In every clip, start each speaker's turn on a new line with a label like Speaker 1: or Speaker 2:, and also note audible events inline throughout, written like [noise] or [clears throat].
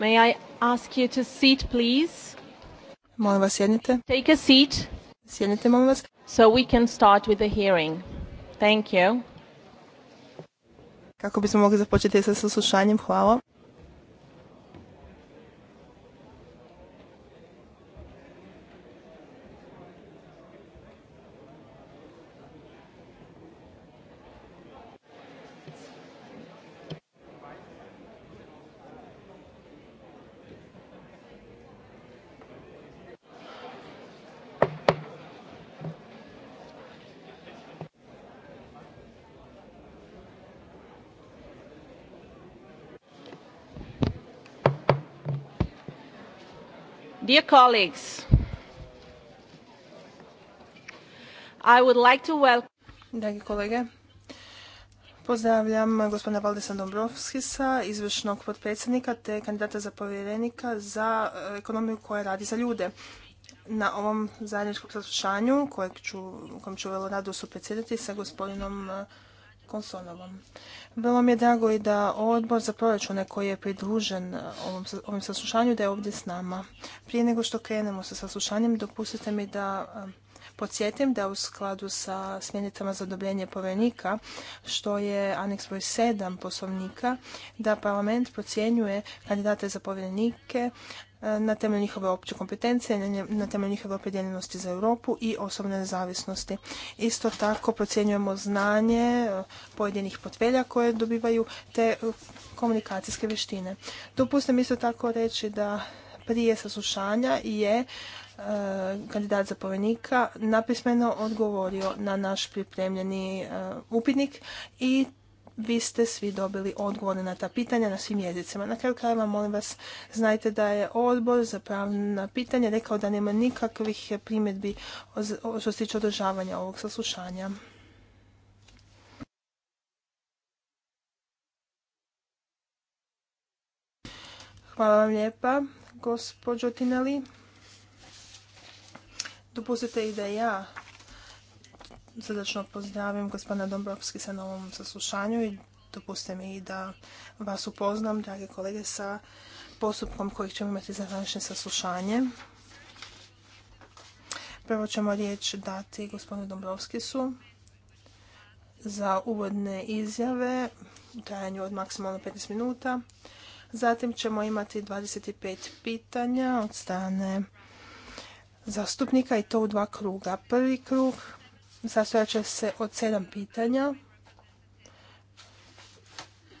Speaker 1: May I ask you to sit, please? Molim vas, sjednite. Take a seat. Sjednite, molim vas. So we can start with the hearing. Thank you. Kako bismo mogli započeti sa saslušanjem, hvala. Dear colleagues, I would like to welcome... Dragi kolege, pozdravljam gospodina Valdesa Dombrovskisa, izvršnog potpredsjednika te kandidata za povjerenika za e, ekonomiju koja radi za ljude. Na ovom zajedničkom u kojem ću vrlo rado supredsjedati sa gospodinom e, Konsonovom. bilo mi je drago i da odbor za proračune koji je pridružen e, ovom, ovom saslušanju da je ovdje s nama. Prije nego što krenemo sa saslušanjem, dopustite mi da e, podsjetim da u skladu sa smjernicama za odobrenje povjerenika, što je aneks broj 7 poslovnika, da parlament procjenjuje kandidate za povjerenike E, na temelju njihove opće kompetencije, na temelju njihove opredjeljenosti za Europu i osobne nezavisnosti. Isto tako procjenjujemo znanje e, pojedinih potvelja koje dobivaju te e, komunikacijske vještine. Dopustim isto tako reći da prije saslušanja je kandidat zapovjednika napismeno odgovorio na naš pripremljeni upitnik i vi ste svi dobili odgovore na ta pitanja na svim jezicima. Na kraju krajeva, molim vas, znajte da je odbor za pravna pitanja rekao da nema nikakvih primjedbi što se tiče održavanja ovog saslušanja. Hvala vam lijepa, gospođo Tineli. Dopustite i da ja srdačno pozdravim gospodina Dombrovski sa na ovom saslušanju i dopustite mi da vas upoznam, drage kolege, sa postupkom kojih ćemo imati za današnje saslušanje. Prvo ćemo riječ dati gospodinu Dombrovskisu za uvodne izjave u trajanju od maksimalno 15 minuta. Zatim ćemo imati 25 pitanja od strane zastupnika i to u dva kruga. Prvi krug sastojat će se od sedam pitanja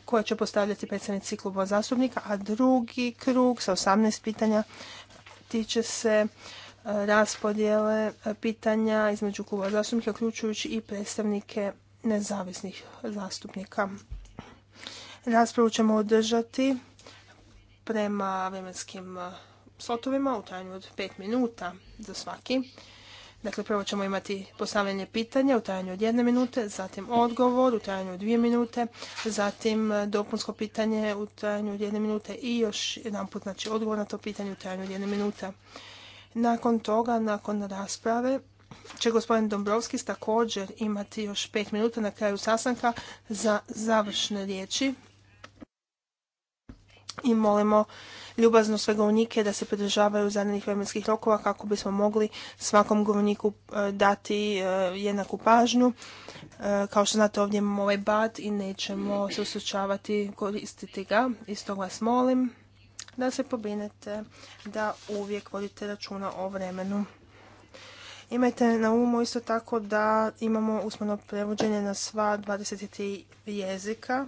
Speaker 1: koje će postavljati predstavnici klubova zastupnika, a drugi krug sa osamnaest pitanja tiče se e, raspodjele e, pitanja između kluba zastupnika, uključujući i predstavnike nezavisnih zastupnika. Raspravu ćemo održati prema vremenskim e, slotovima u trajanju od pet minuta za svaki. Dakle, prvo ćemo imati postavljanje pitanja u trajanju od jedne minute, zatim odgovor u trajanju od dvije minute, zatim e, dopunsko pitanje u trajanju od jedne minute i još jedan put znači, odgovor na to pitanje u trajanju od jedne minute. Nakon toga, nakon rasprave, će gospodin Dombrovski također imati još pet minuta na kraju sastanka za završne riječi i molimo ljubazno sve govornike da se pridržavaju zadnjih vremenskih rokova kako bismo mogli svakom govorniku e, dati e, jednaku pažnju. E, kao što znate ovdje imamo ovaj bad i nećemo se usučavati koristiti ga. Isto vas molim da se pobinete, da uvijek vodite računa o vremenu. Imajte na umu isto tako da imamo usmeno prevođenje na sva 23 jezika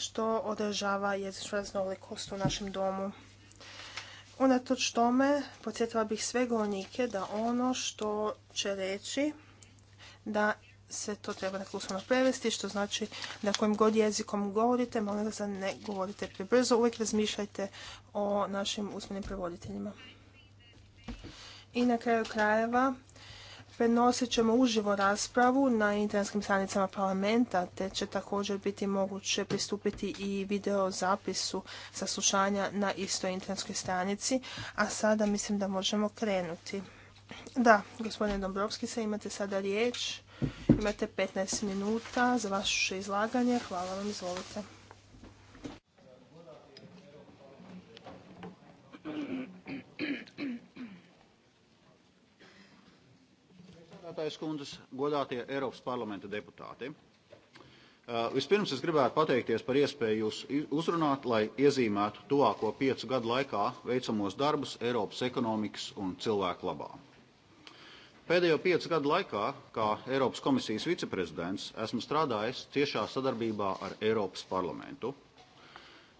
Speaker 1: što održava jezičnu raznolikost u našem domu. Unatoč tome, podsjetila bih sve govornike da ono što će reći, da se to treba doslovno prevesti, što znači da kojim god jezikom govorite, molim vas da ne govorite prebrzo, uvijek razmišljajte o našim usmenim prevoditeljima. I na kraju krajeva, prenosit dakle, ćemo uživo raspravu na internetskim stranicama parlamenta, te će također biti moguće pristupiti i video zapisu saslušanja na istoj internetskoj stranici, a sada mislim da možemo krenuti. Da, gospodine Dombrovski, se imate sada riječ, imate 15 minuta za vaše izlaganje, hvala vam, izvolite.
Speaker 2: priekšsēdētājas kundzes, godātie Eiropas parlamenta deputāti. Eh, vispirms es gribētu pateikties par iespēju jūs uzrunāt, lai iezīmētu tuvāko piecu gadu laikā veicamos darbus Eiropas ekonomikas un cilvēku labā. Pēdējo piecu gadu laikā, kā Eiropas komisijas viceprezidents, esmu strādājis tiešā sadarbībā ar Eiropas parlamentu.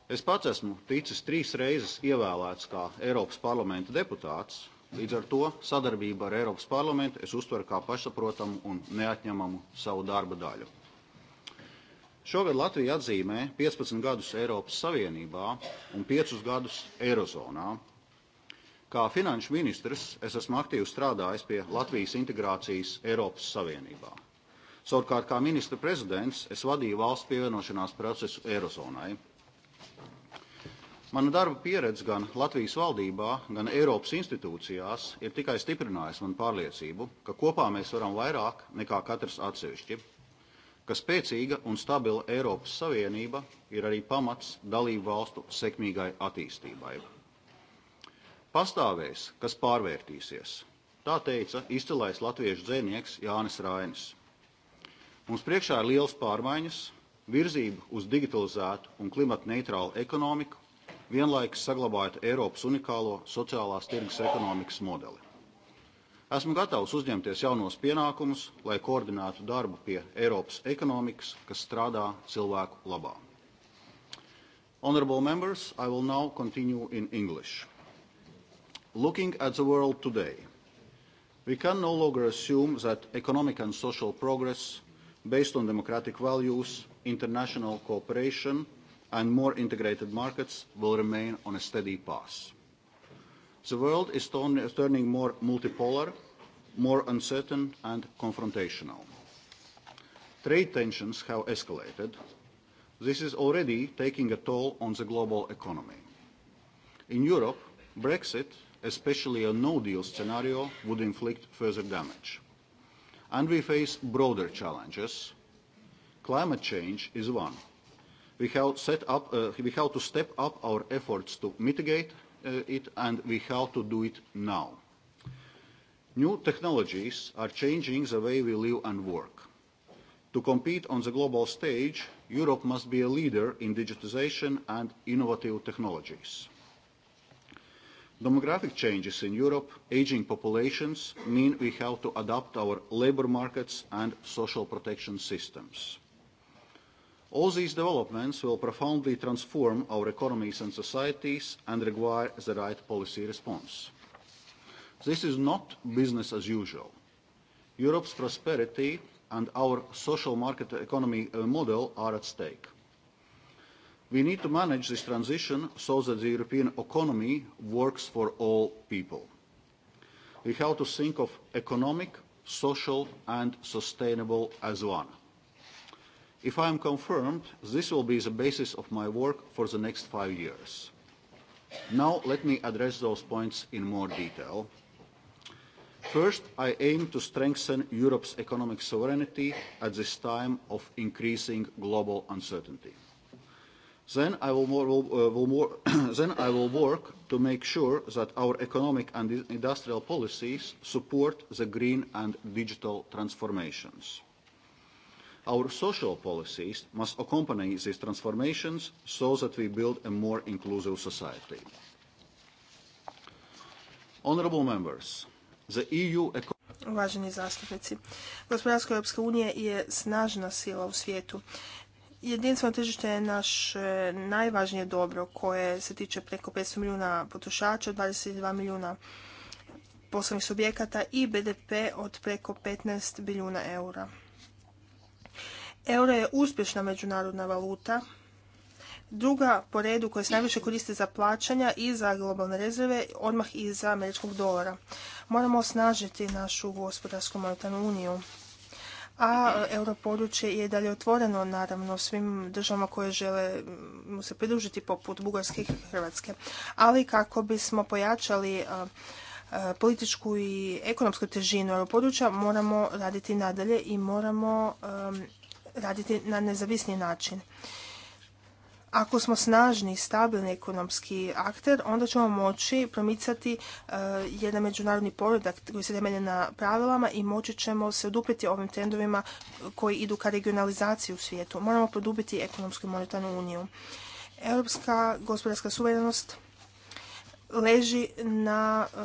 Speaker 2: Es pats esmu ticis trīs reizes ievēlēts kā Eiropas parlamenta deputāts, Līdz ar to sadarbība ar Eiropas parlamentu es uztveru kā pašsaprotamu un neatņemamu savu darba daļu. Šogad Latvija atzīmē 15 gadus Eiropas Savienībā un 5 gadus Eirozonā. Kā finanšu ministrs es esmu aktīvi strādājis pie Latvijas integrācijas Eiropas Savienībā. Savukārt, kā ministra prezidents, es vadīju valsts pievienošanās procesu Eirozonai – Mana darba pieredze gan Latvijas valdībā, gan Eiropas institūcijās ir tikai stiprinājusi manu pārliecību, ka kopā mēs varam vairāk nekā katrs atsevišķi, ka spēcīga un stabila Eiropas Savienība ir arī pamats dalību valstu sekmīgai attīstībai. Pastāvēs, kas pārvērtīsies, tā teica izcilais latviešu dzēnieks Jānis Rainis. Mums priekšā ir liels pārmaiņas, virzība uz digitalizētu un klimatneitrālu ekonomiku vienlaikus saglabājot Eiropas unikālo sociālās tirgus ekonomikas modeli. Esmu gatavs uzņemties jaunos pienākumus, lai koordinētu darbu pie Eiropas ekonomikas, kas strādā cilvēku labā. Honorable members, I will now continue in English. Looking at the world today, we can no longer assume that economic and social progress based on democratic values, international cooperation and more integrated markets will remain on a steady path. The world is turning more multipolar, more uncertain and confrontational. Trade tensions have escalated. This is already taking a toll on the global economy. In Europe, Brexit, especially a no-deal scenario, would inflict further damage. And we face broader challenges. Climate change is one we have, set up, uh, we have to step up our efforts to mitigate uh, it and we have to do it now. New technologies are changing the way we live and work. To compete on the global stage, Europe must be a leader in digitization and innovative technologies. Demographic changes in Europe, aging populations, mean we have to adapt our labor markets and social protection systems all these developments will profoundly transform our economies and societies and require the right policy response this is not business as usual europe's prosperity and our social market economy uh, model are at stake we need to manage this transition so that the european economy works for all people we have to think of economic social and sustainable as one If I am confirmed, this will be the basis of my work for the next five years. Now let me address those points in more detail. First, I aim to strengthen Europe's economic sovereignty at this time of increasing global uncertainty. Then I will, uh, will more [coughs] then I will work to make sure that our economic and industrial policies support the green and digital transformations our social policies must accompany these transformations so that we build a more inclusive society. Honorable members, the EU
Speaker 1: Uvaženi zastupnici, gospodarstvo Europske je snažna sila u svijetu. Jedinstveno tržište je naš najvažnije dobro koje se tiče preko 500 milijuna potrošača, 22 milijuna poslovnih subjekata i BDP od preko 15 milijuna eura. Euro je uspješna međunarodna valuta, druga po redu koja se najviše koriste za plaćanja i za globalne rezerve, odmah i za američkog dolara. Moramo osnažiti našu gospodarsku monetarnu uniju. A e, europodručje je dalje otvoreno, naravno, svim državama koje žele mm, mu se pridružiti, poput Bugarske i Hrvatske. Ali kako bismo pojačali političku i ekonomsku težinu europodručja, moramo raditi nadalje i moramo raditi na nezavisni način. Ako smo snažni i stabilni ekonomski akter, onda ćemo moći promicati e, jedan međunarodni poredak koji se temelje na pravilama i moći ćemo se odupiti ovim trendovima koji idu ka regionalizaciji u svijetu. Moramo produbiti ekonomsku i monetarnu uniju. Europska gospodarska suverenost leži na e,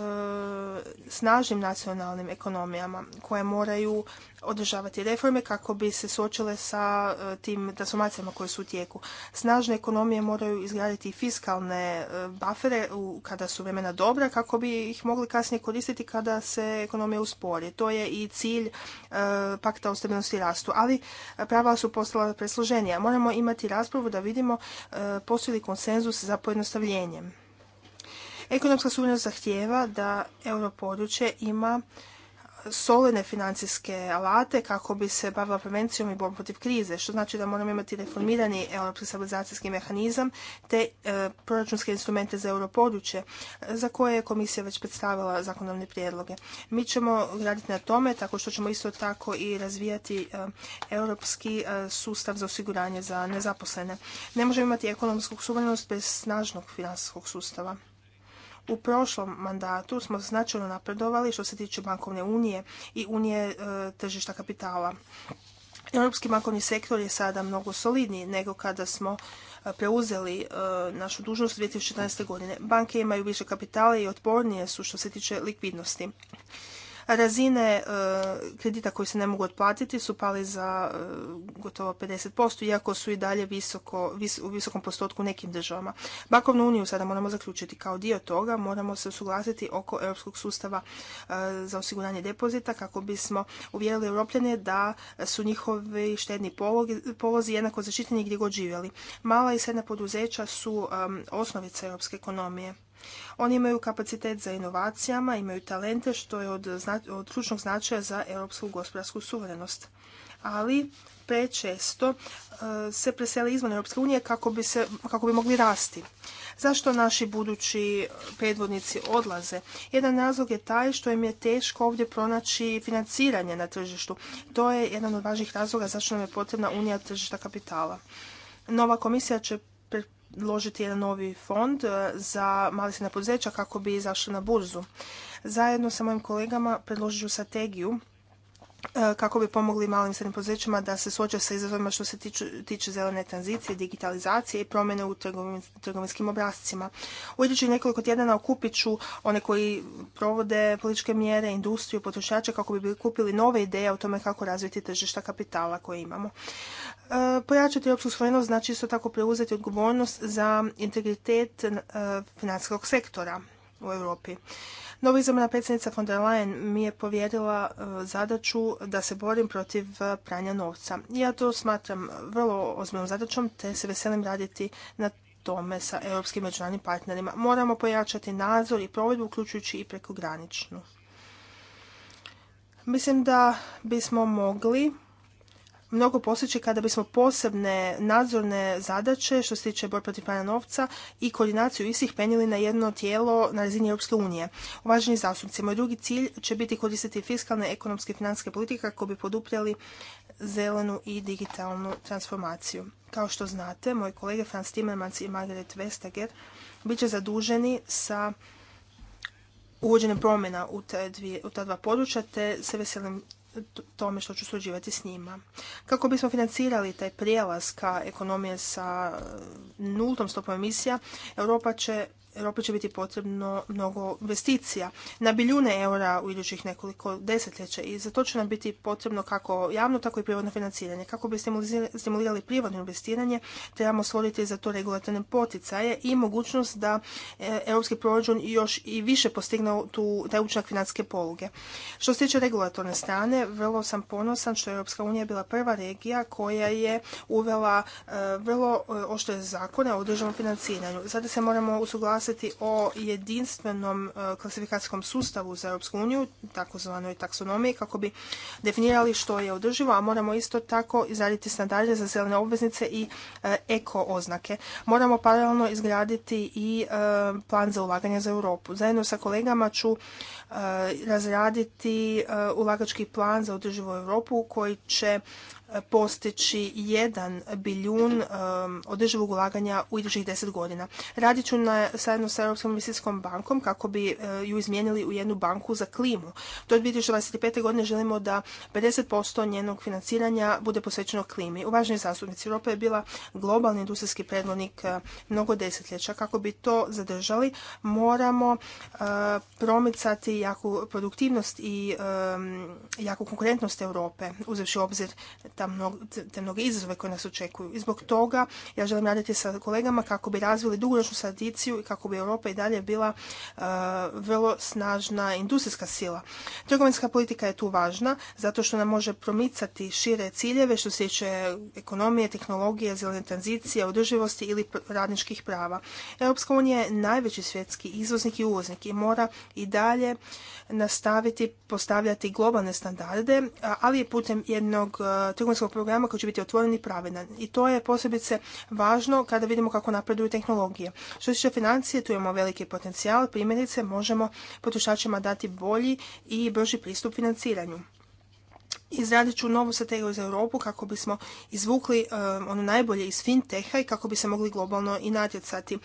Speaker 1: snažnim nacionalnim ekonomijama koje moraju održavati reforme kako bi se suočile sa e, tim transformacijama koje su u tijeku. Snažne ekonomije moraju izgraditi fiskalne e, bafere u, kada su vremena dobra kako bi ih mogli kasnije koristiti kada se ekonomija uspori. To je i cilj pakta o stabilnosti rastu. Ali prava su postala presloženija. Moramo imati raspravu da vidimo postoji li konsenzus za pojednostavljenjem Ekonomska suverenost zahtjeva da europodručje ima solene financijske alate kako bi se bavila prevencijom i borbom protiv krize, što znači da moramo imati reformirani europski stabilizacijski mehanizam te e, proračunske instrumente za europodručje za koje je komisija već predstavila zakonodavne prijedloge. Mi ćemo graditi na tome tako što ćemo isto tako i razvijati e, europski e, sustav za osiguranje za nezaposlene. Ne možemo imati ekonomsku suverenost bez snažnog financijskog sustava. U prošlom mandatu smo značajno napredovali što se tiče bankovne unije i unije e, tržišta kapitala. Europski bankovni sektor je sada mnogo solidniji nego kada smo e, preuzeli e, našu dužnost 2014. godine. Banke imaju više kapitala i otpornije su što se tiče likvidnosti. Razine e, kredita koji se ne mogu otplatiti su pali za e, gotovo 50%, iako su i dalje u visokom postotku u nekim državama. Bankovnu uniju sada moramo zaključiti kao dio toga, moramo se usuglasiti oko europskog sustava e, za osiguranje depozita kako bismo uvjerili europljane da su njihovi štedni polozi jednako zaštićeni gdje god živjeli. Mala i srednja poduzeća su osnovica europske ekonomije. Oni imaju kapacitet za inovacijama, imaju talente što je od, od ključnog značaja za europsku gospodarsku suverenost. Ali prečesto e, se presele izvan Europske unije kako bi, kako bi mogli rasti. Zašto naši budući predvodnici odlaze? Jedan razlog je taj što im je teško ovdje pronaći financiranje na tržištu. To je jedan od važnih razloga zašto nam je potrebna unija tržišta kapitala. Nova komisija će ložiti jedan novi fond e, za mali srednja poduzeća kako bi izašli na burzu. Zajedno sa mojim kolegama predložit ću strategiju e, kako bi pomogli malim i srednjim poduzećima da se suoče sa izazovima što se tiče zelene tranzicije, digitalizacije i promjene u trgovinskim obrascima. U idućih nekoliko tjedana okupit ću one koji provode političke mjere, industriju, potrošače kako bi kupili nove ideje o tome kako razviti tržišta kapitala koje imamo. E, pojačati opću svojnost znači isto tako preuzeti odgovornost za integritet e, financijskog sektora u Europi. Novi izabrana predsjednica von der Leyen mi je povjerila e, zadaću da se borim protiv pranja novca. Ja to smatram vrlo ozbiljnom zadaćom te se veselim raditi na tome sa europskim međunarodnim partnerima. Moramo pojačati nadzor i provedbu uključujući i prekograničnu. Mislim da bismo mogli mnogo postići kada bismo posebne nadzorne zadaće što se tiče borbe protiv pranja novca i koordinaciju istih penjeli na jedno tijelo na razini Europske unije. Uvaženi zastupnici, moj drugi cilj će biti koristiti fiskalne, ekonomske i financijske politike kako bi podupljali zelenu i digitalnu transformaciju. Kao što znate, moji kolege Franz Timmermans i Margaret Vestager bit će zaduženi sa uvođenjem promjena u, u ta dva područja, te se veselim tome što ću surađivati s njima. Kako bismo financirali taj prijelaz ka ekonomije sa e, nultom stopom emisija, Europa će Europi će biti potrebno mnogo investicija. Na biljune eura u idućih nekoliko desetljeća i za to će nam biti potrebno kako javno, tako i privatno financiranje. Kako bi stimulirali privatno investiranje, trebamo stvoriti za to regulatorne poticaje i mogućnost da e, europski proračun još i više postigne tu, taj učinak financijske poluge. Što se tiče regulatorne strane, vrlo sam ponosan što je Europska unija bila prva regija koja je uvela e, vrlo e, oštre zakone o državnom financiranju. Sada se moramo usuglasiti o jedinstvenom e, klasifikacijskom sustavu za Europsku uniju, takozvanoj taksonomiji, kako bi definirali što je održivo, a moramo isto tako izraditi standarde za zelene obveznice i e, eko oznake. Moramo paralelno izgraditi i e, plan za ulaganje za Europu. Zajedno sa kolegama ću razraditi ulagački plan za održivu Europu koji će postići jedan biljun um, održivog ulaganja u idućih deset godina. Radit ću na, zajedno sa Europskom investicijskom bankom kako bi uh, ju izmijenili u jednu banku za klimu. Do 2025. godine želimo da 50% njenog financiranja bude posvećeno klimi. U važnoj zastupnici Europa je bila globalni industrijski predvodnik uh, mnogo desetljeća. Kako bi to zadržali, moramo uh, promicati jaku produktivnost i um, jaku konkurentnost Europe, uzevši obzir ta te mnoge izazove koje nas očekuju. I zbog toga ja želim raditi sa kolegama kako bi razvili dugoročnu tradiciju i kako bi Europa i dalje bila e, vrlo snažna industrijska sila. Trgovinska politika je tu važna zato što nam može promicati šire ciljeve što se tiče ekonomije, tehnologije, zelene tranzicije, održivosti ili radničkih prava. Europska unija je najveći svjetski izvoznik i uvoznik i mora i dalje nastaviti postavljati globalne standarde, ali je putem jednog e, trgovinskog programa koji će biti otvoren i pravedan. I to je posebice važno kada vidimo kako napreduju tehnologije. Što se tiče financije, tu imamo veliki potencijal, primjerice možemo potrošačima dati bolji i brži pristup financiranju izradit ću novu strategiju za Europu kako bismo izvukli e, ono najbolje iz finteha i kako bi se mogli globalno i natjecati. E,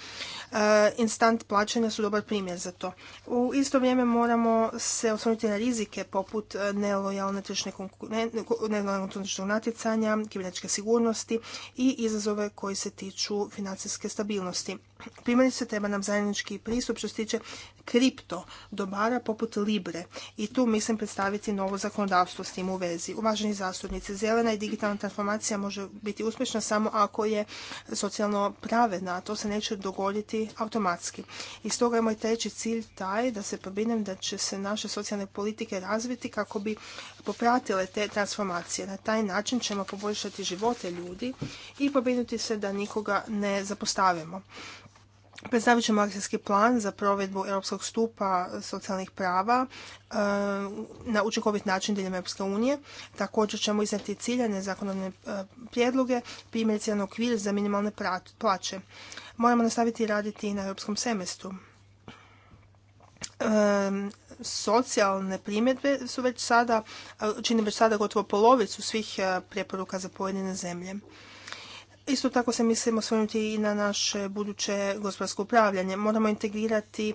Speaker 1: instant plaćanja su dobar primjer za to. U isto vrijeme moramo se osvrnuti na rizike poput e, nelojalne konkurencije, natjecanja, kibernetičke sigurnosti i izazove koji se tiču financijske stabilnosti. se treba nam zajednički pristup što se tiče kripto dobara poput Libre i tu mislim predstaviti novo zakonodavstvo s tim u vezi Uvaženi zastupnici, zelena i digitalna transformacija može biti uspješna samo ako je socijalno pravedna, a to se neće dogoditi automatski. I stoga je moj treći cilj taj da se probinem da će se naše socijalne politike razviti kako bi popratile te transformacije. Na taj način ćemo poboljšati živote ljudi i pobinuti se da nikoga ne zapostavimo. Predstavit ćemo akcijski plan za provedbu Europskog stupa socijalnih prava e, na učinkovit način diljem Europske unije. Također ćemo iznijeti ciljane zakonodne e, prijedloge, primjerice jedan okvir za minimalne plaće. Moramo nastaviti raditi i na europskom semestru. E, socijalne primjedbe su već sada, čine već sada gotovo polovicu svih preporuka za pojedine zemlje. Isto tako se mislimo osvrnuti i na naše buduće gospodarsko upravljanje. Moramo integrirati e,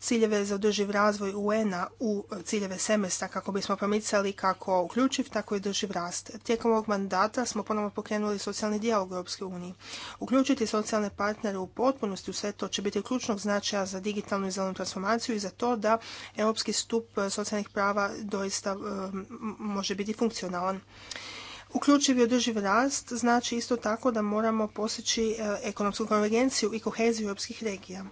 Speaker 1: ciljeve za održiv razvoj UN-a u ciljeve semestra kako bismo promicali kako uključiv, tako i održiv rast. Tijekom ovog mandata smo ponovno pokrenuli socijalni dijalog u Europske unije. Uključiti socijalne partnere u potpunosti u sve to će biti ključnog značaja za digitalnu i zelenu transformaciju i za to da europski stup socijalnih prava doista e, može biti funkcionalan. Uključivi održiv rast znači isto tako da moramo postići e, ekonomsku konvergenciju i koheziju europskih regija.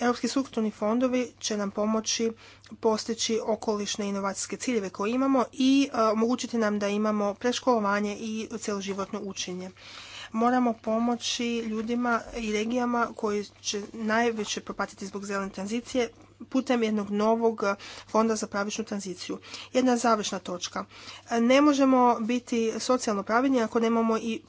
Speaker 1: Europski strukturni fondovi će nam pomoći postići okolišne inovacijske ciljeve koje imamo i e, omogućiti nam da imamo preškolovanje i cjeloživotno učenje. Moramo pomoći ljudima i regijama koji će najveće propatiti zbog zelene tranzicije putem jednog novog eh, fonda za pravičnu tranziciju. Jedna završna točka. Ne možemo biti socijalno pravedni ako nemamo i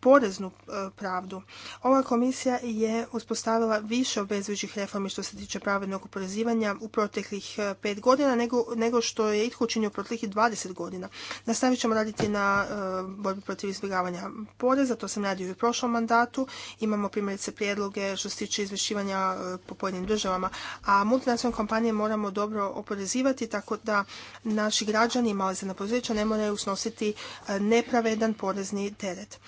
Speaker 1: poreznu e, pravdu. Ova komisija je uspostavila više obvezujućih reformi što se tiče pravednog oporezivanja u proteklih e, pet godina nego, što je itko učinio u proteklih 20 godina. Nastavit ćemo raditi na e, borbi protiv izbjegavanja poreza, to sam radio i u prošlom mandatu. Imamo primjerice prijedloge što se tiče izvješćivanja po pojedinim državama, a multinacionalne kompanije moramo dobro oporezivati tako da naši građani i na poduzeća ne moraju snositi nepravedan porezni teret.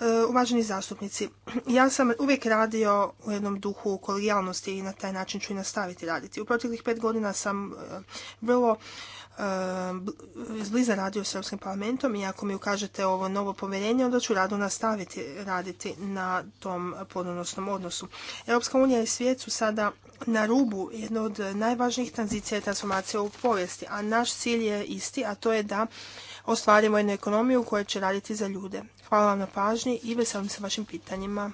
Speaker 1: E, uvaženi zastupnici, ja sam uvijek radio u jednom duhu kolegijalnosti i na taj način ću i nastaviti raditi. U proteklih pet godina sam e, vrlo e, zbliza radio s Europskim parlamentom i ako mi ukažete ovo novo povjerenje, onda ću radu nastaviti raditi na tom podonosnom odnosu. Europska unija i svijet su sada na rubu jedne od najvažnijih tranzicija i transformacija u povijesti, a naš cilj je isti, a to je da ostvarimo jednu ekonomiju koja će raditi za ljude. Hvala vam na pažnji i veselim se vašim pitanjima.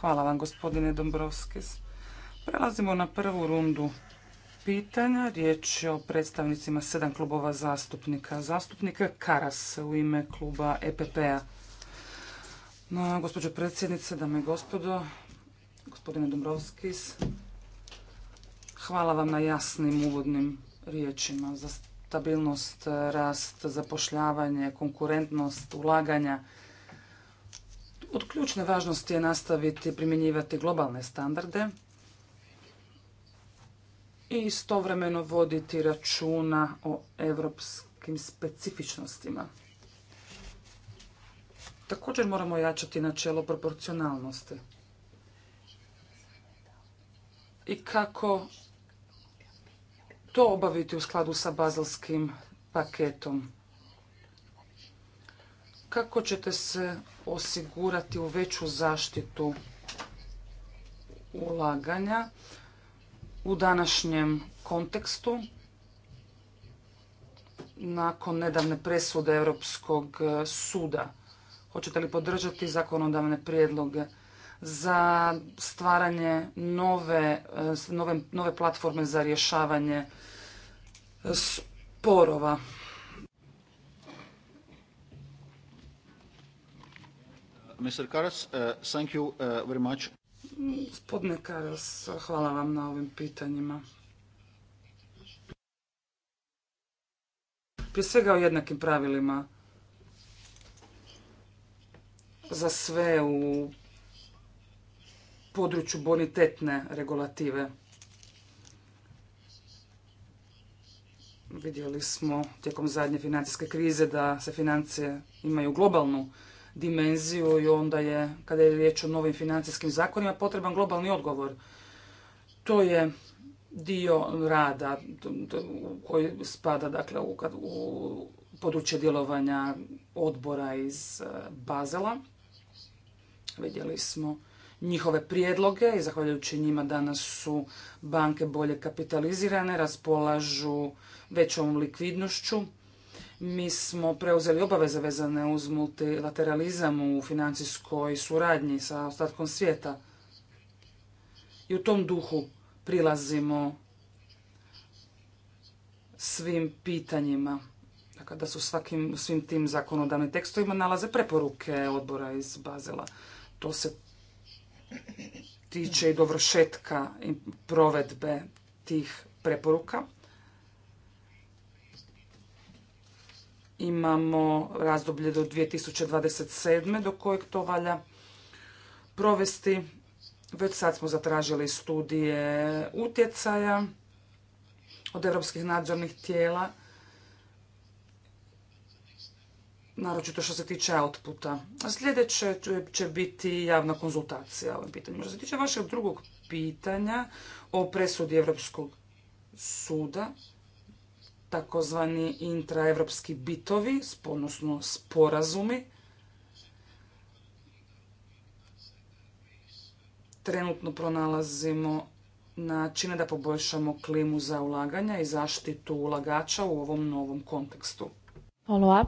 Speaker 3: Hvala vam, gospodine Dombrovskis. Prelazimo na prvu rundu pitanja. Riječ je o predstavnicima sedam klubova zastupnika. Zastupnika Karas u ime kluba EPP-a. gospođo predsjednice, dame i gospodo, gospodine Dombrovskis, Hvala vam na jasnim uvodnim riječima za stabilnost, rast, zapošljavanje, konkurentnost, ulaganja. Od ključne važnosti je nastaviti primjenjivati globalne standarde i istovremeno voditi računa o evropskim specifičnostima. Također moramo jačati načelo proporcionalnosti. I kako to obaviti u skladu sa bazelskim paketom? Kako ćete se osigurati u veću zaštitu ulaganja u današnjem kontekstu nakon nedavne presude Europskog suda? Hoćete li podržati zakonodavne prijedloge za stvaranje e, nove, nove, platforme za rješavanje e, sporova.
Speaker 2: Mr. Karas, e, thank you
Speaker 3: very much. Karas, hvala vam na ovim pitanjima. Prije svega o jednakim pravilima za sve u području bonitetne regulative. Vidjeli smo tijekom zadnje financijske krize da se financije imaju globalnu dimenziju i onda je, kada je riječ o novim financijskim zakonima, potreban globalni odgovor. To je dio rada koji spada dakle, u, u područje djelovanja odbora iz eh, Bazela. Vidjeli smo njihove prijedloge i zahvaljujući njima danas su banke bolje kapitalizirane, raspolažu većom likvidnošću. Mi smo preuzeli obaveze vezane uz multilateralizam u financijskoj suradnji sa ostatkom svijeta. I u tom duhu prilazimo svim pitanjima. Dakle, da su svakim, svim tim zakonodavnim tekstovima nalaze preporuke odbora iz Bazela. To se tiče i dovršetka provedbe tih preporuka. Imamo razdoblje do 2027. do kojeg to valja provesti. Već sad smo zatražili studije utjecaja od europskih nadzornih tijela naročito što se tiče outputa. A sljedeće će biti javna konzultacija o ovom pitanju. Što se tiče vašeg drugog pitanja o presudi Europskog suda, takozvani intraevropski bitovi, odnosno sporazumi, trenutno pronalazimo načine da poboljšamo klimu za ulaganja i zaštitu ulagača u ovom novom kontekstu. Follow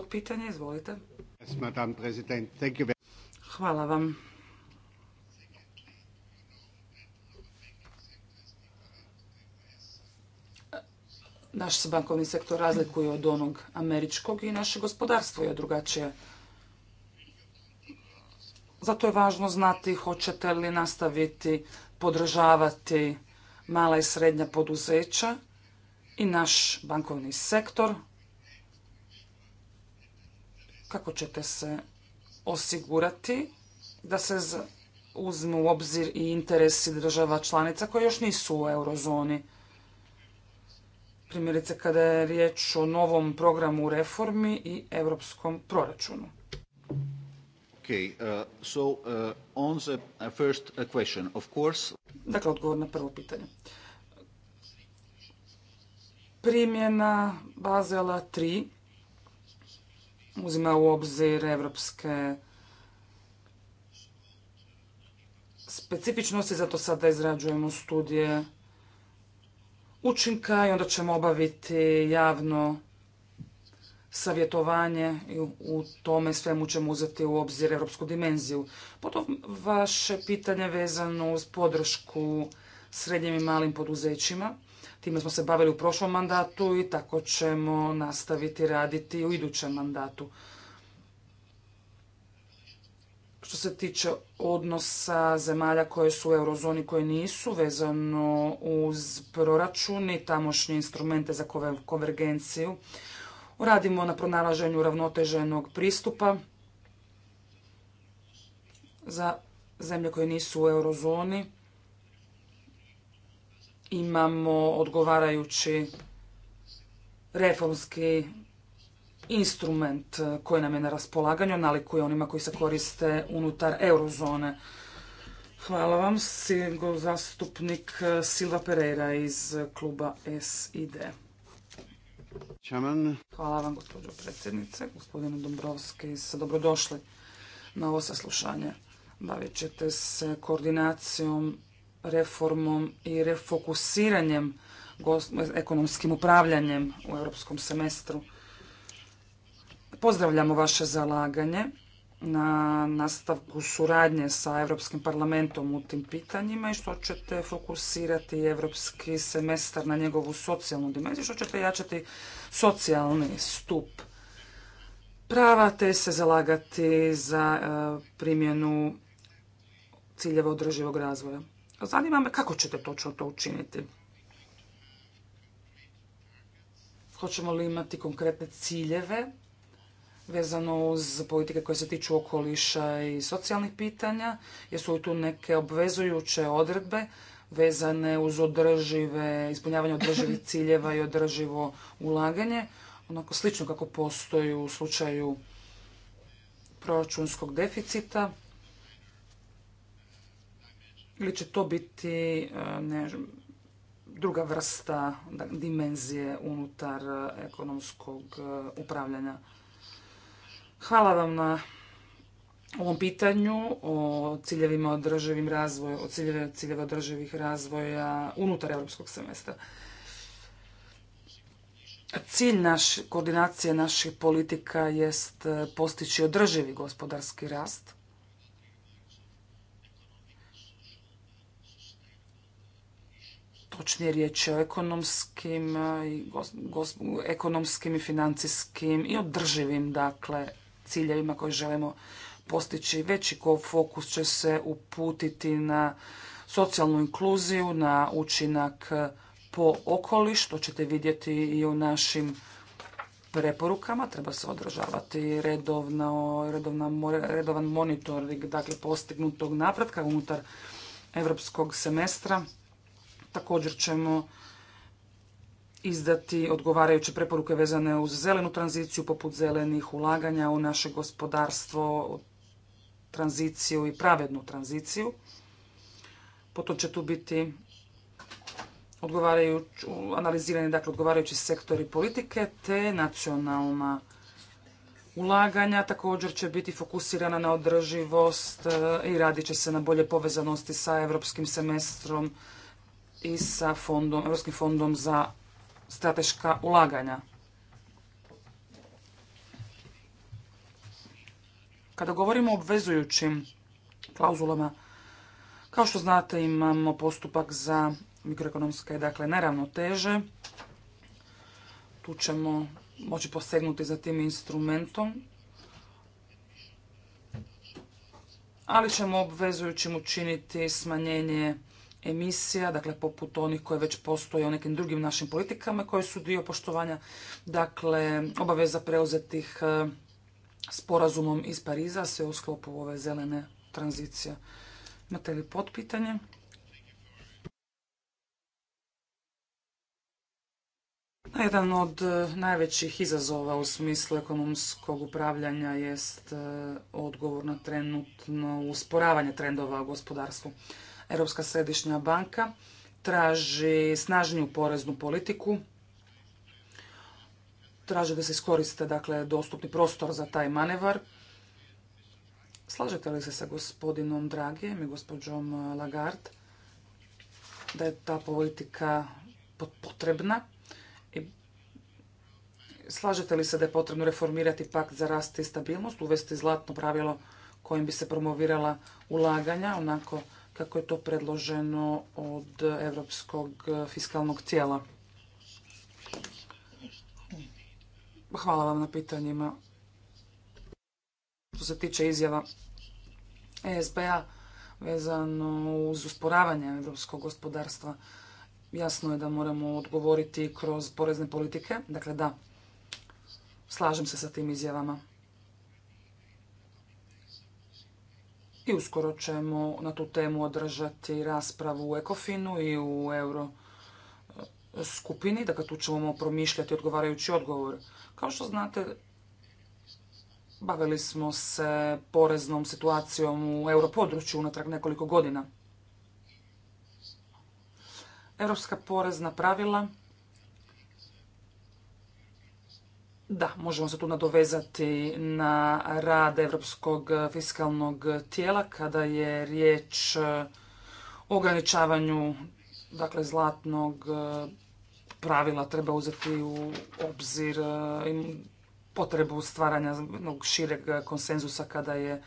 Speaker 3: pitanje, izvolite. Hvala vam. Naš se bankovni sektor razlikuje od onog američkog i naše gospodarstvo je drugačije. Zato je važno znati hoćete li nastaviti podržavati mala i srednja poduzeća i naš bankovni sektor – kako ćete se osigurati da se uzmu u obzir i interesi država članica koje još nisu u eurozoni. Primjerice kada je riječ o novom programu reformi i europskom proračunu.
Speaker 2: Dakle, odgovor na prvo pitanje.
Speaker 3: Primjena Bazela 3 uzima u obzir evropske specifičnosti, zato sada izrađujemo studije učinka i onda ćemo obaviti javno savjetovanje i u tome svemu ćemo uzeti u obzir evropsku dimenziju. Potom vaše pitanje vezano uz podršku srednjim i malim poduzećima. Time smo se bavili u prošlom mandatu i tako ćemo nastaviti raditi u idućem mandatu. Što se tiče odnosa zemalja koje su u eurozoni, koje nisu vezano uz proračun i tamošnje instrumente za konvergenciju, radimo na pronalaženju ravnoteženog pristupa za zemlje koje nisu u eurozoni imamo odgovarajući reformski instrument koji nam je na raspolaganju, nalikuje onima koji se koriste unutar eurozone. Hvala vam, zastupnik Silva Pereira iz kluba SID. Hvala vam, gospođo predsjednice, gospodine Dombrovski, se dobrodošli na ovo saslušanje. Bavit ćete se koordinacijom reformom i refokusiranjem ekonomskim upravljanjem u europskom semestru. Pozdravljamo vaše zalaganje na nastavku suradnje sa Europskim parlamentom u tim pitanjima i što ćete fokusirati Europski semestar na njegovu socijalnu dimenziju, što ćete jačati socijalni stup prava te se zalagati za e, primjenu ciljeva održivog razvoja. Pa zanima me kako ćete točno to učiniti. Hoćemo li imati konkretne ciljeve vezano uz politike koje se tiču okoliša i socijalnih pitanja? Jesu li tu neke obvezujuće odredbe vezane uz održive, ispunjavanje održivih [clears throat] ciljeva i održivo ulaganje? Onako slično kako postoji u slučaju proračunskog deficita ili će to biti e, ne, druga vrsta dimenzije unutar e, ekonomskog e, upravljanja. Hvala vam na ovom pitanju o ciljevima održivim razvoja, o ciljeva održivih razvoja unutar europskog semestra. Cilj naš, koordinacije naših politika jest postići održivi gospodarski rast, točnije riječ je o ekonomskim e, i, ekonomskim i financijskim i održivim dakle, ciljevima koje želimo postići. Veći fokus će se uputiti na socijalnu inkluziju, na učinak po okoliš, što ćete vidjeti i u našim preporukama. Treba se održavati redovno, redovan monitoring dakle, postignutog napretka unutar europskog semestra. Također ćemo izdati odgovarajuće preporuke vezane uz zelenu tranziciju poput zelenih ulaganja u naše gospodarstvo, tranziciju i pravednu tranziciju. Potom će tu biti analizirani dakle, odgovarajući sektori politike te nacionalna ulaganja također će biti fokusirana na održivost e, i radit će se na bolje povezanosti sa europskim semestrom i sa fondom, Europskim fondom za strateška ulaganja. Kada govorimo o obvezujućim klauzulama, kao što znate imamo postupak za mikroekonomske dakle, neravnoteže. Tu ćemo moći posegnuti za tim instrumentom. Ali ćemo obvezujućim učiniti smanjenje emisija, dakle poput onih koje već postoje u nekim drugim našim politikama koje su dio poštovanja, dakle obaveza preuzetih e, sporazumom iz Pariza, sve u sklopu ove zelene tranzicije. Imate li potpitanje? Jedan od e, najvećih izazova u smislu ekonomskog upravljanja jest e, odgovor na trenutno usporavanje trendova u gospodarstvu. Europska središnja banka traži snažniju poreznu politiku, traži da se iskoriste dakle, dostupni prostor za taj manevar. Slažete li se sa gospodinom Dragijem i gospođom Lagarde da je ta politika potrebna? I slažete li se da je potrebno reformirati pakt za rast i stabilnost, uvesti zlatno pravilo kojim bi se promovirala ulaganja, onako kako je to predloženo od Europskog fiskalnog tijela. Hvala vam na pitanjima. Što se tiče izjava ESB-a p-a vezano uz usporavanje europskog gospodarstva, jasno je da moramo odgovoriti kroz porezne politike. Dakle, da, slažem se sa tim izjavama. i uskoro ćemo na tu temu održati raspravu u Ekofinu i u Euro e, skupini, dakle tu ćemo promišljati odgovarajući odgovor. Kao što znate, bavili smo se poreznom situacijom u europodručju unatrag nekoliko godina. Europska porezna pravila Da, možemo se tu nadovezati na rad Europskog fiskalnog tijela kada je riječ o eh, ograničavanju dakle, zlatnog eh, pravila treba uzeti u obzir eh, potrebu stvaranja jednog šireg konsenzusa kada je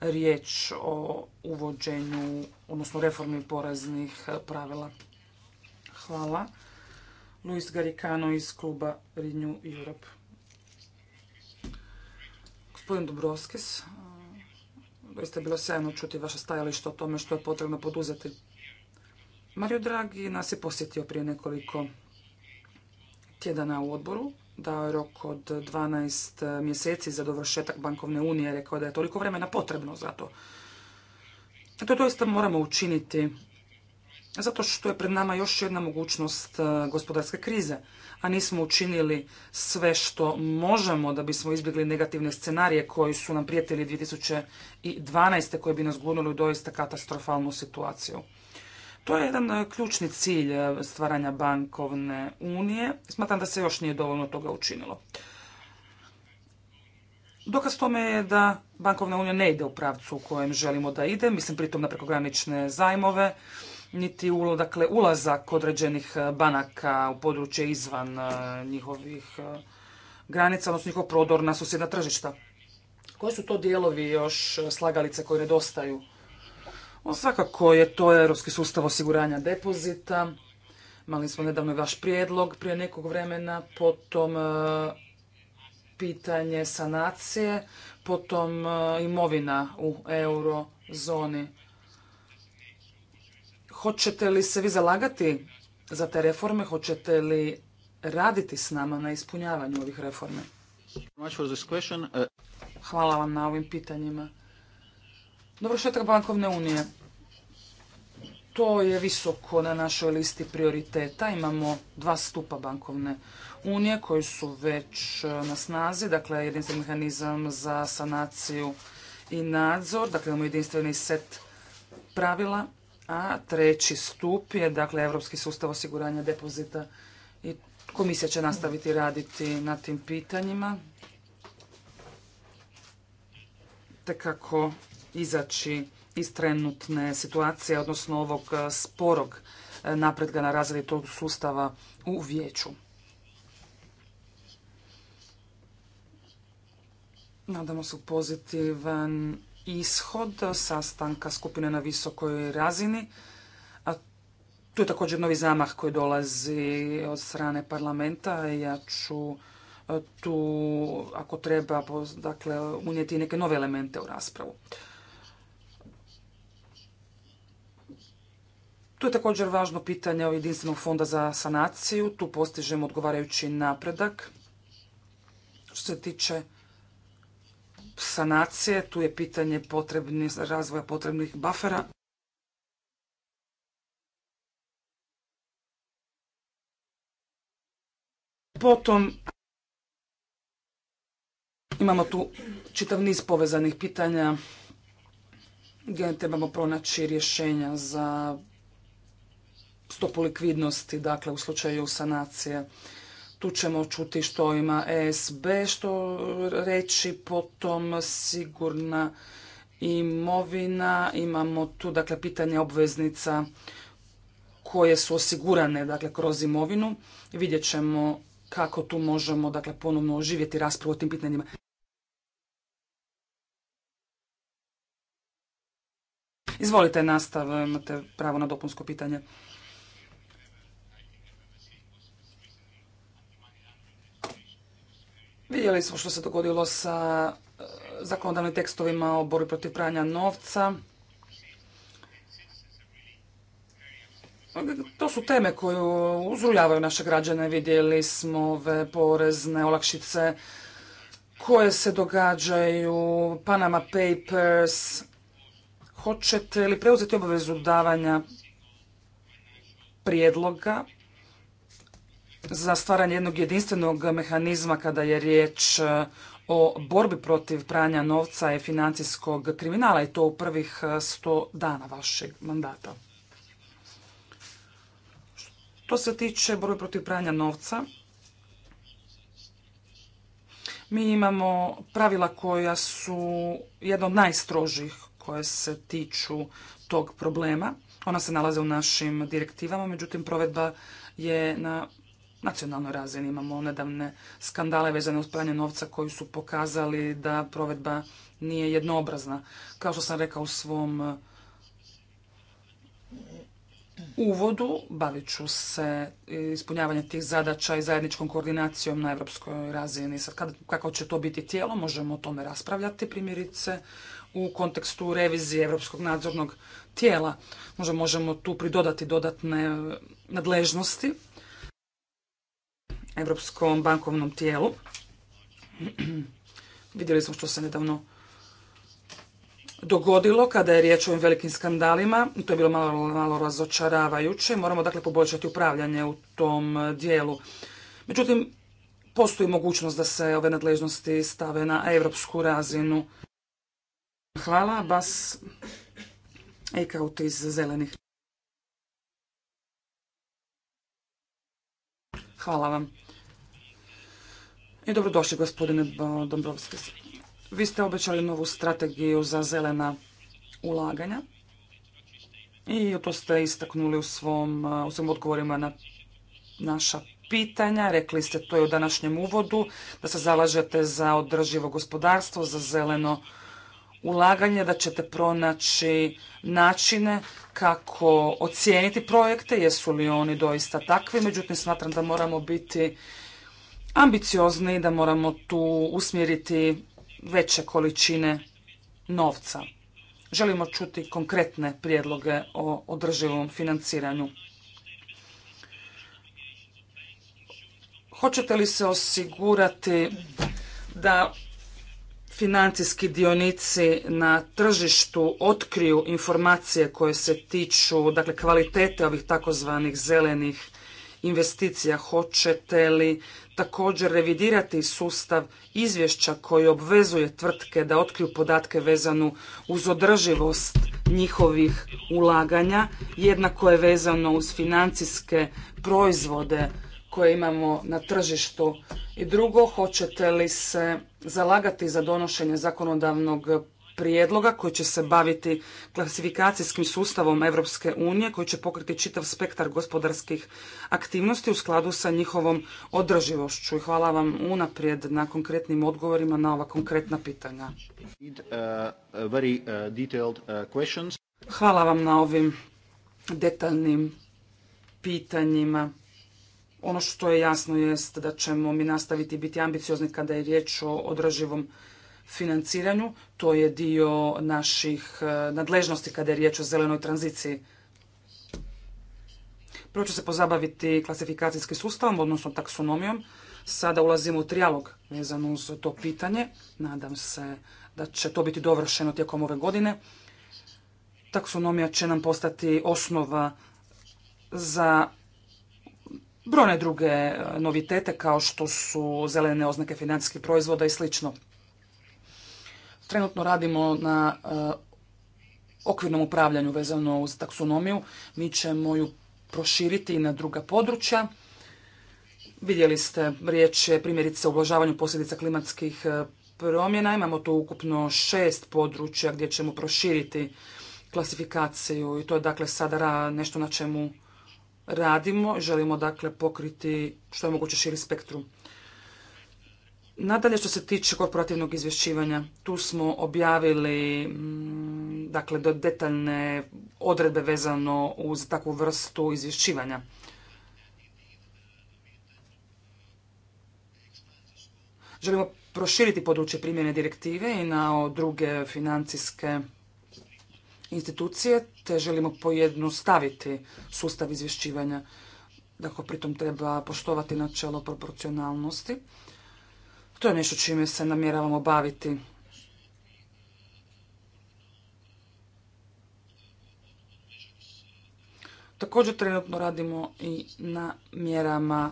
Speaker 3: riječ o uvođenju, odnosno reformi poreznih pravila. Hvala. Luis Garicano iz kluba Renew Europe. Gospodin Dubrovskis, Vi ste bilo sjajno čuti vaše stajalište o tome što je potrebno poduzeti. Mario Draghi nas je posjetio prije nekoliko tjedana u odboru, dao je rok od 12 mjeseci za dovršetak bankovne unije, rekao da je toliko vremena potrebno za to. To doista moramo učiniti zato što je pred nama još jedna mogućnost e, gospodarske krize, a nismo učinili sve što možemo da bismo izbjegli negativne scenarije koji su nam prijetili 2012. koje bi nas gurnuli u doista katastrofalnu situaciju. To je jedan e, ključni cilj e, stvaranja bankovne unije. Smatram da se još nije dovoljno toga učinilo. Dokaz tome je da bankovna unija ne ide u pravcu u kojem želimo da ide, mislim pritom na prekogranične zajmove, niti dakle, ulazak određenih e, banaka u područje izvan e, njihovih e, granica, odnosno njihov prodor na susjedna tržišta. Koji su to dijelovi još slagalice koje nedostaju? On svakako je to europski sustav osiguranja depozita. Imali smo nedavno vaš prijedlog prije nekog vremena, potom pitanje sanacije, potom imovina u eurozoni. Hoćete li se vi zalagati za te reforme? Hoćete li raditi s nama na ispunjavanju ovih reforme? Uh, Hvala vam na ovim pitanjima. Dobro bankovne unije. To je visoko na našoj listi prioriteta. Imamo dva stupa bankovne unije koji su već e, na snazi, dakle jedinstveni mehanizam za sanaciju i nadzor, dakle imamo jedinstveni set pravila a treći stup je dakle Europski sustav osiguranja depozita i komisija će nastaviti raditi na tim pitanjima te kako izaći iz trenutne situacije, odnosno ovog e, sporog e, napretka na razredi tog sustava u vijeću. Nadamo se pozitivan ishod sastanka skupine na visokoj razini. A tu je također novi zamah koji dolazi od strane parlamenta. Ja ću e, tu, ako treba, dakle, unijeti neke nove elemente u raspravu. Tu je također važno pitanje o jedinstvenog fonda za sanaciju. Tu postižemo odgovarajući napredak. Što se tiče sanacije, tu je pitanje razvoja potrebnih buffera. Potom imamo tu čitav niz povezanih pitanja gdje trebamo pronaći rješenja za stopu likvidnosti, dakle u slučaju sanacije. Tu ćemo čuti što ima ESB, što reći, potom sigurna imovina, imamo tu dakle pitanje obveznica koje su osigurane dakle kroz imovinu. Vidjet ćemo kako tu možemo dakle ponovno oživjeti raspravu o tim pitanjima. Izvolite nastav, imate pravo na dopunsko pitanje. Vidjeli smo što se dogodilo sa eh, zakonodavnim tekstovima o borbi protiv pranja novca. To su teme koje uzruljavaju naše građane. Vidjeli smo ove porezne olakšice koje se događaju, Panama Papers. Hoćete li preuzeti obavezu davanja prijedloga za stvaranje jednog jedinstvenog mehanizma kada je riječ e, o borbi protiv pranja novca i financijskog kriminala i to u prvih 100 e, dana vašeg mandata. Što se tiče borbe protiv pranja novca, mi imamo pravila koja su jedna od najstrožih koje se tiču tog problema. Ona se nalaze u našim direktivama, međutim provedba je na nacionalnoj razini. Imamo nedavne skandale vezane uz pranje novca koji su pokazali da provedba nije jednoobrazna. Kao što sam rekao u svom e, uvodu, bavit ću se ispunjavanje tih zadaća i zajedničkom koordinacijom na europskoj razini. Sad kad, kako će to biti tijelo, možemo o tome raspravljati, primjerice u kontekstu revizije europskog nadzornog tijela. Možda možemo tu pridodati dodatne nadležnosti Europskom bankovnom tijelu. [clears throat] Vidjeli smo što se nedavno dogodilo kada je riječ o ovim velikim skandalima. To je bilo malo, malo razočaravajuće. Moramo dakle poboljšati upravljanje u tom dijelu. Međutim, postoji mogućnost da se ove nadležnosti stave na europsku razinu. Hvala, Bas Ekaut iz Zelenih. Hvala vam. I dobrodošli gospodine Dombrovski. Vi ste obećali novu strategiju za zelena ulaganja i to ste istaknuli u svom, u svim odgovorima na naša pitanja. Rekli ste to i u današnjem uvodu, da se zalažete za održivo gospodarstvo, za zeleno ulaganje, da ćete pronaći načine kako ocijeniti projekte, jesu li oni doista takvi. Međutim, smatram da moramo biti ambiciozni, da moramo tu usmjeriti veće količine novca. Želimo čuti konkretne prijedloge o održivom financiranju. Hoćete li se osigurati da financijski dionici na tržištu otkriju informacije koje se tiču dakle, kvalitete ovih takozvanih zelenih investicija? Hoćete li također revidirati sustav izvješća koji obvezuje tvrtke da otkriju podatke vezanu uz održivost njihovih ulaganja, jednako je vezano uz financijske proizvode koje imamo na tržištu. I drugo, hoćete li se zalagati za donošenje zakonodavnog prijedloga koji će se baviti klasifikacijskim sustavom Europske unije koji će pokriti čitav spektar gospodarskih aktivnosti u skladu sa njihovom održivošću. I hvala vam unaprijed na konkretnim odgovorima na ova konkretna pitanja.
Speaker 2: Uh, uh,
Speaker 3: uh, hvala vam na ovim detaljnim pitanjima. Ono što je jasno jest da ćemo mi nastaviti biti ambiciozni kada je riječ o održivom financiranju. To je dio naših eh, nadležnosti kada je riječ o zelenoj tranziciji. Prvo ću se pozabaviti klasifikacijskim sustavom, odnosno taksonomijom. Sada ulazimo u trijalog vezan uz to pitanje. Nadam se da će to biti dovršeno tijekom ove godine. Taksonomija će nam postati osnova za brojne druge eh, novitete kao što su zelene oznake financijskih proizvoda i slično trenutno radimo na eh, okvirnom upravljanju vezano uz taksonomiju. Mi ćemo ju proširiti i na druga područja. Vidjeli ste, riječ je primjerice o ublažavanju posljedica klimatskih eh, promjena. Imamo tu ukupno šest područja gdje ćemo proširiti klasifikaciju i to je dakle sada nešto na čemu radimo. Želimo dakle pokriti što je moguće širi spektrum Nadalje što se tiče korporativnog izvješćivanja, tu smo objavili mm, dakle do detaljne odredbe vezano uz takvu vrstu izvješćivanja. Želimo proširiti područje primjene direktive i na druge financijske institucije, te želimo pojednostaviti sustav izvješćivanja. Dakle, pritom treba poštovati načelo proporcionalnosti. To je nešto čime se namjeravamo baviti. Također trenutno radimo i na mjerama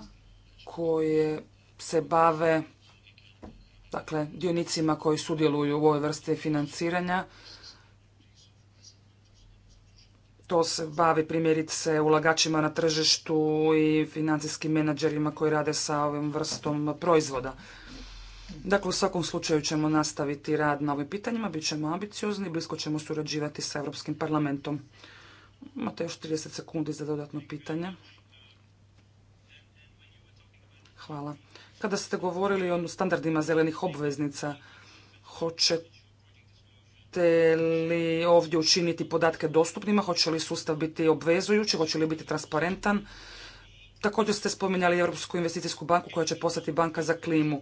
Speaker 3: koje se bave dakle, dionicima koji sudjeluju u ovoj vrsti financiranja. To se bavi primjerice ulagačima na tržištu i financijskim menadžerima koji rade sa ovim vrstom proizvoda. Dakle, u svakom slučaju ćemo nastaviti rad na ovim pitanjima, bit ćemo ambiciozni, blisko ćemo surađivati sa Europskim parlamentom. Imate još 30 sekundi za dodatno pitanje. Hvala. Kada ste govorili o standardima zelenih obveznica, hoćete li ovdje učiniti podatke dostupnima, hoće li sustav biti obvezujući, hoće li biti transparentan? Također ste spominjali Europsku investicijsku banku koja će postati banka za klimu.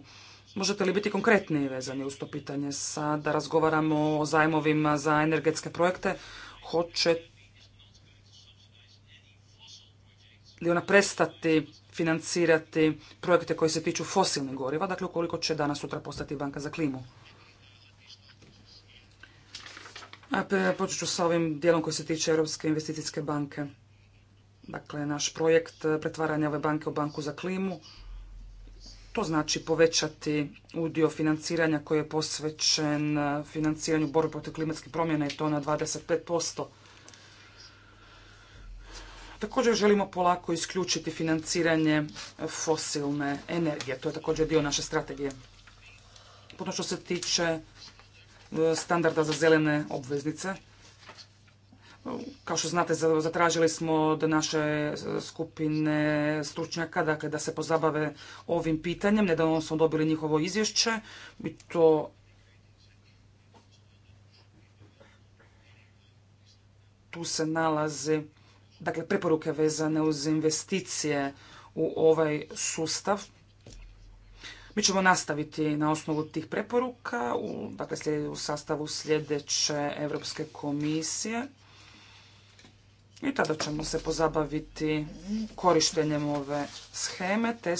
Speaker 3: Možete li biti konkretniji vezani uz to pitanje? da razgovaramo o zajmovima za energetske projekte. Hoće li ona prestati financirati projekte koji se tiču fosilnih goriva, dakle ukoliko će danas sutra postati banka za klimu? Pa, počet ću sa ovim dijelom koji se tiče Europske investicijske banke. Dakle, naš projekt pretvaranja ove banke u banku za klimu to znači povećati udio financiranja koji je posvećen eh, financiranju borbe protiv klimatskih promjena i to na 25%. Također želimo polako isključiti financiranje fosilne energije. To je također dio naše strategije. Potom što se tiče eh, standarda za zelene obveznice, kao što znate, zatražili smo od naše eh, skupine stručnjaka dakle, da se pozabave ovim pitanjem. Nedavno smo dobili njihovo izvješće i to tu se nalaze dakle, preporuke vezane uz investicije u ovaj sustav. Mi ćemo nastaviti na osnovu tih preporuka u, dakle, u sastavu sljedeće Europske komisije. I tada ćemo se pozabaviti korištenjem ove scheme, te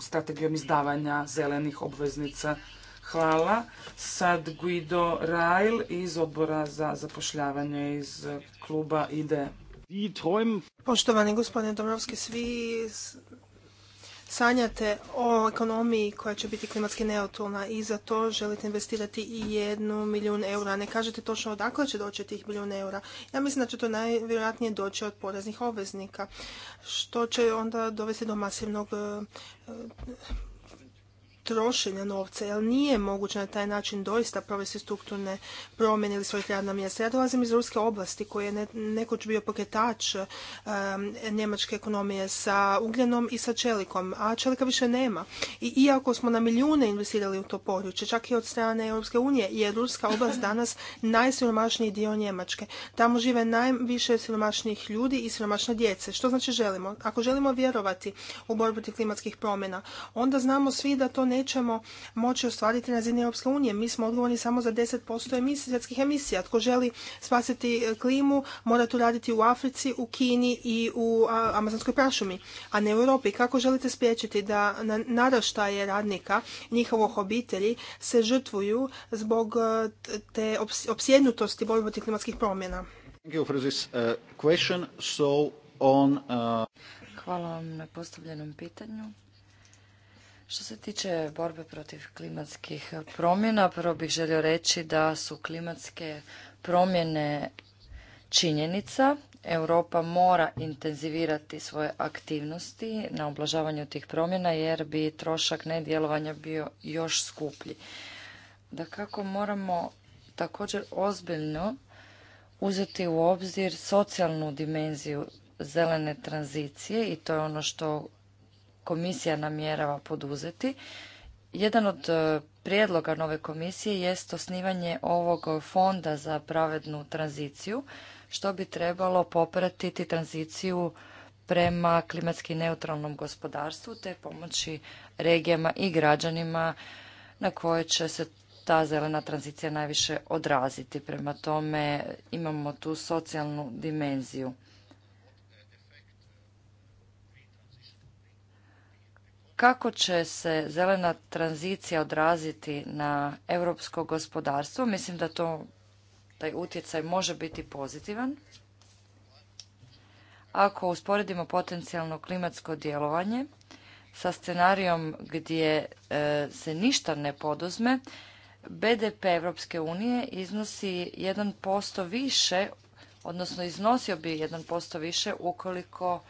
Speaker 3: strategijom izdavanja zelenih obveznica. Hvala. Sad Guido Rail iz odbora za zapošljavanje
Speaker 1: iz kluba IDE. Poštovani gospodine Dobrovski, svi sanjate o ekonomiji koja će biti klimatski neutralna i za to želite investirati i jednu milijun eura. Ne kažete točno odakle će doći tih milijun eura. Ja mislim da će to najvjerojatnije doći od poreznih obveznika, što će onda dovesti do masivnog e, trošenja novca, jer nije moguće na taj način doista provesti strukturne promjene ili svojih radna mjesta. Ja dolazim iz Ruske oblasti koji je nekoć bio pokretač njemačke ekonomije sa ugljenom i sa čelikom, a čelika više nema. I iako smo na milijune investirali u to područje, čak i od strane Europske unije, je Ruska oblast [clears throat] danas najsiromašniji dio Njemačke. Tamo žive najviše siromašnijih ljudi i siromašne djece. Što znači želimo? Ako želimo vjerovati u borbu protiv klimatskih promjena, onda znamo svi da to nećemo moći ostvariti na razini Europske unije. Mi smo odgovorni samo za 10% emisija svjetskih emisija. Tko želi spasiti e, klimu, mora to raditi u Africi, u Kini i u Amazonskoj prašumi, a ne u Europi. Kako želite spriječiti da naraštaje radnika, njihovih obitelji, se žrtvuju zbog e, te opsjednutosti borbe klimatskih promjena?
Speaker 2: Uh, uh,
Speaker 4: Hvala vam na postavljenom pitanju. Što se tiče borbe protiv klimatskih promjena, prvo bih želio reći da su klimatske promjene činjenica. Europa mora intenzivirati svoje aktivnosti na oblažavanju tih promjena jer bi trošak nedjelovanja bio još skuplji. Da kako moramo također ozbiljno uzeti u obzir socijalnu dimenziju zelene tranzicije i to je ono što komisija namjerava poduzeti. Jedan od e, prijedloga nove komisije jest osnivanje ovog fonda za pravednu tranziciju, što bi trebalo popratiti tranziciju prema klimatski neutralnom gospodarstvu te pomoći regijama i građanima na koje će se ta zelena tranzicija najviše odraziti. Prema tome imamo tu socijalnu dimenziju. kako će se zelena tranzicija odraziti na europsko gospodarstvo. Mislim da to, taj utjecaj može biti pozitivan. Ako usporedimo potencijalno klimatsko djelovanje sa scenarijom gdje e, se ništa ne poduzme, BDP Europske unije iznosi 1% više, odnosno iznosio bi 1% više ukoliko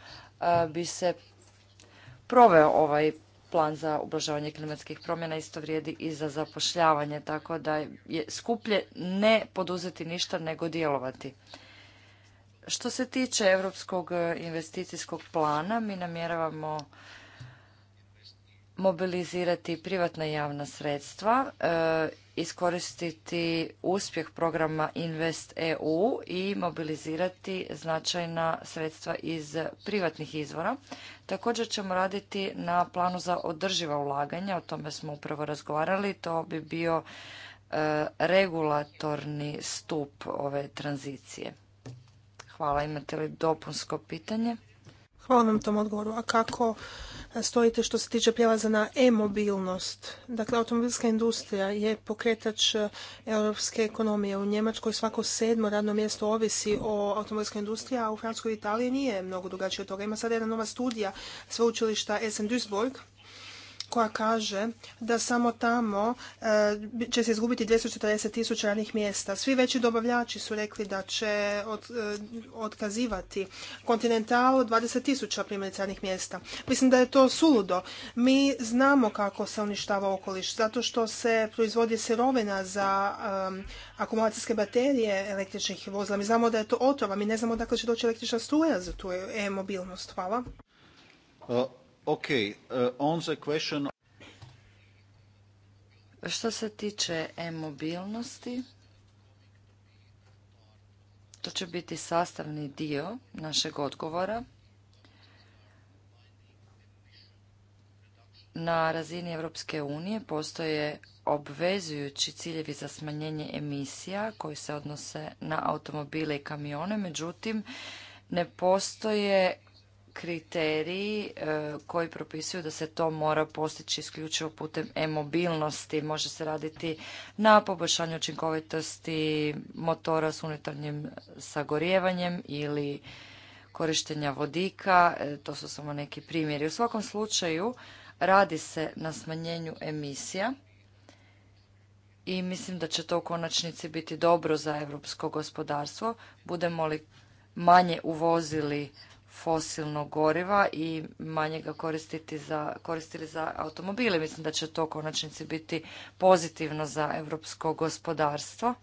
Speaker 4: e, bi se proveo ovaj plan za ublažavanje klimatskih promjena isto vrijedi i za zapošljavanje, tako da je skuplje ne poduzeti ništa nego djelovati. Što se tiče Europskog investicijskog plana, mi namjeravamo mobilizirati privatna javna sredstva, e, iskoristiti uspjeh programa Invest EU i mobilizirati značajna sredstva iz privatnih izvora. Također ćemo raditi na planu za održiva ulaganja, o tome smo upravo razgovarali, to bi bio e, regulatorni stup ove tranzicije. Hvala, imate li dopunsko pitanje?
Speaker 1: Hvala vam tom odgovoru. A kako stojite što se tiče prijelaza na e-mobilnost. Dakle, automobilska industrija je pokretač e, europske ekonomije. U Njemačkoj svako sedmo radno mjesto ovisi o automobilskoj industriji, a u Francuskoj i Italiji nije mnogo drugačije od toga. Ima sada jedna nova studija sveučilišta Essen Duisburg koja kaže da samo tamo e, će se izgubiti 240 tisuća radnih mjesta. Svi veći dobavljači su rekli da će e, otkazivati Continental 20 tisuća primjerice radnih mjesta. Mislim da je to suludo. Mi znamo kako se uništava okoliš, zato što se proizvodi sirovina za akumulacijske baterije električnih vozila. Mi znamo da je to otrova, mi ne znamo dakle će doći električna struja za tu e-mobilnost. Hvala.
Speaker 2: Uh, on
Speaker 4: Što se tiče e-mobilnosti, to će biti sastavni dio našeg odgovora. Na razini Europske unije postoje obvezujući ciljevi za smanjenje emisija koji se odnose na automobile i kamione, međutim ne postoje kriteriji e, koji propisuju da se to mora postići isključivo putem e-mobilnosti. Može se raditi na poboljšanju učinkovitosti motora s unutarnjim sagorijevanjem ili korištenja vodika. E, to su samo neki primjeri. U svakom slučaju radi se na smanjenju emisija i mislim da će to u konačnici biti dobro za europsko gospodarstvo. Budemo li manje uvozili fosilnog goriva i manje ga koristiti za, koristili za automobile. Mislim da će to u konačnici biti pozitivno za europsko gospodarstvo.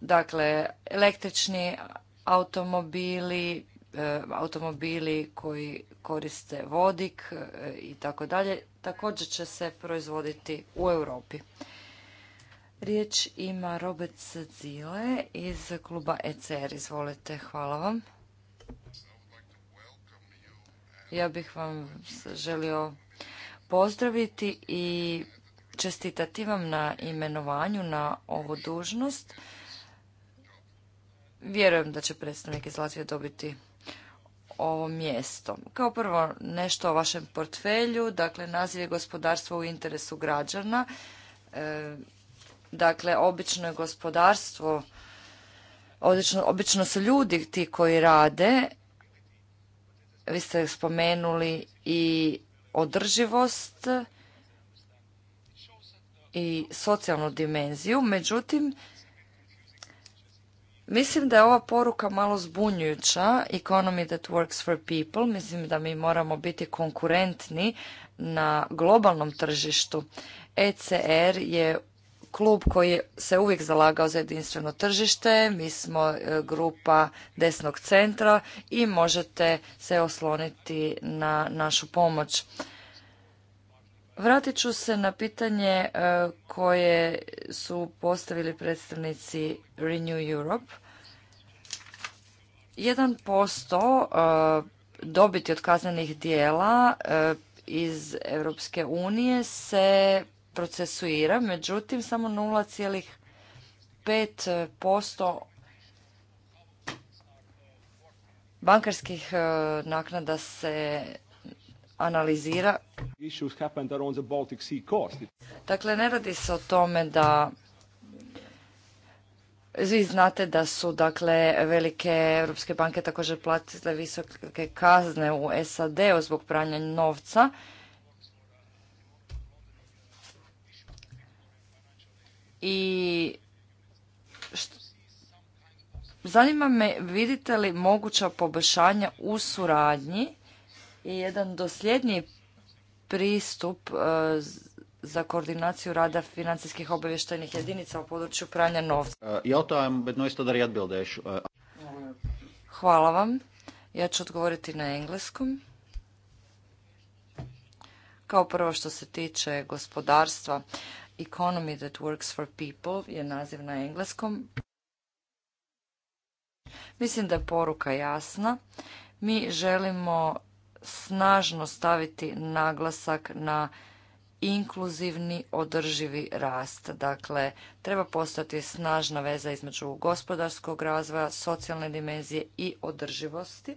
Speaker 4: Dakle, električni automobili, e, automobili koji koriste vodik e, i tako dalje, također će se proizvoditi u Europi. Riječ ima Robert Zile iz kluba ECR. Izvolite, hvala vam. Ja bih vam želio pozdraviti i čestitati vam na imenovanju na ovu dužnost. Vjerujem da će predstavnik iz Latvije dobiti ovo mjesto. Kao prvo nešto o vašem portfelju, dakle naziv je gospodarstvo u interesu građana. E, Dakle, obično je gospodarstvo, obično, obično su ljudi ti koji rade. Vi ste spomenuli i održivost i socijalnu dimenziju. Međutim, Mislim da je ova poruka malo zbunjujuća, economy that works for people, mislim da mi moramo biti konkurentni na globalnom tržištu. ECR er je klub koji se uvijek zalagao za jedinstveno tržište, mi smo e, grupa desnog centra i možete se osloniti na našu pomoć. Vratit ću se na pitanje e, koje su postavili predstavnici Renew Europe. 1% e, dobiti od kaznenih dijela iz Europske unije se procesuira, međutim samo 0,5% bankarskih e, naknada se analizira. Dakle, ne radi se o tome da vi znate da su dakle velike europske banke također platile visoke kazne u SAD-u zbog pranja novca i zanima me vidite li moguća poboljšanja u suradnji i jedan dosljedniji pristup e, za koordinaciju rada financijskih obavještajnih jedinica u području pranja novca. E, e, Hvala vam. Ja ću odgovoriti na engleskom. Kao prvo što se tiče gospodarstva, Economy that works for people je naziv na engleskom. Mislim da je poruka jasna. Mi želimo snažno staviti naglasak na inkluzivni održivi rast. Dakle, treba postati snažna veza između gospodarskog razvoja, socijalne dimenzije i održivosti.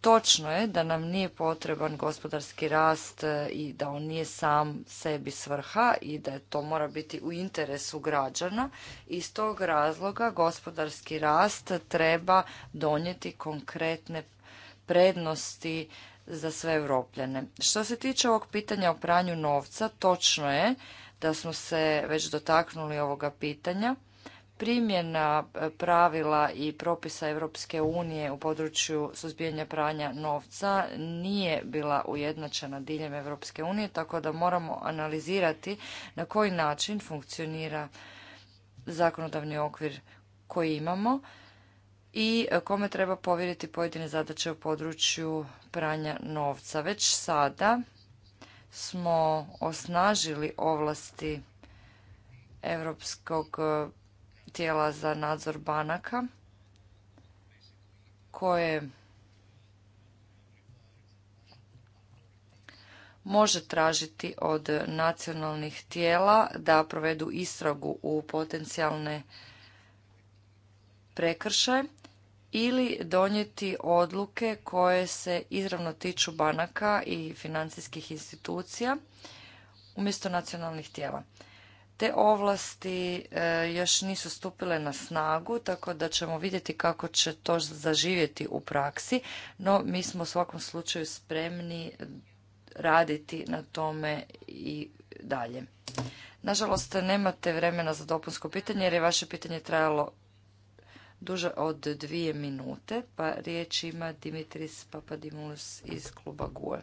Speaker 4: Točno je da nam nije potreban gospodarski rast e, i da on nije sam sebi svrha i da to mora biti u interesu građana. Iz tog razloga gospodarski rast treba donijeti konkretne prednosti za sve Europljane. Što se tiče ovog pitanja o pranju novca, točno je da smo se već dotaknuli ovoga pitanja primjena e, pravila i propisa Europske unije u području suzbijanja pranja novca nije bila ujednačena diljem Europske unije, tako da moramo analizirati na koji način funkcionira zakonodavni okvir koji imamo i e, kome treba povjeriti pojedine zadaće u području pranja novca. Već sada smo osnažili ovlasti Europskog e, tijela za nadzor banaka koje može tražiti od nacionalnih tijela da provedu istragu u potencijalne prekršaje ili donijeti odluke koje se izravno tiču banaka i financijskih institucija umjesto nacionalnih tijela te ovlasti e, još nisu stupile na snagu, tako da ćemo vidjeti kako će to zaživjeti u praksi, no mi smo u svakom slučaju spremni raditi na tome i dalje. Nažalost, nemate vremena za dopunsko pitanje jer je vaše pitanje trajalo duže od dvije minute, pa riječ ima Dimitris Papadimus iz kluba GUE.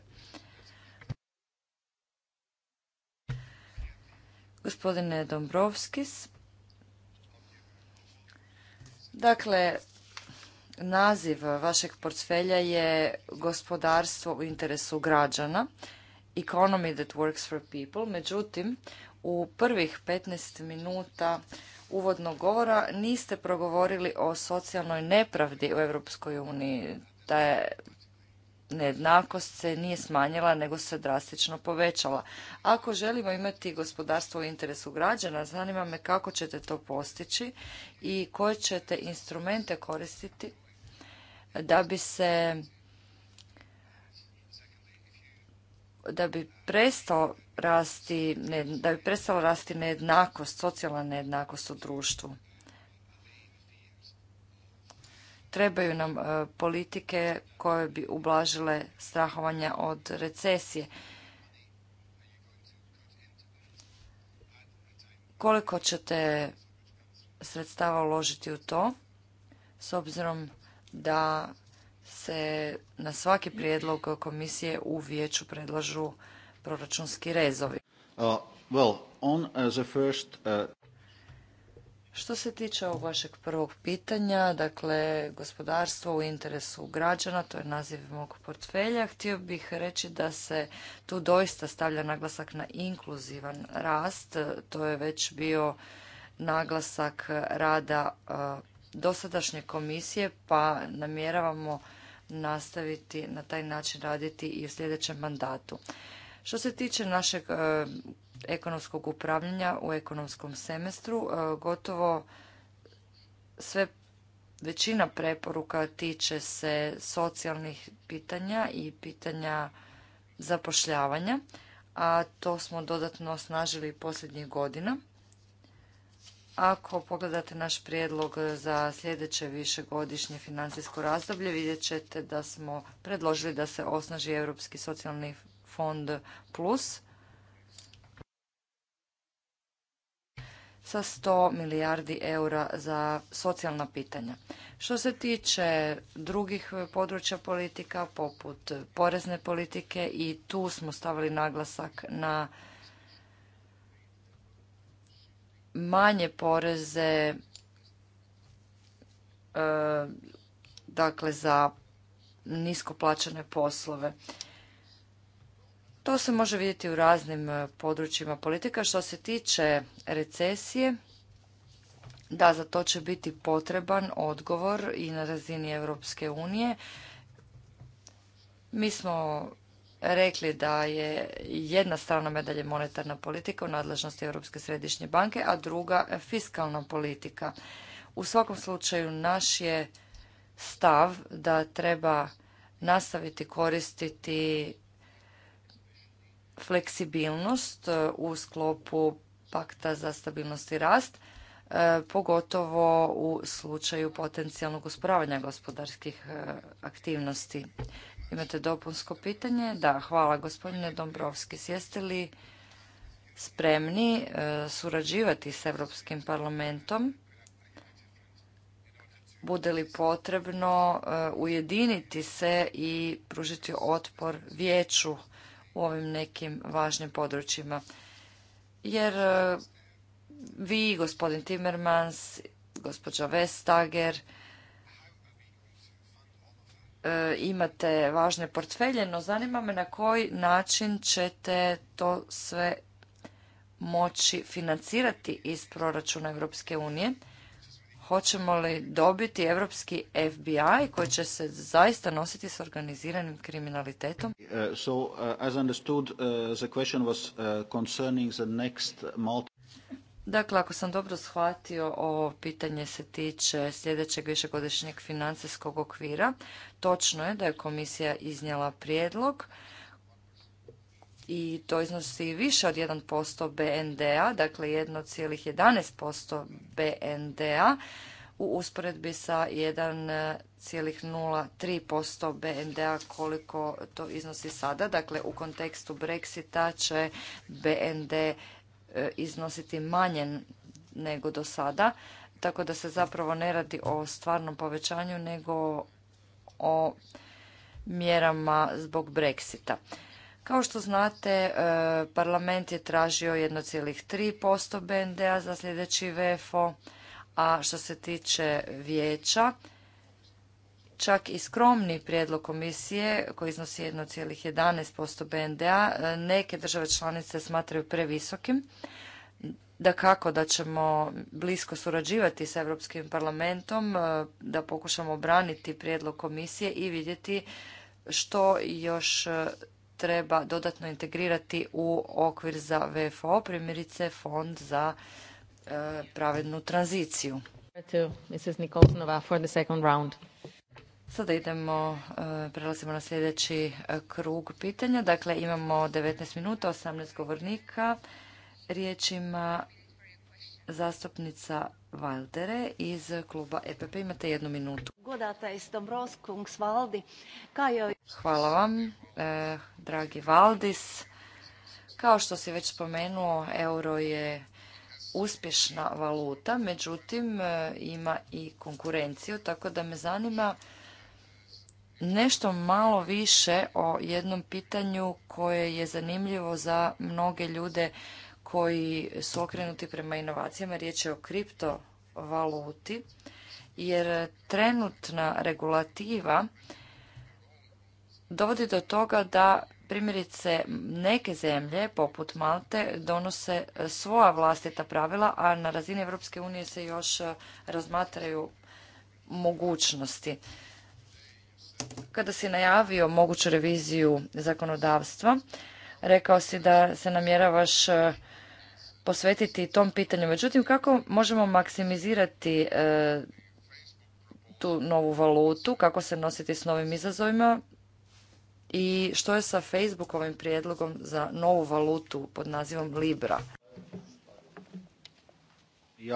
Speaker 4: gospodine Dombrovskis. Dakle, naziv vašeg portfelja je gospodarstvo u interesu građana, economy that works for people. Međutim, u prvih 15 minuta uvodnog govora niste progovorili o socijalnoj nepravdi u Europskoj uniji. Da je nejednakost se nije smanjila nego se drastično povećala. Ako želimo imati gospodarstvo u interesu građana, zanima me kako ćete to postići i koje ćete instrumente koristiti da bi se da bi prestao rasti, da bi prestala rasti nejednakost, socijalna nejednakost u društvu. Trebaju nam e, politike koje bi ublažile strahovanja od recesije. Koliko ćete sredstava uložiti u to, s obzirom da se na svaki prijedlog komisije u vijeću predlažu proračunski rezovi?
Speaker 2: Uh, uh,
Speaker 4: što se tiče ovog vašeg prvog pitanja, dakle gospodarstvo u interesu građana, to je naziv mog portfelja, htio bih reći da se tu doista stavlja naglasak na inkluzivan rast, to je već bio naglasak rada e, dosadašnje komisije, pa namjeravamo nastaviti na taj način raditi i u sljedećem mandatu. Što se tiče našeg e, ekonomskog upravljanja u ekonomskom semestru. E, gotovo sve većina preporuka tiče se socijalnih pitanja i pitanja zapošljavanja, a to smo dodatno osnažili posljednjih godina. Ako pogledate naš prijedlog za sljedeće višegodišnje financijsko razdoblje, vidjet ćete da smo predložili da se osnaži Europski socijalni fond plus sa 100 milijardi eura za socijalna pitanja. Što se tiče drugih područja politika poput porezne politike i tu smo stavili naglasak na manje poreze e, dakle za nisko poslove. To se može vidjeti u raznim e, područjima politika. Što se tiče recesije, da, za to će biti potreban odgovor i na razini Europske unije. Mi smo rekli da je jedna strana medalje monetarna politika u nadležnosti Europske središnje banke, a druga fiskalna politika. U svakom slučaju naš je stav da treba nastaviti koristiti fleksibilnost e, u sklopu pakta za stabilnost i rast, e, pogotovo u slučaju potencijalnog usporavanja gospodarskih e, aktivnosti. Imate dopunsko pitanje? Da, hvala gospodine Dombrovski. Jeste li spremni surađivati s Europskim parlamentom? Bude li potrebno ujediniti se i pružiti otpor vijeću u ovim nekim važnim područjima. Jer e, vi, gospodin Timmermans, gospođa Vestager, e, imate važne portfelje, no zanima me na koji način ćete to sve moći financirati iz proračuna Europske unije Hoćemo li dobiti evropski FBI koji će se zaista nositi s organiziranim kriminalitetom? Dakle, ako sam dobro shvatio, ovo pitanje se tiče sljedećeg višegodišnjeg financijskog okvira. Točno je da je komisija iznijela prijedlog i to iznosi više od 1% BND-a, dakle 1,11% BND-a u usporedbi sa 1,03% BND-a koliko to iznosi sada. Dakle, u kontekstu Brexita će BND e, iznositi manje nego do sada, tako da se zapravo ne radi o stvarnom povećanju nego o mjerama zbog Brexita. Kao što znate, e, parlament je tražio 1,3% BND-a za sljedeći VFO, a što se tiče vijeća, čak i skromni prijedlog komisije koji iznosi 1,11% BND-a, e, neke države članice smatraju previsokim. Da kako da ćemo blisko surađivati sa Europskim parlamentom, e, da pokušamo obraniti prijedlog komisije i vidjeti što još treba dodatno integrirati u okvir za VFO, primjerice fond za e, pravednu tranziciju. Sada idemo, e, prelazimo na sljedeći e, krug pitanja. Dakle, imamo 19 minuta, 18 govornika. Riječ ima zastupnica Valdere iz kluba EPP. Imate jednu minutu. Hvala vam, e, dragi Valdis. Kao što si već spomenuo, euro je uspješna valuta, međutim e, ima i konkurenciju, tako da me zanima nešto malo više o jednom pitanju koje je zanimljivo za mnoge ljude koji su okrenuti prema inovacijama. Riječ je o kriptovaluti jer trenutna regulativa dovodi do toga da primjerice neke zemlje poput Malte donose svoja vlastita pravila, a na razini Europske unije se još razmatraju mogućnosti. Kada si najavio moguću reviziju zakonodavstva, rekao si da se namjeravaš posvetiti tom pitanju. Međutim, kako možemo maksimizirati e, tu novu valutu, kako se nositi s novim izazovima i što je sa Facebookovim prijedlogom za novu valutu pod nazivom Libra?
Speaker 2: E,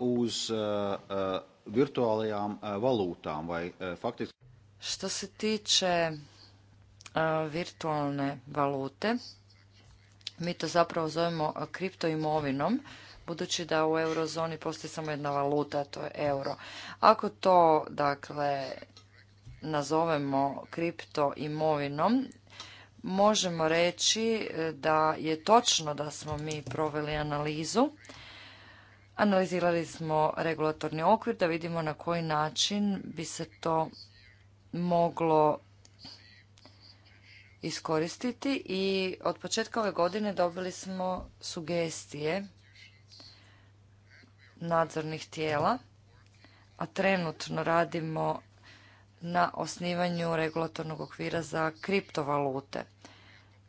Speaker 2: uz e, virtualijam valūtām
Speaker 4: Što se tiče virtualne valute, mi to zapravo zovemo e, kriptoimovinom, budući da u eurozoni postoji samo jedna valuta, to je euro. Ako to, dakle, nazovemo kriptoimovinom, možemo reći e, da je točno da smo mi proveli analizu. Analizirali smo regulatorni okvir da vidimo na koji način bi se to moglo iskoristiti i od početka ove godine dobili smo sugestije nadzornih tijela, a trenutno radimo na osnivanju regulatornog okvira za kriptovalute.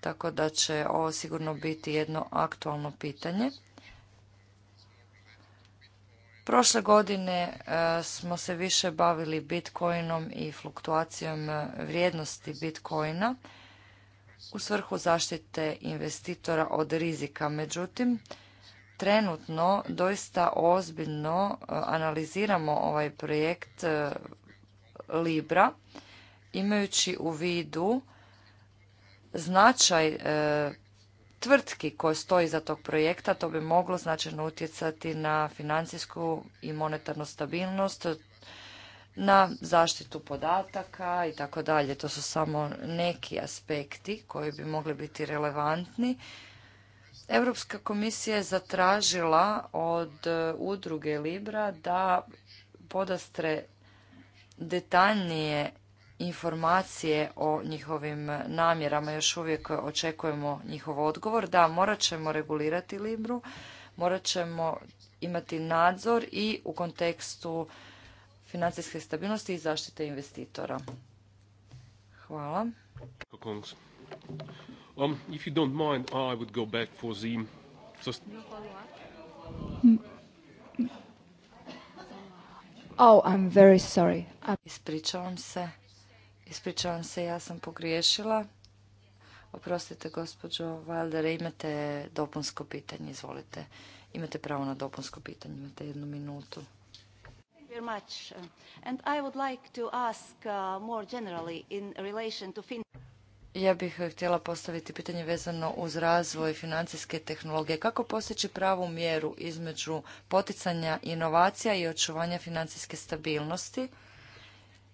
Speaker 4: Tako da će ovo sigurno biti jedno aktualno pitanje. Prošle godine e, smo se više bavili Bitcoinom i fluktuacijom e, vrijednosti Bitcoina u svrhu zaštite investitora od rizika. Međutim, trenutno doista ozbiljno e, analiziramo ovaj projekt e, Libra imajući u vidu značaj e, tvrtki koje stoji za tog projekta, to bi moglo značajno utjecati na financijsku i monetarnu stabilnost, na zaštitu podataka i tako dalje. To su samo neki aspekti koji bi mogli biti relevantni. Europska komisija je zatražila od e, udruge Libra da podastre detaljnije informacije o njihovim namjerama. Još uvijek očekujemo njihov odgovor. Da, morat ćemo regulirati Libru, morat ćemo imati nadzor i u kontekstu financijske stabilnosti i zaštite investitora. Hvala. Ispričavam se. Ispričavam se, ja sam pogriješila. Oprostite, gospođo Valdere, imate dopunsko pitanje, izvolite. Imate pravo na dopunsko pitanje, imate jednu minutu
Speaker 1: very much. And I would like to ask uh, more generally in relation to fin
Speaker 4: ja bih eh, htjela postaviti pitanje vezano uz razvoj financijske tehnologije. Kako postići pravu mjeru između poticanja inovacija i očuvanja financijske stabilnosti?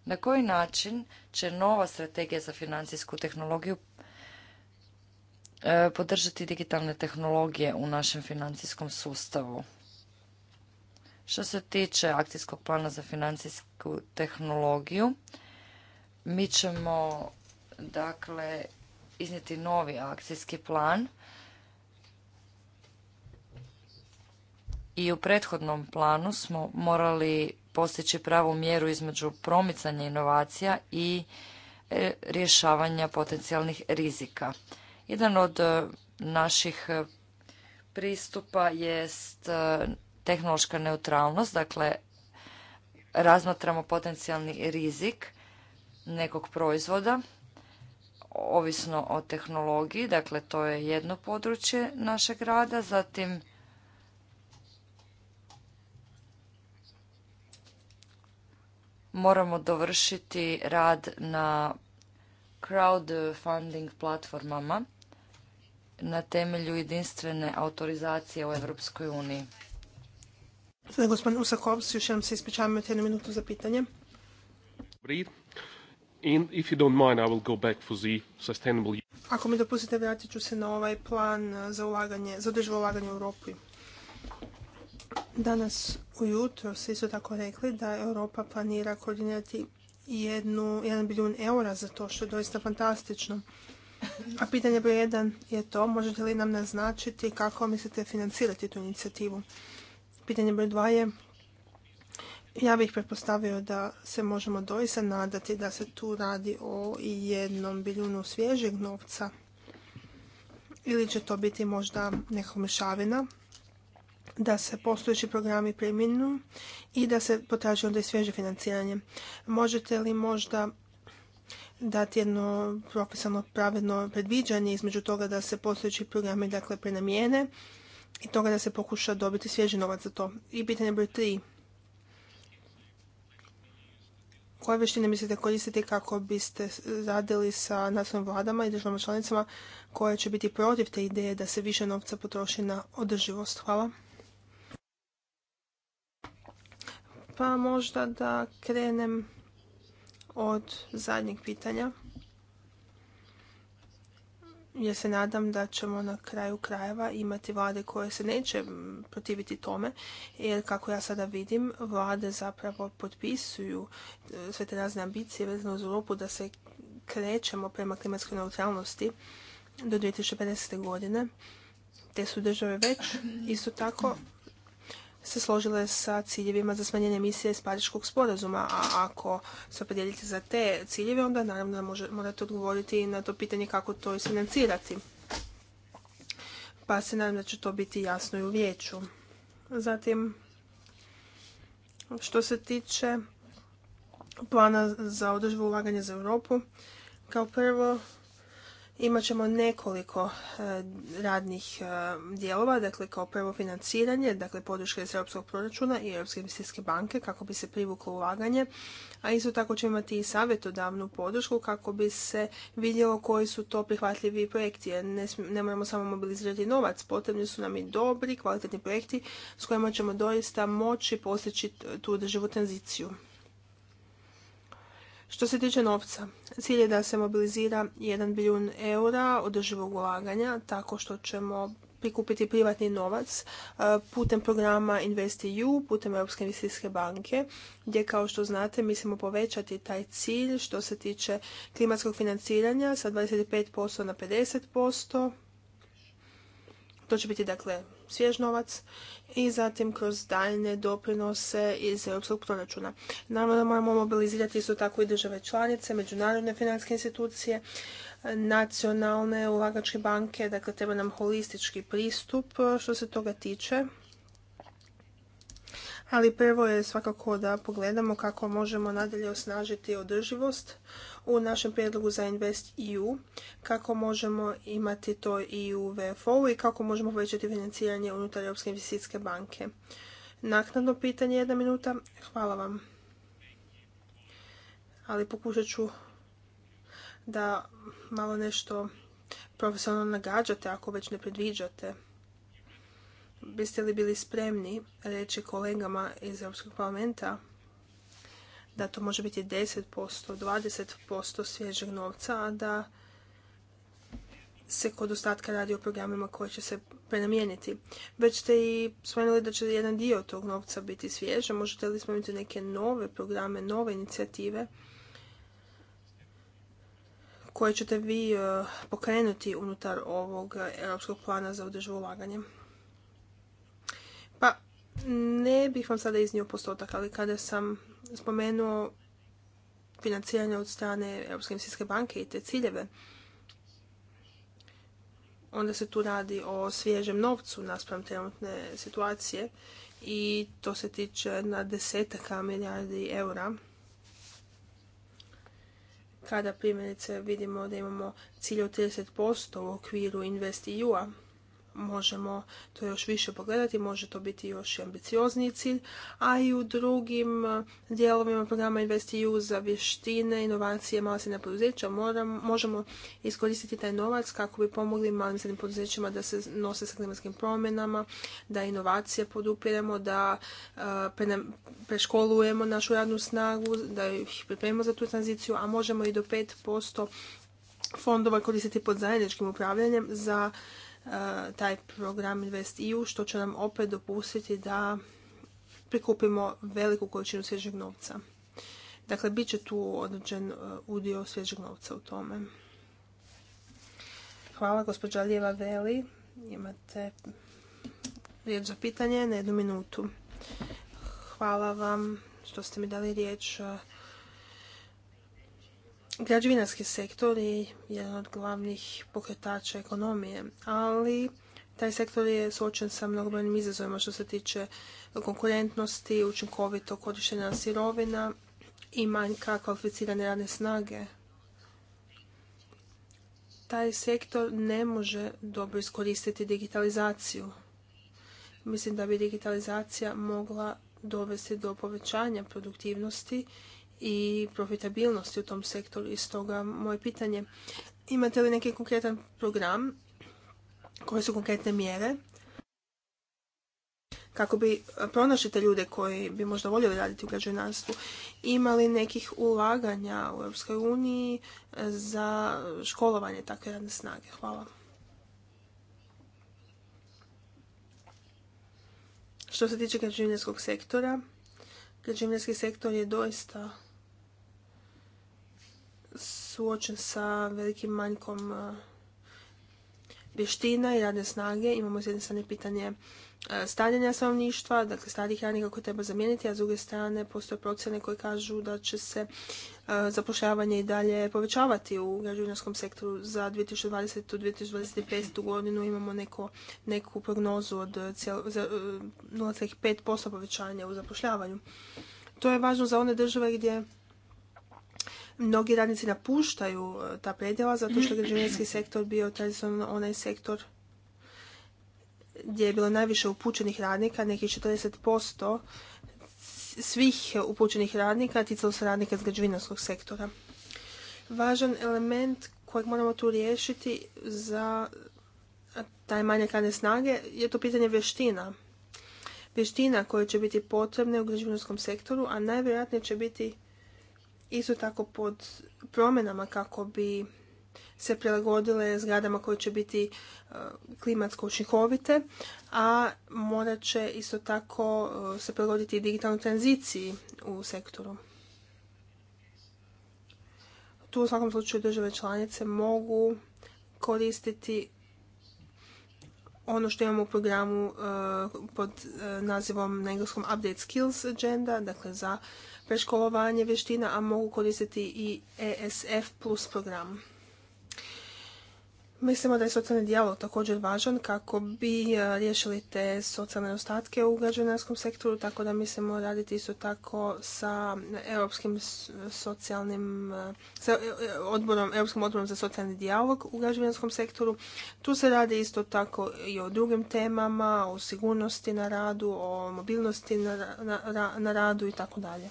Speaker 4: Na koji način će nova strategija za financijsku tehnologiju eh, podržati digitalne tehnologije u našem financijskom sustavu? Što se tiče akcijskog plana za financijsku tehnologiju, mi ćemo dakle iznijeti novi akcijski plan i u prethodnom planu smo morali postići pravu mjeru između promicanja inovacija i e, rješavanja potencijalnih rizika. Jedan od e, naših e, pristupa jest tehnološka neutralnost, dakle razmatramo potencijalni rizik nekog proizvoda ovisno o tehnologiji, dakle to je jedno područje našeg rada, zatim moramo dovršiti rad na crowdfunding platformama na temelju jedinstvene autorizacije u Europskoj uniji
Speaker 1: gospodin Usakovski, još jednom se ispričavam, imate jednu minutu za pitanje. Ako mi dopustite, vratit ću se na ovaj plan eh, za ulaganje, za održivo ulaganje u Europi. Danas ujutro se isto tako rekli da Europa planira koordinirati jednu, jedan bilijun eura za to, što je doista fantastično. A pitanje broj jedan je to, možete li nam naznačiti kako mislite financirati tu inicijativu? Pitanje broj dva je, ja bih pretpostavio da se možemo doista nadati da se tu radi o jednom biljunu svježeg novca ili će to biti možda neka mešavina da se postojeći programi preminu i da se potraži onda i svježe financiranje. Možete li možda dati jedno propisano pravedno predviđanje između toga da se postojeći programi dakle prenamijene i toga da se pokuša dobiti svježi novac za to. I pitanje broj 3. Koje vještine mislite koristiti kako biste radili sa nacionalnim vladama i državama članicama koje će biti protiv te ideje da se više novca potroši na održivost? Hvala. Pa možda da krenem od zadnjeg pitanja. Ja se nadam da ćemo na kraju krajeva imati vlade koje se neće protiviti tome, jer kako ja sada vidim, vlade zapravo potpisuju e, sve te razne ambicije vezano uz Europu da se krećemo prema klimatskoj neutralnosti do 2050. godine. Te su države već isto tako se složile sa ciljevima za smanjenje emisije iz Pariškog sporazuma, a ako se opredjeljite za te ciljeve, onda naravno morate odgovoriti na to pitanje kako to isfinancirati. Pa se nadam da će to biti jasno i u vijeću. Zatim, što se tiče plana za održivo ulaganje za Europu, kao prvo imat ćemo nekoliko e, radnih e, dijelova, dakle kao prvo financiranje, dakle podrška iz Europskog proračuna i Europske investicijske banke kako bi se privuklo ulaganje, a isto tako ćemo imati i savjetodavnu podršku kako bi se vidjelo koji su to prihvatljivi projekti, jer ne, ne moramo samo mobilizirati novac, potrebni su nam i dobri, kvalitetni projekti s kojima ćemo doista moći postići tu održivu tranziciju. Što se tiče novca, cilj je da se mobilizira 1 bilijun eura održivog ulaganja tako što ćemo prikupiti privatni novac e, putem programa InvestEU, putem Europske investicijske banke, gdje kao što znate mislimo povećati taj cilj što se tiče klimatskog financiranja sa 25% na 50%, to će biti dakle svjež novac i zatim kroz daljne doprinose iz europskog proračuna. Naravno da moramo mobilizirati isto tako i države članice, međunarodne financijske institucije, nacionalne ulagačke banke, dakle treba nam holistički pristup eh, što se toga tiče ali prvo je svakako da pogledamo kako možemo nadalje osnažiti održivost u našem prijedlogu za Invest EU, kako možemo imati to i u VFO-u i kako možemo povećati financiranje unutar Europske investicijske banke. Naknadno pitanje, jedna minuta. Hvala vam. Ali pokušat ću da malo nešto profesionalno nagađate ako već ne predviđate biste li bili spremni reći kolegama iz Europskog parlamenta da to može biti 10%, 20% svježeg novca, a da se kod ostatka radi o programima koje će se prenamijeniti. Već ste i spomenuli da će jedan dio tog novca biti svjež, možete li spomenuti neke nove programe, nove inicijative koje ćete vi eh, pokrenuti unutar ovog eh, europskog plana za održivo ulaganje? Ne bih vam sada iznio postotak, ali kada sam spomenuo financiranje od strane Europske investicijske banke i te ciljeve, onda se tu radi o svježem novcu naspram trenutne situacije i to se tiče na desetaka milijardi eura. Kada primjerice vidimo da imamo cilj od 30% u okviru investi a možemo to još više pogledati, može to biti još i ambiciozniji cilj, a i u drugim e, dijelovima programa InvestEU za vještine, inovacije, se poduzeća možemo iskoristiti taj novac kako bi pomogli malim srednim poduzećima da se nose sa klimatskim promjenama, da inovacije podupiremo, da e, preškolujemo našu radnu snagu, da ih pripremimo za tu tranziciju, a možemo i do 5% fondova koristiti pod zajedničkim upravljanjem za E, taj program InvestEU što će nam opet dopustiti da prikupimo veliku količinu svježeg novca. Dakle, bit će tu određen e, udio svježeg novca u tome. Hvala, gospođa Lijeva Veli. Imate riječ za pitanje na jednu minutu. Hvala vam što ste mi dali riječ. E, Građevinarski sektor je jedan od glavnih pokretača ekonomije, ali taj sektor je suočen sa mnogobrojnim izazovima što se tiče konkurentnosti, učinkovito korištenja sirovina i manjka kvalificirane radne snage. Taj sektor ne može dobro iskoristiti digitalizaciju. Mislim da bi digitalizacija mogla dovesti do povećanja produktivnosti i profitabilnosti u tom sektoru. I toga moje pitanje, imate li neki konkretan program, koje su konkretne mjere kako bi pronašli te ljude koji bi možda voljeli raditi u građevinarstvu, imali nekih ulaganja u Europskoj uniji e, za školovanje takve radne snage. Hvala. Što se tiče građevinarskog sektora, građevinarski sektor je doista suočen sa velikim manjkom e, vještina i radne snage. Imamo s jedne strane pitanje e, stavljanja stanovništva, dakle starih radnika koje treba zamijeniti, a s druge strane postoje procjene koje kažu da će se e, zapošljavanje i dalje povećavati u građevinarskom sektoru. Za 2020. i 2025. godinu imamo neku prognozu od 0,5% povećanja u zapošljavanju. To je važno za one države gdje mnogi radnici napuštaju e, ta predjela zato što je [clears throat] građevinski sektor bio tradicionalno onaj sektor gdje je bilo najviše upućenih radnika, nekih 40% svih upućenih radnika ticalo se radnika iz građevinarskog sektora. Važan element kojeg moramo tu riješiti za taj manjak radne snage je to pitanje vještina. Vještina koje će biti potrebne u građevinarskom sektoru, a najvjerojatnije će biti isto tako pod promjenama kako bi se prilagodile zgradama koje će biti e, klimatsko učinkovite, a morat će isto tako e, se prilagoditi i digitalnoj tranziciji u sektoru. Tu u svakom slučaju države članice mogu koristiti ono što imamo u programu e, pod nazivom na engleskom Update Skills Agenda, dakle za preškolovanje vještina, a mogu koristiti i ESF plus program. Mislimo da je socijalni dijalog također važan kako bi e, riješili te socijalne ostatke u građevinarskom sektoru, tako da mislimo raditi isto tako sa Europskim socijalnim, e, e, odborom, Europskim odborom za socijalni dijalog u građevinarskom sektoru. Tu se radi isto tako i o drugim temama, o sigurnosti na radu, o mobilnosti na, na radu i tako dalje.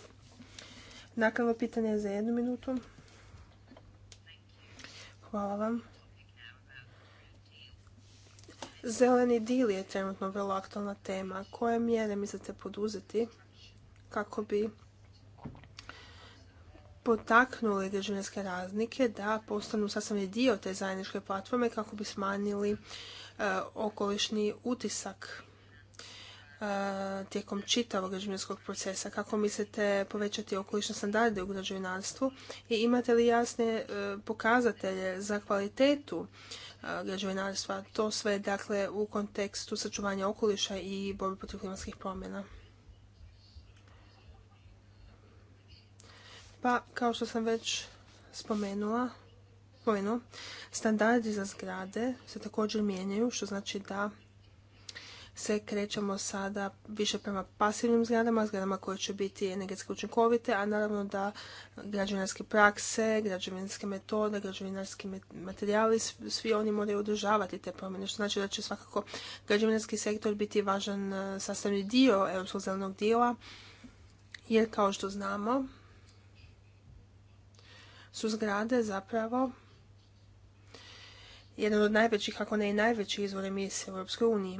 Speaker 1: Nakon pitanje za jednu minutu. Hvala vam. Zeleni dil je trenutno vrlo aktualna tema. Koje mjere mislite poduzeti kako bi potaknuli građevinske raznike da postanu sasvim dio te zajedničke platforme kako bi smanjili e, okolišni utisak tijekom čitavog građevinskog procesa? Kako mislite povećati okolišne standarde u građevinarstvu i imate li jasne e, pokazatelje za kvalitetu e, građevinarstva? To sve dakle u kontekstu sačuvanja okoliša i borbe protiv klimatskih promjena. Pa, kao što sam već spomenula, spomenula, standardi za zgrade se također mijenjaju, što znači da se krećemo sada više prema pasivnim zgradama, zgradama koje će biti energetske učinkovite, a naravno da građevinarske prakse, građevinske metode, građevinarski materijali, svi oni moraju održavati te promjene, što znači da će svakako građevinarski sektor biti važan e, sastavni dio europskog zelenog dijela, jer kao što znamo, su zgrade zapravo jedan od najvećih, ako ne i najveći izvor emisije u eu uniji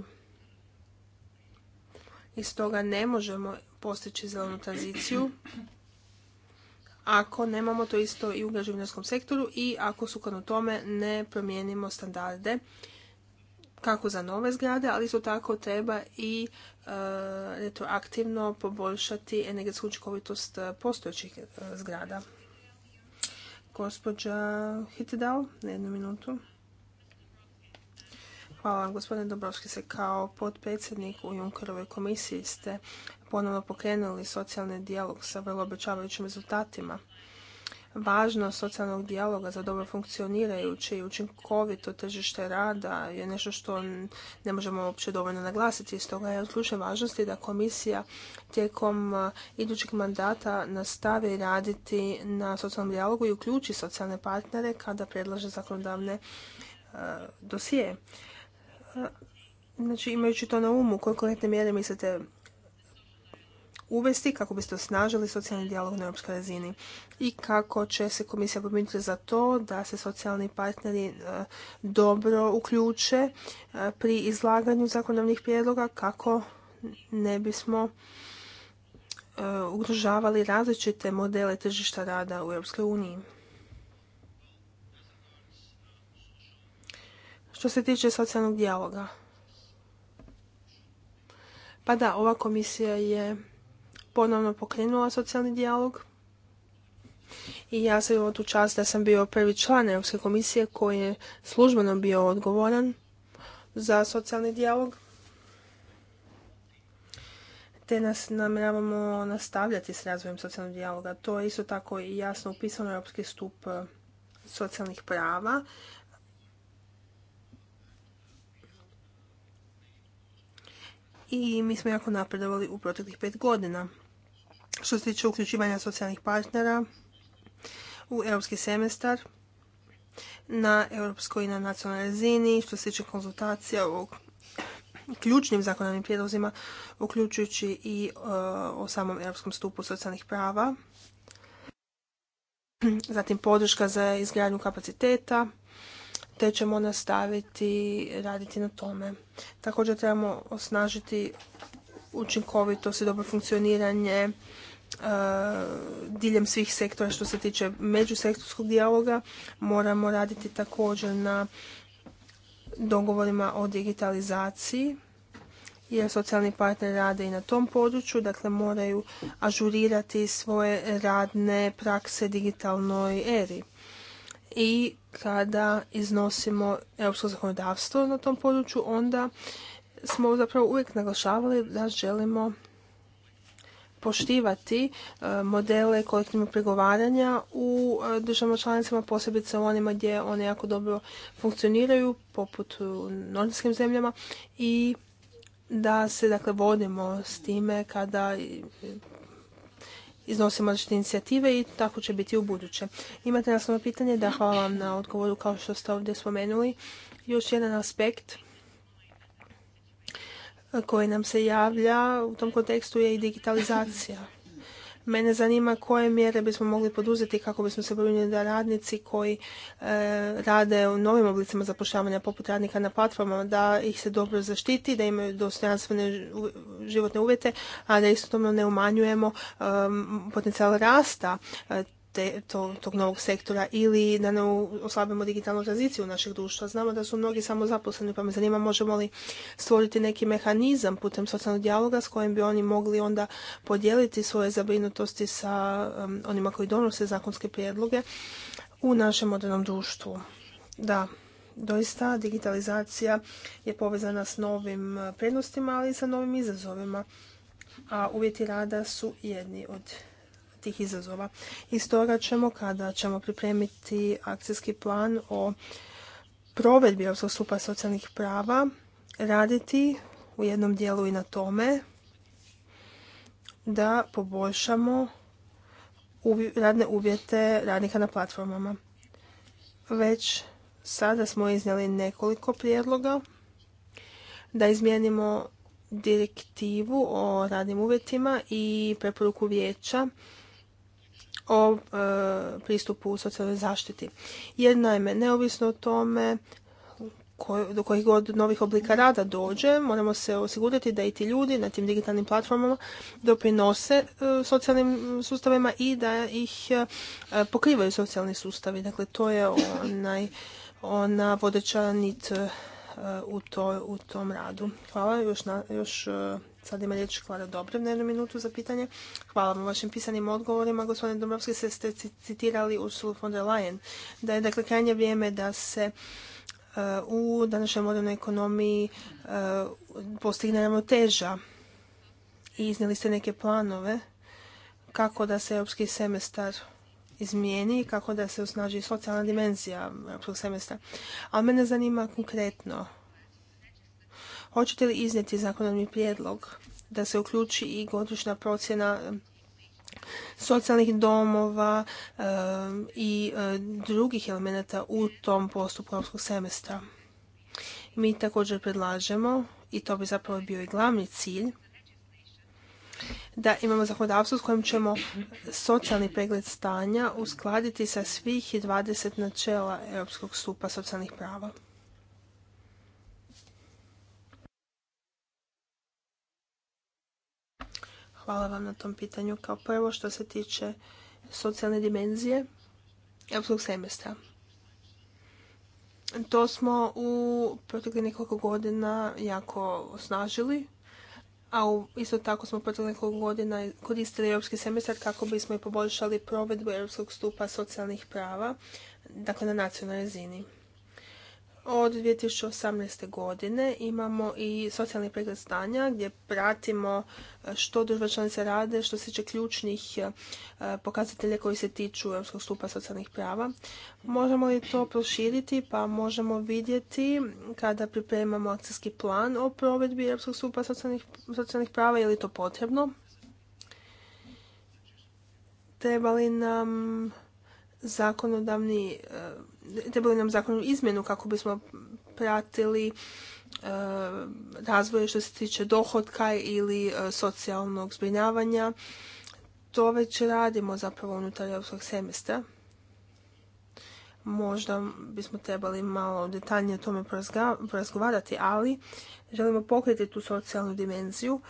Speaker 1: i stoga ne možemo postići zelenu tranziciju ako nemamo to isto i u građevinarskom sektoru i ako sukladno tome ne promijenimo standarde kako za nove zgrade, ali isto tako treba i e, retroaktivno poboljšati energetsku učinkovitost postojećih e, zgrada. Gospođa Hitedal, na jednu minutu. Hvala vam, gospodine Dobrovski, se kao potpredsjednik u Junkerovoj komisiji ste ponovno pokrenuli socijalni dijalog sa vrlo obećavajućim rezultatima. Važnost socijalnog dijaloga za dobro funkcionirajuće i učinkovito tržište rada je nešto što ne možemo uopće dovoljno naglasiti. Stoga je od ključne važnosti da komisija tijekom e, idućeg mandata nastavi raditi na socijalnom dijalogu i uključi socijalne partnere kada predlaže zakonodavne e, dosije. Pa, znači, imajući to na umu, koje konkretne mjere mislite uvesti kako biste osnažili socijalni dijalog na europskoj razini i kako će se komisija pobrinuti za to da se socijalni partneri e, dobro uključe e, pri izlaganju zakonodavnih prijedloga kako ne bismo e, ugrožavali različite modele tržišta rada u Europskoj uniji. Što se tiče socijalnog dijaloga. Pa da, ova komisija je ponovno pokrenula socijalni dijalog. I ja sam imao tu čast da sam bio prvi član Europske komisije koji je službeno bio odgovoran za socijalni dijalog. Te nas namjeravamo nastavljati s razvojem socijalnog dijaloga. To je isto tako i jasno upisano u Europski stup eh, socijalnih prava i mi smo jako napredovali u proteklih pet godina. Što se tiče uključivanja socijalnih partnera u europski semestar, na europskoj i na nacionalnoj razini, što se tiče konzultacija o ključnim zakonodavnim prijedlozima, uključujući i e, o samom europskom stupu socijalnih prava, zatim podrška za izgradnju kapaciteta, te ćemo nastaviti raditi na tome. Također trebamo osnažiti učinkovitost i dobro funkcioniranje e, diljem svih sektora što se tiče međusektorskog dijaloga. Moramo raditi također na dogovorima o digitalizaciji jer socijalni partner rade i na tom području, dakle moraju ažurirati svoje radne prakse digitalnoj eri i kada iznosimo europsko zakonodavstvo na tom području, onda smo zapravo uvijek naglašavali da želimo poštivati e, modele kolektivnog pregovaranja u e, državama članicama, posebice u onima gdje one jako dobro funkcioniraju, poput u nordijskim zemljama i da se dakle vodimo s time kada iznosimo različite inicijative i tako će biti u buduće. Imate nastavno pitanje? Da, hvala vam na odgovoru kao što ste ovdje spomenuli. Još jedan aspekt koji nam se javlja u tom kontekstu je i digitalizacija. Mene zanima koje mjere bismo mogli poduzeti kako bismo se brinuli da radnici koji e, rade u novim oblicima zapošljavanja poput radnika na platformama, da ih se dobro zaštiti, da imaju dostojanstvene životne uvjete, a da isto tome ne umanjujemo e, potencijal rasta e, tog novog sektora ili da ne oslabimo digitalnu tranziciju našeg društva. Znamo da su mnogi samozaposleni, pa me zanima možemo li stvoriti neki mehanizam putem socijalnog dijaloga s kojim bi oni mogli onda podijeliti svoje zabrinutosti sa um, onima koji donose zakonske prijedloge u našem modernom društvu. Da, doista digitalizacija je povezana s novim uh, prednostima, ali i sa novim izazovima, a uvjeti rada su jedni od tih izazova. I stoga ćemo, kada ćemo pripremiti akcijski plan o provedbi Europskog stupa socijalnih prava, raditi u jednom dijelu i na tome da poboljšamo radne uvjete radnika na platformama. Već sada smo iznijeli nekoliko prijedloga da izmijenimo direktivu o radnim uvjetima i preporuku vijeća o e, pristupu u socijalnoj zaštiti. je, naime, neovisno o tome do kojih god novih oblika rada dođe, moramo se osigurati da i ti ljudi na tim digitalnim platformama doprinose e, socijalnim sustavima i da ih e, pokrivaju socijalni sustavi. Dakle, to je onaj, ona vodeća nit u, tom radu. Hvala još, na, još Sad ima riječ Klara Dobrev na jednu minutu za pitanje. Hvala vam vašim pisanim odgovorima. Gospodine Dombrovski, se ste citirali Sulu von der Leyen. Da je dakle krajnje vrijeme da se uh, u današnjoj modernoj ekonomiji uh, postigne ravnoteža. I iznijeli ste neke planove kako da se europski semestar izmijeni i kako da se osnaži socijalna dimenzija europskog semestra. A mene zanima konkretno Hoćete li iznijeti zakonodavni prijedlog da se uključi i godišnja procjena e, socijalnih domova e, i e, drugih elemenata u tom postupku europskog semestra? Mi također predlažemo, i to bi zapravo bio i glavni cilj, da imamo zakonodavstvo s kojim ćemo socijalni pregled stanja uskladiti sa svih 20 načela europskog stupa socijalnih prava. Hvala vam na tom pitanju. Kao prvo što se tiče socijalne dimenzije europskog semestra. To smo u proteklih nekoliko godina jako osnažili, a isto tako smo proteklih nekoliko godina koristili europski semestar kako bismo i poboljšali provedbu europskog stupa socijalnih prava, dakle na nacionalnoj razini. Od 2018. godine imamo i socijalni pregled stanja gdje pratimo e, što države članice rade što se tiče ključnih e, pokazatelja koji se tiču Europskog stupa socijalnih prava. Možemo li to proširiti pa možemo vidjeti kada pripremamo akcijski plan o provedbi Europskog stupa socijalnih, socijalnih prava je li to potrebno? Treba li nam zakonodavni e, trebali nam zakonu izmjenu kako bismo pratili e, razvoje što se tiče dohotka ili e, socijalnog zbrinjavanja. To već radimo zapravo unutar europskog semestra. Možda bismo trebali malo detaljnije o tome porazgovarati, ali želimo pokriti tu socijalnu dimenziju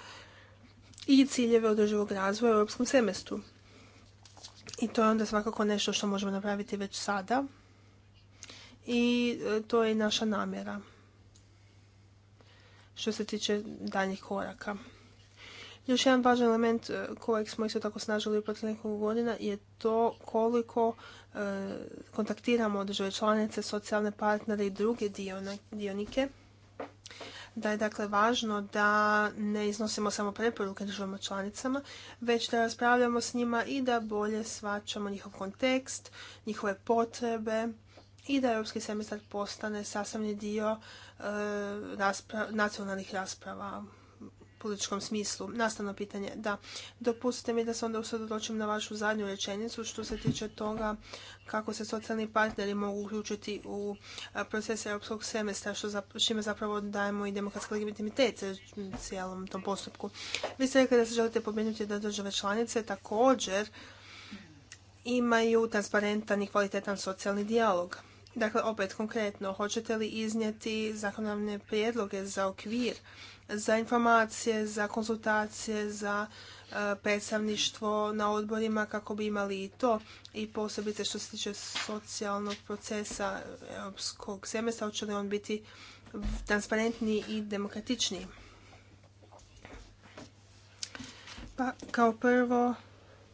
Speaker 1: i ciljeve održivog razvoja u europskom semestru. I to je onda svakako nešto što možemo napraviti već sada i e, to je naša namjera što se tiče daljih koraka. Još jedan važan element e, kojeg smo isto tako snažili u protiv godina je to koliko e, kontaktiramo države članice, socijalne partnere i druge dionike. Da je dakle važno da ne iznosimo samo preporuke državama članicama, već da raspravljamo s njima i da bolje svačamo njihov kontekst, njihove potrebe, i da europski semestar postane sasavni dio e, nacionalnih rasprava u političkom smislu. Nastavno pitanje, da. Dopustite mi da se onda usredotočim na vašu zadnju rečenicu što se tiče toga kako se socijalni partneri mogu uključiti u e, proces europskog semestra, što čime zapravo dajemo i demokratski legitimitet cijelom tom postupku. Vi ste rekli da se želite pobrinuti da države članice također imaju transparentan i kvalitetan socijalni dijalog. Dakle, opet konkretno, hoćete li iznijeti zakonavne prijedloge za okvir, za informacije, za konsultacije, za e, predstavništvo na odborima kako bi imali i to i posebice što se tiče socijalnog procesa europskog semestra, hoće li on biti transparentniji i demokratičniji? Pa kao prvo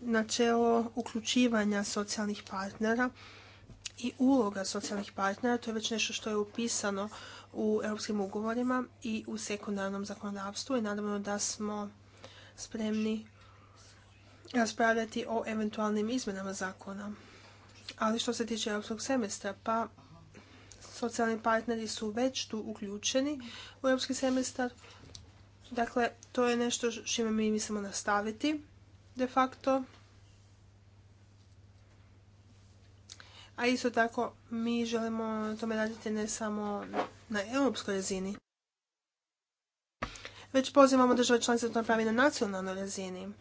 Speaker 1: načelo uključivanja socijalnih partnera i uloga socijalnih partnera, to je već nešto što je upisano u europskim ugovorima i u sekundarnom zakonodavstvu i naravno da smo spremni raspravljati o eventualnim izmenama zakona. Ali što se tiče europskog semestra, pa socijalni partneri su već tu uključeni u europski semestar. Dakle, to je nešto čime mi mislimo nastaviti de facto A isto tako mi želimo tome raditi ne samo na europskoj razini, već pozivamo države članice da to napravi na nacionalnoj razini.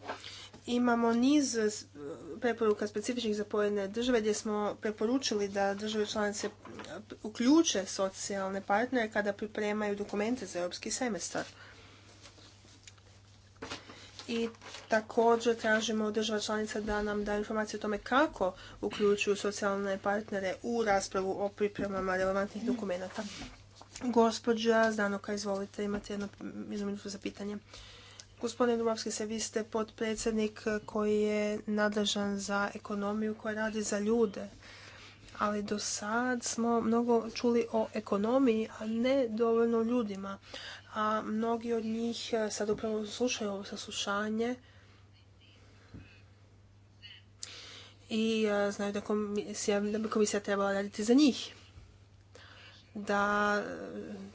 Speaker 1: Imamo niz eh, preporuka specifičnih za pojedine države gdje smo preporučili da države članice eh, uključe socijalne partnere kada pripremaju dokumente za europski semestar i također tražimo od država članica da nam da informacije o tome kako uključuju socijalne partnere u raspravu o pripremama relevantnih dokumenata. Gospođa Zdanoka, izvolite, imate jedno, jednu za pitanje. Gospodine Dubavski, se vi ste potpredsjednik koji je nadležan za ekonomiju koja radi za ljude. Ali do sad smo mnogo čuli o ekonomiji, a ne dovoljno ljudima a mnogi od njih e, sad upravo slušaju ovo saslušanje i e, znaju da, bi komisija trebala raditi za njih da e,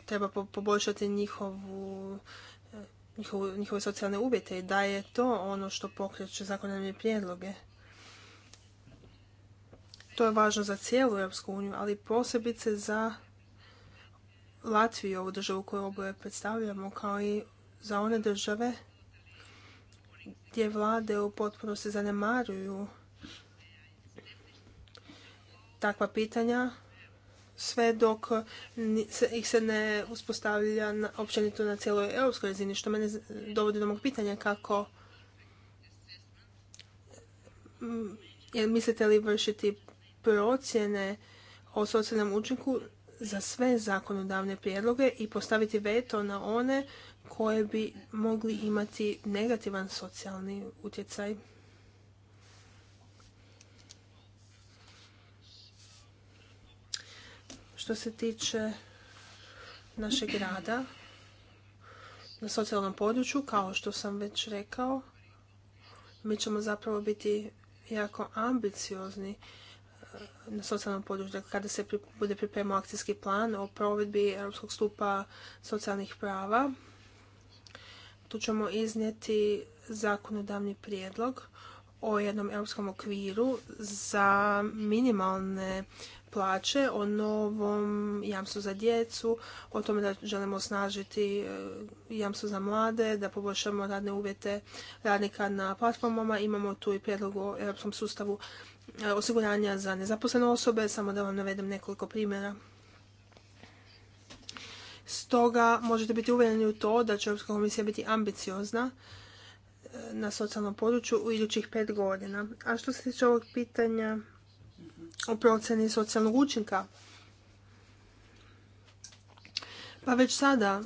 Speaker 1: treba poboljšati njihove socijalne uvjete i da je to ono što pokreće zakonodavne prijedloge. To je važno za cijelu Europsku uniju, ali posebice za Latviju, ovu državu koju oboje predstavljamo, kao i za one države gdje vlade u se zanemaruju takva pitanja sve dok ih se ne uspostavlja na, općenito na cijeloj europskoj razini, što mene dovodi do mog pitanja kako mm, jer mislite li vršiti procjene o socijalnom učinku za sve zakonodavne prijedloge i postaviti veto na one koje bi mogli imati negativan socijalni utjecaj. Što se tiče našeg rada na socijalnom području, kao što sam već rekao, mi ćemo zapravo biti jako ambiciozni na socijalnom području. Dakle, kada se bude pripremao akcijski plan o provedbi Europskog stupa socijalnih prava, tu ćemo iznijeti zakonodavni prijedlog o jednom europskom okviru za minimalne plaće, o novom jamstvu za djecu, o tome da želimo osnažiti e, jamstvo za mlade, da poboljšamo radne uvjete radnika na platformama. Imamo tu i prijedlog o europskom sustavu E, osiguranja za nezaposlene osobe, samo da vam navedem nekoliko primjera. Stoga možete biti uvjereni u to da će Europska komisija biti ambiciozna e, na socijalnom području u idućih pet godina. A što se tiče ovog pitanja o procjeni socijalnog učinka, pa već sada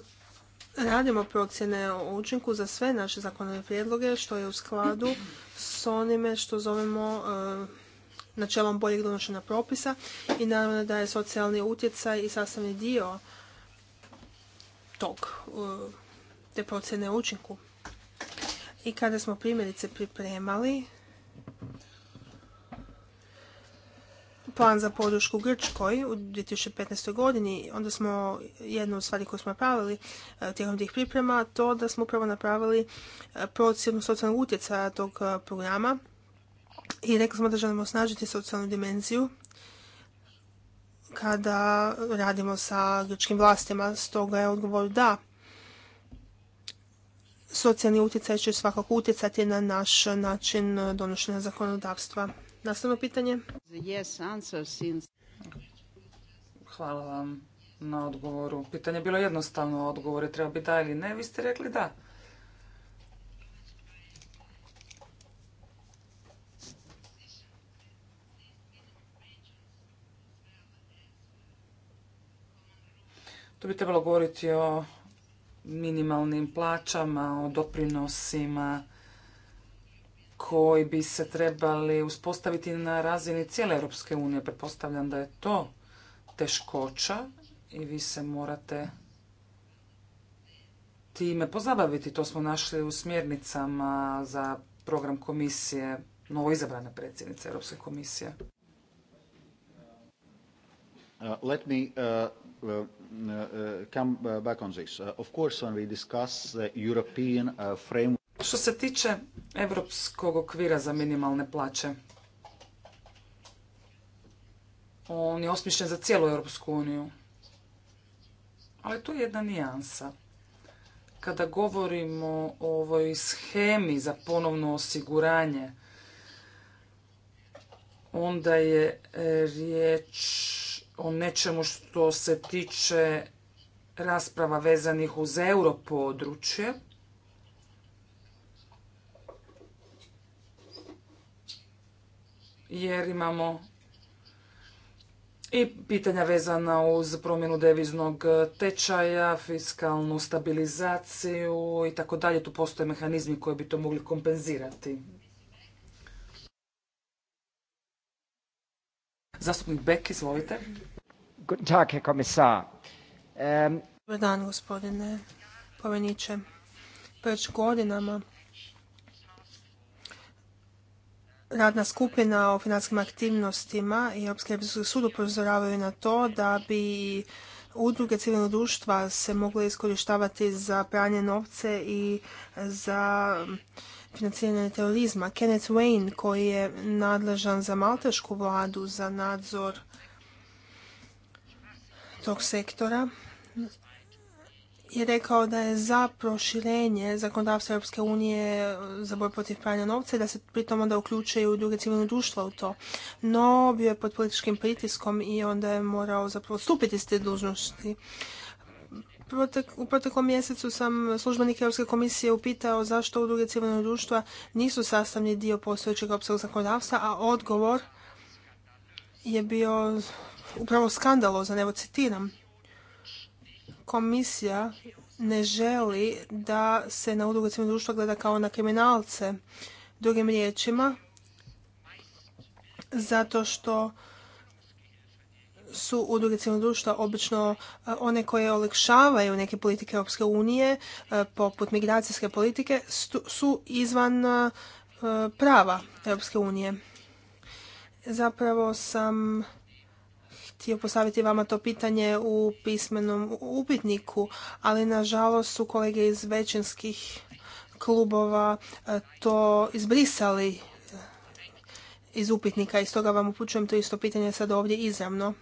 Speaker 1: radimo procjene o učinku za sve naše zakonodavne prijedloge, što je u skladu s onime što zovemo e, načelom boljeg donošenja propisa i naravno da je socijalni utjecaj i sastavni dio tog, uh, te procjene učinku. I kada smo primjerice pripremali plan za podršku Grčkoj u 2015. godini, onda smo jednu od stvari koju smo napravili uh, tijekom tih priprema, to da smo upravo napravili uh, procjenu socijalnog utjecaja tog programa i rekli smo da želimo osnažiti socijalnu dimenziju kada radimo sa grčkim vlastima. Stoga je odgovor da. Socijalni utjecaj će svakako utjecati na naš način donošenja zakonodavstva. Nastavno pitanje.
Speaker 3: Hvala vam na odgovoru. Pitanje je bilo jednostavno, Odgovore treba biti da ili ne. Vi ste rekli da. Tu bi trebalo govoriti o minimalnim plaćama, o doprinosima koji bi se trebali uspostaviti na razini cijele Europske unije. Pretpostavljam da je to teškoća i vi se morate time pozabaviti. To smo našli u smjernicama za program komisije, novo izabrane predsjednice Europske komisije.
Speaker 2: Uh, let me, uh,
Speaker 3: European Što se tiče europskog okvira za minimalne plaće, on je osmišljen za cijelu Europsku uniju. Ali tu je jedna nijansa. Kada govorimo o ovoj schemi za ponovno osiguranje, onda je e, riječ o nečemu što se tiče rasprava vezanih uz europodručje. Jer imamo i pitanja vezana uz promjenu deviznog tečaja, fiskalnu stabilizaciju i tako dalje. Tu postoje mehanizmi koji bi to mogli kompenzirati. Zastupnik Bek, izvolite.
Speaker 1: Guten Tag, Herr Dobar dan, gospodine poveniće. Već godinama radna skupina o financijskim aktivnostima i Europski sud upozoravaju na to da bi udruge civilnog društva se mogle iskorištavati za pranje novce i za financiranja terorizma. Kenneth Wayne, koji je nadležan za maltešku vladu za nadzor tog sektora, je rekao da je za proširenje zakonodavstva Europske unije za boj protiv pranja novca i da se pritom onda u druge civilne društva u to. No, bio je pod političkim pritiskom i onda je morao zapravo stupiti s te dužnosti u proteklom mjesecu sam službenik Europske komisije upitao zašto udruge civilnog društva nisu sastavni dio postojećeg europskog zakonodavstva, a odgovor je bio upravo skandalozan, evo citiram. Komisija ne želi da se na udruge civilnog društva gleda kao na kriminalce. Drugim riječima, zato što su udruge civilnog društva obično e, one koje olakšavaju neke politike Europske unije, e, poput migracijske politike, su izvan e, prava Europske unije. Zapravo sam htio postaviti vama to pitanje u pismenom upitniku, ali nažalost su kolege iz većinskih klubova to izbrisali iz upitnika i stoga vam upućujem to isto pitanje sad ovdje izravno.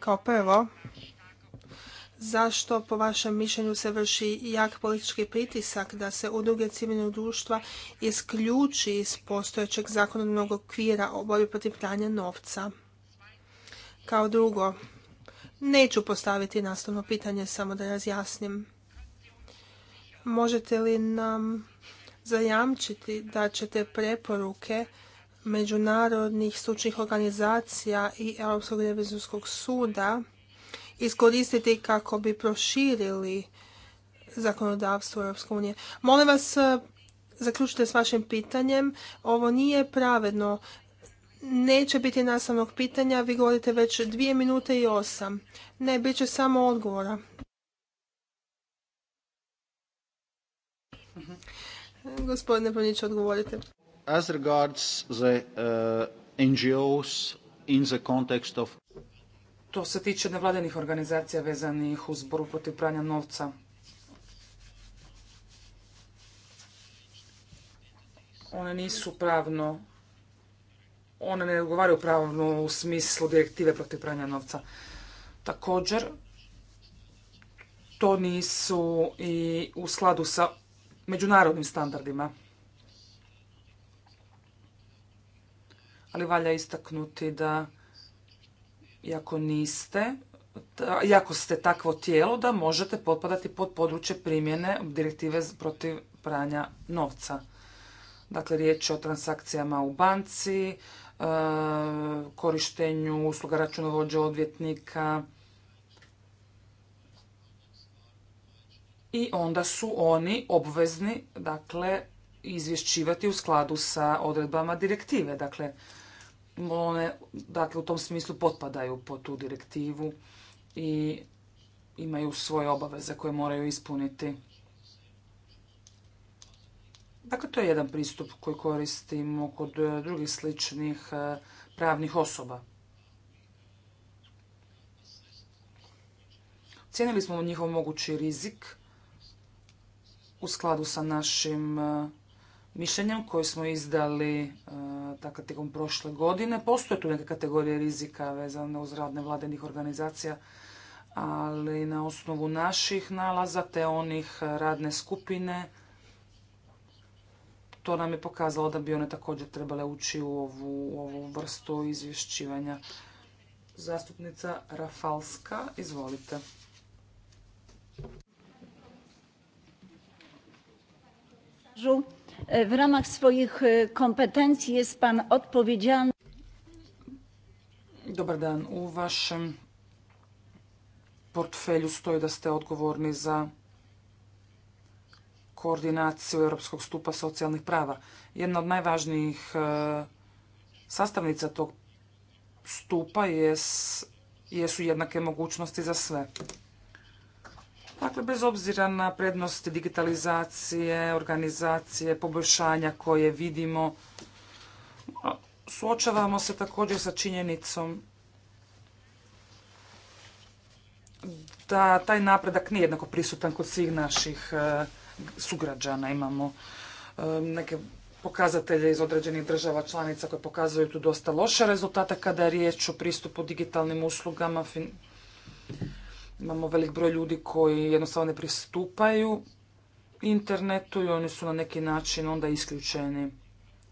Speaker 1: Kao prvo, zašto po vašem mišljenju se vrši jak politički pritisak da se udruge civilnog društva isključi iz postojećeg zakonodavnog okvira o borbi protiv pranja novca? Kao drugo, neću postaviti nastavno pitanje, samo da razjasnim. Možete li nam zajamčiti da ćete preporuke međunarodnih stručnih organizacija i Europskog revizorskog suda iskoristiti kako bi proširili zakonodavstvo Europske unije. Molim vas, zaključite s vašim pitanjem. Ovo nije pravedno. Neće biti nastavnog pitanja. Vi govorite već dvije minute i osam. Ne, bit će samo odgovora. Mhm. Gospodine Brunić, odgovorite
Speaker 2: as regards the uh, NGOs in the context of
Speaker 3: to se tiče nevladinih organizacija vezanih uz borbu protiv pranja novca. One nisu pravno, one ne odgovaraju pravno u smislu direktive protiv pranja novca. Također, to nisu i u skladu sa međunarodnim standardima. ali valja istaknuti da iako niste, iako ste takvo tijelo da možete potpadati pod područje primjene direktive protiv pranja novca. Dakle, riječ je o transakcijama u banci, e, korištenju usluga računovođe odvjetnika i onda su oni obvezni dakle izvješćivati u skladu sa odredbama direktive. Dakle, one, dakle, u tom smislu potpadaju po tu direktivu i imaju svoje obaveze koje moraju ispuniti. Dakle, to je jedan pristup koji koristimo kod e, drugih sličnih e, pravnih osoba. Cijenili smo njihov mogući rizik u skladu sa našim e, mišljenjem koje smo izdali e, tako tijekom prošle godine. Postoje tu neke kategorije rizika vezane uz rad nevladenih organizacija, ali na osnovu naših nalaza te onih radne skupine to nam je pokazalo da bi one također trebale ući u ovu, u vrstu izvješćivanja. Zastupnica Rafalska, izvolite.
Speaker 4: E, w ramach swoich e, kompetencji jest Pan odpowiedzialny.
Speaker 3: Dobar dan. U vašem portfelju stoji da ste odgovorni za koordinaciju Europskog stupa socijalnih prava. Jedna od najvažnijih e, sastavnica tog stupa jesu jednake mogućnosti za sve. Dakle, bez obzira na prednosti digitalizacije, organizacije, poboljšanja koje vidimo, suočavamo se također sa činjenicom da taj napredak nije jednako prisutan kod svih naših e, sugrađana. Imamo e, neke pokazatelje iz određenih država članica koje pokazuju tu dosta loše rezultate kada je riječ o pristupu digitalnim uslugama. Imamo velik broj ljudi koji jednostavno ne pristupaju internetu i oni su na neki način onda isključeni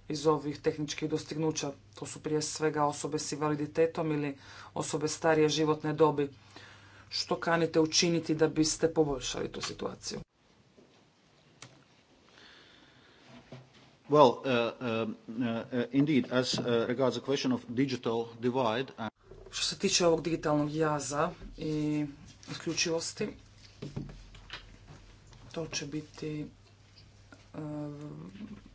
Speaker 3: iz ovih tehničkih dostignuća. To su prije svega osobe s invaliditetom ili osobe starije životne dobi. Što kanite učiniti da biste poboljšali tu situaciju?
Speaker 2: Well, uh, uh, uh, indeed, as regards the question of digital divide... Što
Speaker 3: se tiče ovog digitalnog jaza i isključivosti. To će biti e,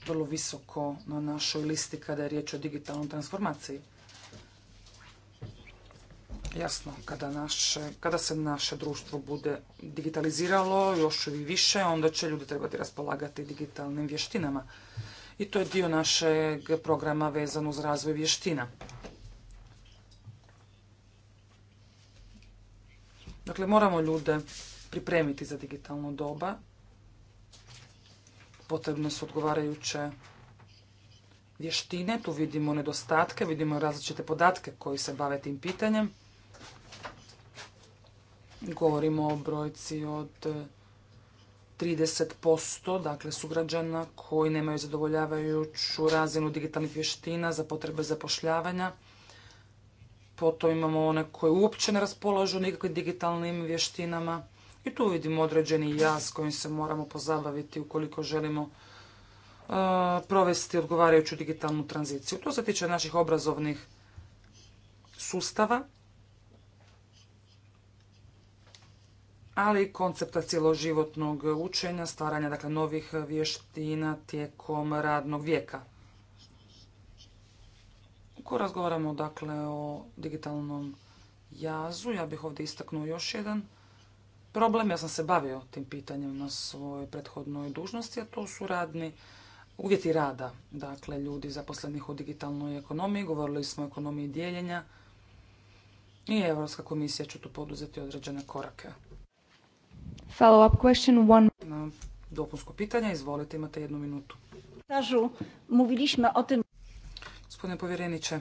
Speaker 3: vrlo visoko na našoj listi kada je riječ o digitalnoj transformaciji. Jasno, kada, naše, kada se naše društvo bude digitaliziralo još i više, onda će ljudi trebati raspolagati digitalnim vještinama. I to je dio našeg programa vezan uz razvoj vještina. Dakle, moramo ljude pripremiti za digitalno doba. Potrebne su odgovarajuće vještine, tu vidimo nedostatke, vidimo različite podatke koji se bave tim pitanjem. Govorimo o brojci od 30%, dakle sugrađana koji nemaju zadovoljavajuću razinu digitalnih vještina za potrebe zapošljavanja potom imamo one koje uopće ne raspolažu nikakvim digitalnim vještinama i tu vidimo određeni jaz kojim se moramo pozabaviti ukoliko želimo e, provesti odgovarajuću digitalnu tranziciju. To se tiče naših obrazovnih sustava, ali i koncepta cjeloživotnog učenja, stvaranja dakle, novih vještina tijekom radnog vijeka. Ako razgovaramo dakle o digitalnom jazu, ja bih ovdje istaknuo još jedan problem. Ja sam se bavio tim pitanjem na svojoj prethodnoj dužnosti, a to su radni uvjeti rada. Dakle, ljudi zaposlenih u digitalnoj ekonomiji, govorili smo o ekonomiji dijeljenja i Europska komisija će tu poduzeti određene korake.
Speaker 4: Follow up question one.
Speaker 3: Dopunsko pitanje, izvolite, imate jednu minutu. Mówiliśmy o tym. Gospodine povjereniče,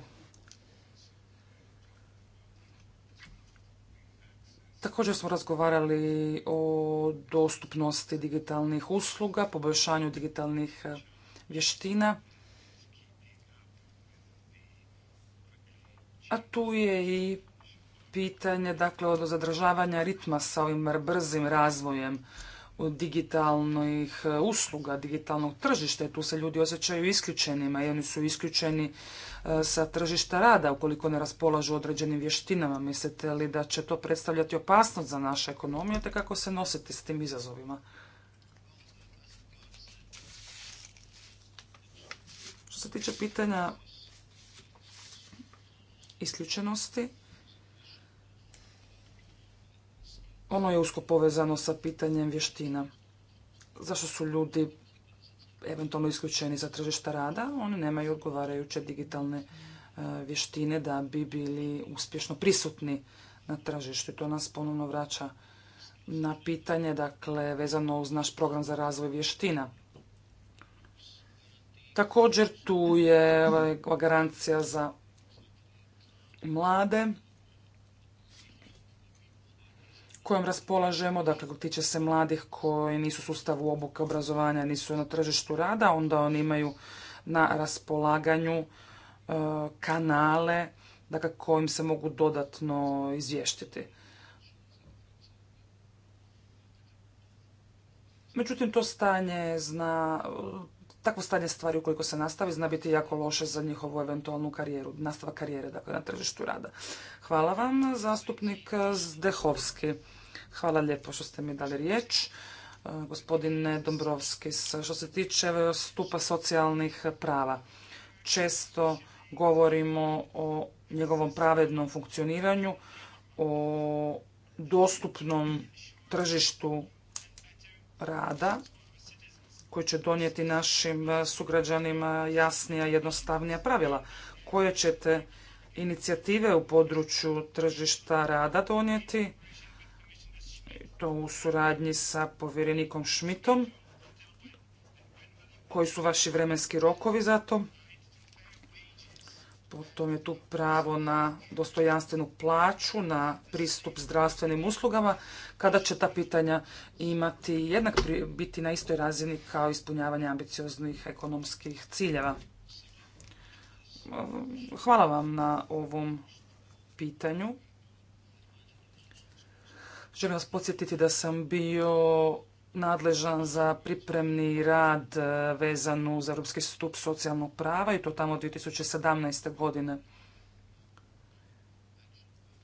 Speaker 3: Također smo razgovarali o dostupnosti digitalnih usluga, poboljšanju digitalnih eh, vještina. A tu je i pitanje dakle, od zadržavanja ritma sa ovim brzim razvojem digitalnih e, usluga, digitalnog tržišta. Tu se ljudi osjećaju isključenima i oni su isključeni e, sa tržišta rada ukoliko ne raspolažu određenim vještinama. Mislite li da će to predstavljati opasnost za naša ekonomije te kako se nositi s tim izazovima? Što se tiče pitanja isključenosti, Ono je usko povezano sa pitanjem vještina. Zašto su ljudi eventualno isključeni za tržišta rada? Oni nemaju odgovarajuće digitalne e, vještine da bi bili uspješno prisutni na tržištu. To nas ponovno vraća na pitanje, dakle, vezano uz naš program za razvoj vještina. Također tu je ovaj, garancija za mlade. kojom raspolažemo, dakle tiče se mladih koji nisu u sustavu obuke obrazovanja, nisu na tržištu rada, onda oni imaju na raspolaganju e, kanale dakle, kojim se mogu dodatno izvještiti. Međutim, to stanje zna, takvo stanje stvari ukoliko se nastavi zna biti jako loše za njihovu eventualnu karijeru, nastava karijere dakle, na tržištu rada. Hvala vam, zastupnik Zdehovski. Hvala lijepo što ste mi dali riječ. E, gospodine Dombrovski, što se tiče stupa socijalnih prava, često govorimo o njegovom pravednom funkcioniranju, o dostupnom tržištu rada koji će donijeti našim sugrađanima jasnija i jednostavnija pravila. Koje ćete inicijative u području tržišta rada donijeti? u suradnji sa povjerenikom Šmitom. Koji su vaši vremenski rokovi za to? Potom je tu pravo na dostojanstvenu plaću, na pristup zdravstvenim uslugama, kada će ta pitanja imati jednak biti na istoj razini kao ispunjavanje ambicioznih ekonomskih ciljeva. Hvala vam na ovom pitanju. Želim vas podsjetiti da sam bio nadležan za pripremni rad e, vezan uz Europski stup socijalnog prava i to tamo 2017. godine.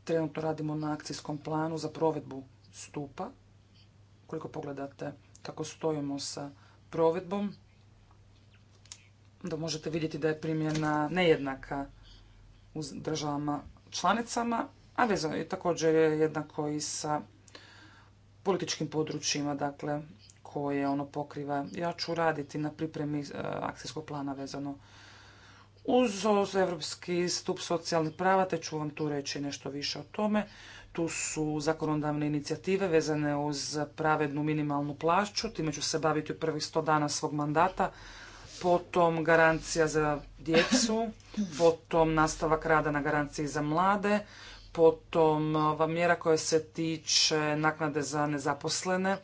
Speaker 3: Trenutno radimo na akcijskom planu za provedbu stupa. Koliko pogledate kako stojimo sa provedbom, da možete vidjeti da je primjena nejednaka u državama članicama, a vezano je također jednako i sa političkim područjima, dakle, koje ono pokriva. Ja ću raditi na pripremi e, akcijskog plana vezano uz Evropski stup socijalnih prava, te ću vam tu reći nešto više o tome. Tu su zakonodavne inicijative vezane uz pravednu minimalnu plaću, time ću se baviti u prvih sto dana svog mandata, potom garancija za djecu, potom nastavak rada na garanciji za mlade, potom ova mjera koja se tiče naknade za nezaposlene,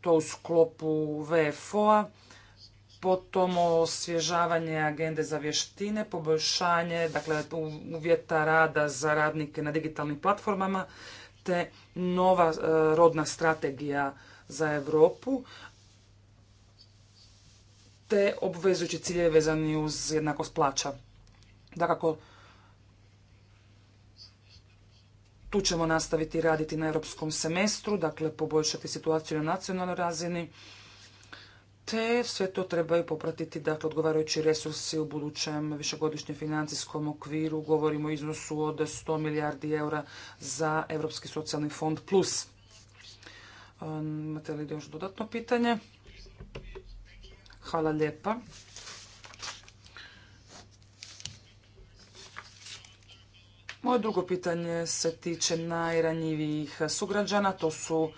Speaker 3: to u sklopu VFO-a, potom osvježavanje agende za vještine, poboljšanje dakle, uvjeta rada za radnike na digitalnim platformama, te nova e, rodna strategija za Europu, te obvezujući ciljevi vezani uz jednakost plaća. Dakako, Tu ćemo nastaviti raditi na europskom semestru, dakle poboljšati situaciju na nacionalnoj razini, te sve to trebaju popratiti dakle, odgovarajući resursi u budućem višegodišnjem financijskom okviru. Govorimo o iznosu od 100 milijardi eura za Europski socijalni fond plus. Imate li još dodatno pitanje? Hvala lijepa. Moje drugo pitanje se tiče najranjivijih sugrađana, to su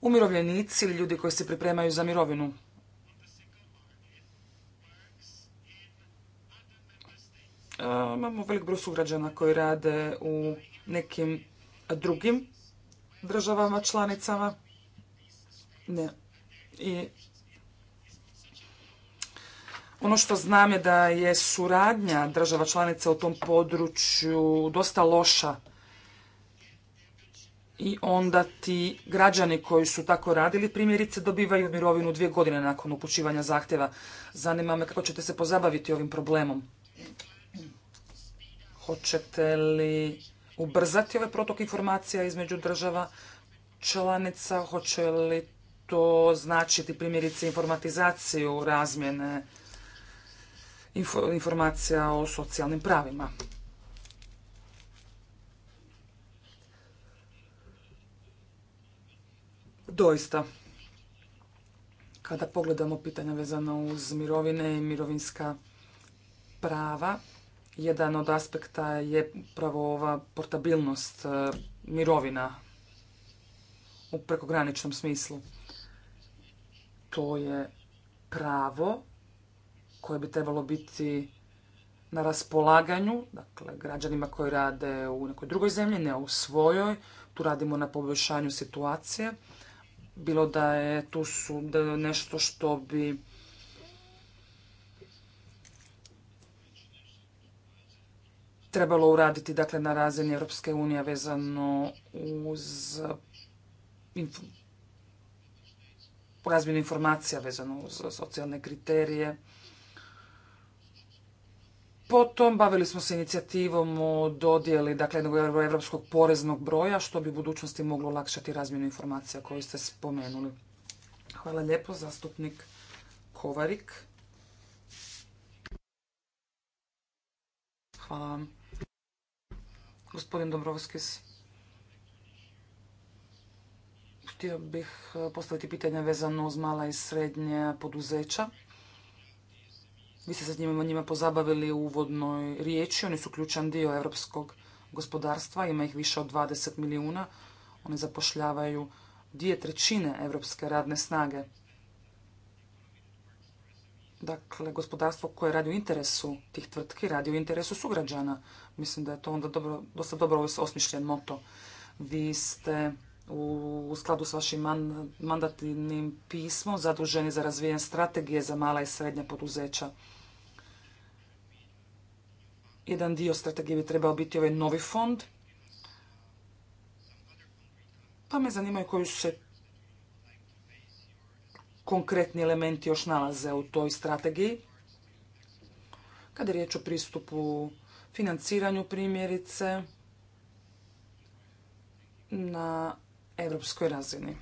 Speaker 3: umirovljenici ili ljudi koji se pripremaju za mirovinu. E, imamo velik broj sugrađana koji rade u nekim drugim državama, članicama. Ne. I ono što znam je da je suradnja država članica u tom području dosta loša i onda ti građani koji su tako radili primjerice dobivaju mirovinu dvije godine nakon upućivanja zahtjeva. Zanima me kako ćete se pozabaviti ovim problemom. Hoćete li ubrzati ovaj protok informacija između država članica? Hoće li to značiti primjerice informatizaciju razmjene informacija o socijalnim pravima. Doista, kada pogledamo pitanja vezano uz mirovine i mirovinska prava, jedan od aspekta je pravo ova portabilnost e, mirovina u prekograničnom smislu. To je pravo koje bi trebalo biti na raspolaganju, dakle građanima koji rade u nekoj drugoj zemlji, ne u svojoj. Tu radimo na poboljšanju situacije. Bilo da je tu su da nešto što bi trebalo uraditi dakle na razini Europske unije vezano uz inf razmjenu informacija vezano uz socijalne kriterije. Potom bavili smo se inicijativom o dodjeli dakle, jednog europskog poreznog broja, što bi u budućnosti moglo olakšati razmjenu informacija koju ste spomenuli. Hvala lijepo, zastupnik Kovarik. Hvala vam. Gospodin Dobrovskis. Htio bih eh, postaviti pitanje vezano uz mala i srednja poduzeća. Vi ste se njima, njima pozabavili u uvodnoj riječi. Oni su ključan dio europskog gospodarstva. Ima ih više od 20 milijuna. Oni zapošljavaju dvije trećine europske radne snage. Dakle, gospodarstvo koje radi u interesu tih tvrtki, radi u interesu sugrađana. Mislim da je to onda dobro, dosta dobro osmišljen moto. Vi ste u skladu s vašim mandatnim pismom zaduženi za razvijen strategije za mala i srednja poduzeća. Jedan dio strategije bi trebao biti ovaj novi fond. Pa me zanimaju koji se konkretni elementi još nalaze u toj strategiji. Kada je riječ o pristupu financiranju primjerice, na evropskoj razini.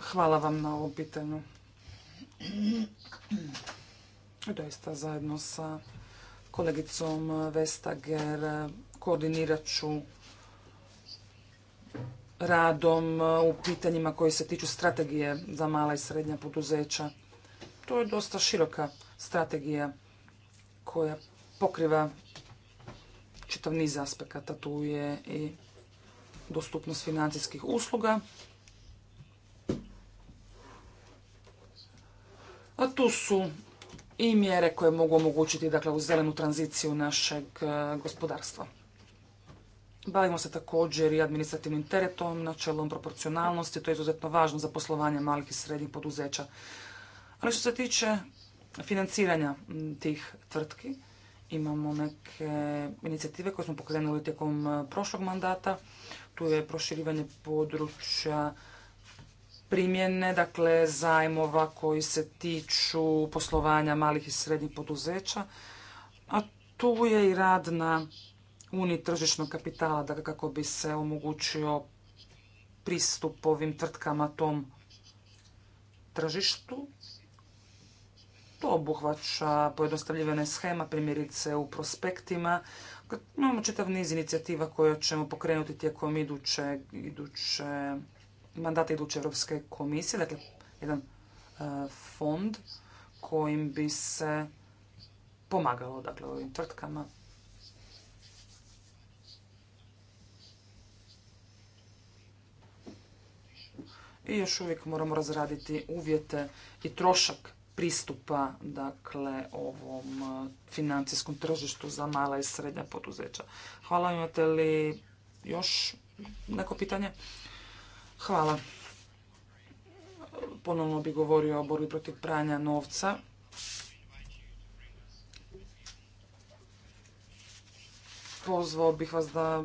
Speaker 3: Hvala vam na ovom pitanju. Doista zajedno sa kolegicom Vestager koordinirat ću radom u pitanjima koji se tiču strategije za mala i srednja poduzeća. To je dosta široka strategija koja pokriva čitav niz aspekata. Tu je i dostupnost financijskih usluga. A tu su i mjere koje mogu omogućiti dakle, u zelenu tranziciju našeg e, gospodarstva. Bavimo se također i administrativnim teretom, načelom proporcionalnosti, to je izuzetno važno za poslovanje malih i srednjih poduzeća. Ali što se tiče financiranja tih tvrtki, imamo neke inicijative koje smo pokrenuli tijekom e, prošlog mandata. Tu je proširivanje područja primjene, dakle zajmova koji se tiču poslovanja malih i srednjih poduzeća. A tu je i rad na uniji tržišnog kapitala, dakle kako bi se omogućio pristup ovim tvrtkama tom tržištu to obuhvaća pojednostavljivane schema, primjerice u prospektima. Imamo čitav niz inicijativa koje ćemo pokrenuti tijekom iduće, iduće mandata iduće Europske komisije, dakle jedan e, fond kojim bi se pomagalo dakle, ovim tvrtkama. I još uvijek moramo razraditi uvjete i trošak pristupa dakle ovom e, financijskom tržištu za mala i srednja poduzeća. Hvala, imate li još neko pitanje? Hvala. Ponovno bih govorio o borbi protiv pranja novca. Pozvao bih vas da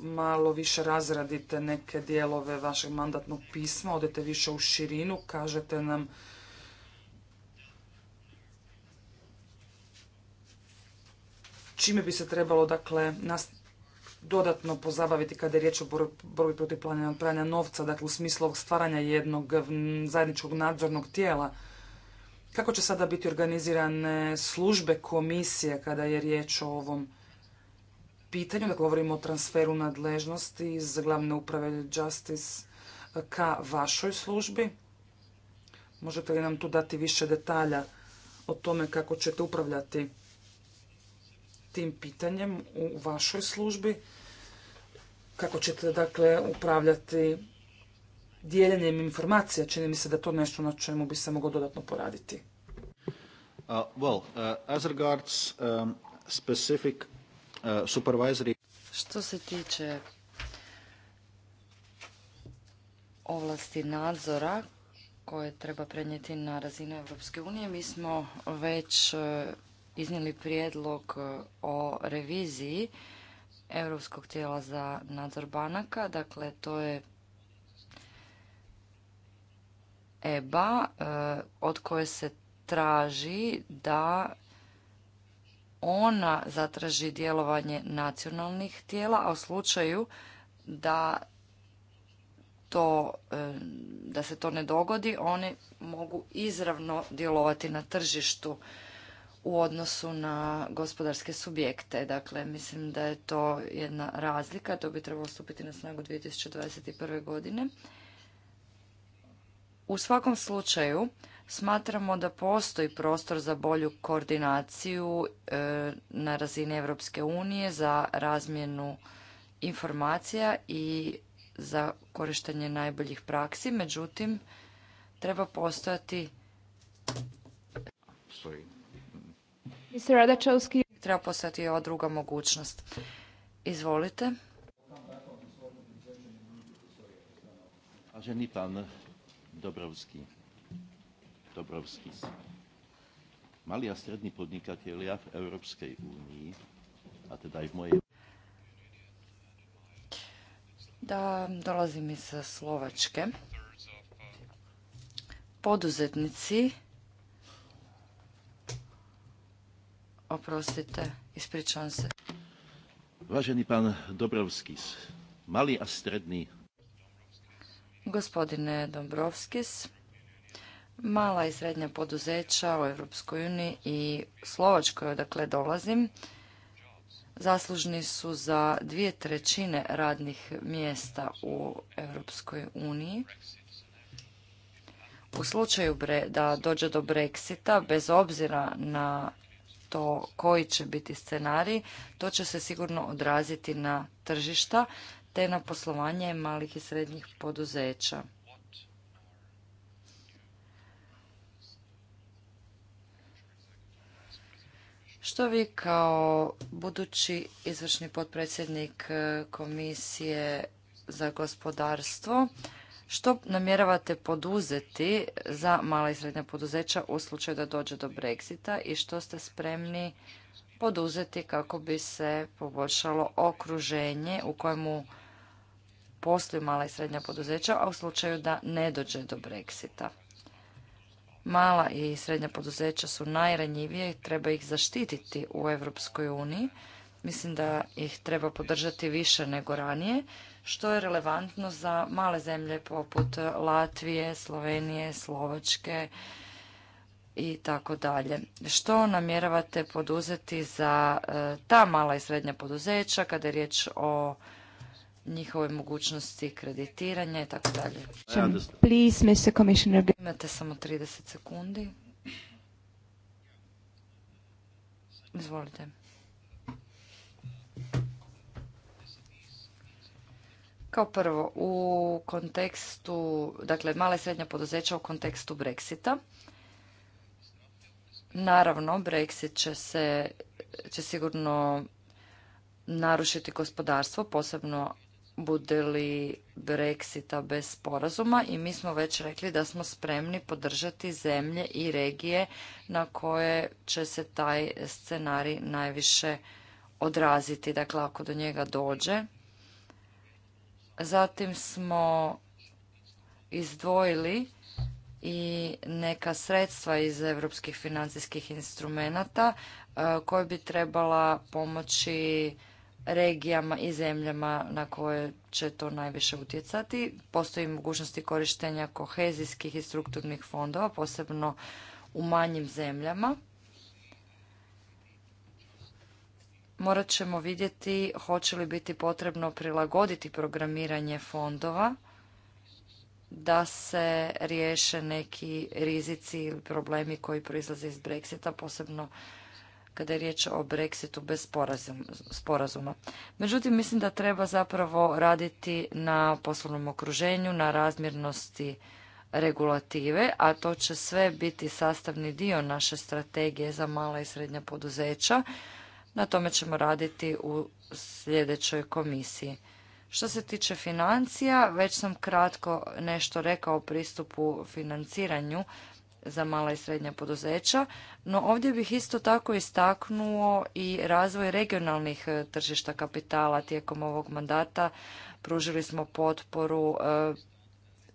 Speaker 3: malo više razradite neke dijelove vašeg mandatnog pisma, odete više u širinu, kažete nam čime bi se trebalo dakle nas dodatno pozabaviti kada je riječ o borbi protiv pranja novca, dakle u smislu stvaranja jednog zajedničkog nadzornog tijela. Kako će sada biti organizirane službe komisije kada je riječ o ovom pitanju, da govorimo o transferu nadležnosti iz glavne uprave Justice eh, ka vašoj službi. Možete li nam tu dati više detalja o tome kako ćete upravljati tim pitanjem u vašoj službi? Kako ćete dakle upravljati dijeljenjem informacija? Čini mi se da to nešto na čemu bi se moglo dodatno poraditi.
Speaker 2: Uh, well, uh, um, specific E, Što se tiče
Speaker 4: ovlasti nadzora koje treba prenijeti na razinu Europske unije, mi smo već e, iznijeli prijedlog e, o reviziji Europskog tijela za nadzor banaka. Dakle, to je EBA od koje se traži da ona zatraži djelovanje nacionalnih tijela, a u slučaju da to, e, da se to ne dogodi, oni mogu izravno djelovati na tržištu u odnosu na gospodarske subjekte. Dakle, mislim da je to jedna razlika. To bi trebalo stupiti na snagu 2021. godine. U svakom slučaju, Smatramo da postoji prostor za bolju koordinaciju e, na razini Europske unije za razmjenu informacija i za korištenje najboljih praksi, međutim treba postojati Treba postojati i ova druga mogućnost. Izvolite.
Speaker 2: Aženi pan Dobrovski. Dobrovský. Mali a strední podnikatelia v Európskej únii, a teda aj v mojej...
Speaker 4: Da, dolazim sa Slovačke. Poduzetnici, oprostite, ispričavam se.
Speaker 2: Važeni pan Dobrovskis, mali a stredni...
Speaker 4: Gospodine Dobrovskis mala i srednja poduzeća u Europskoj uniji i Slovačkoj odakle dolazim zaslužni su za dvije trećine radnih mjesta u Europskoj uniji. U slučaju da dođe do Brexita, bez obzira na to koji će biti scenarij, to će se sigurno odraziti na tržišta te na poslovanje malih i srednjih poduzeća. Što vi kao budući izvršni potpredsjednik e, Komisije za gospodarstvo, što namjeravate poduzeti za mala i srednja poduzeća u slučaju da dođe do Brexita i što ste spremni poduzeti kako bi se poboljšalo okruženje u kojemu posluju mala i srednja poduzeća, a u slučaju da ne dođe do Brexita? Mala i srednja poduzeća su najranjivije i treba ih zaštititi u Europskoj uniji. Mislim da ih treba podržati više nego ranije, što je relevantno za male zemlje poput Latvije, Slovenije, Slovačke i tako dalje. Što namjeravate poduzeti za e, ta mala i srednja poduzeća kada je riječ o njihove mogućnosti kreditiranja i tako dalje. Please, Imate samo 30 sekundi. Izvolite. Kao prvo, u kontekstu, dakle, mala i srednja poduzeća u kontekstu Brexita. Naravno, Brexit će se, će sigurno narušiti gospodarstvo, posebno bude li Brexita bez sporazuma i mi smo već rekli da smo spremni podržati zemlje i regije na koje će se taj scenarij najviše odraziti, dakle ako do njega dođe. Zatim smo izdvojili i neka sredstva iz europskih financijskih instrumenata eh, koje bi trebala pomoći regijama i zemljama na koje će to najviše utjecati. Postoji mogućnosti korištenja kohezijskih i strukturnih fondova, posebno u manjim zemljama. Morat ćemo vidjeti hoće li biti potrebno prilagoditi programiranje fondova da se riješe neki rizici ili problemi koji proizlaze iz Brexita, posebno kada je riječ o Brexitu bez sporazuma. Međutim, mislim da treba zapravo raditi na poslovnom okruženju, na razmjernosti regulative, a to će sve biti sastavni dio naše strategije za mala i srednja poduzeća. Na tome ćemo raditi u sljedećoj komisiji. Što se tiče financija, već sam kratko nešto rekao o pristupu financiranju za mala i srednja poduzeća, no ovdje bih isto tako istaknuo i razvoj regionalnih e, tržišta kapitala tijekom ovog mandata. Pružili smo potporu e,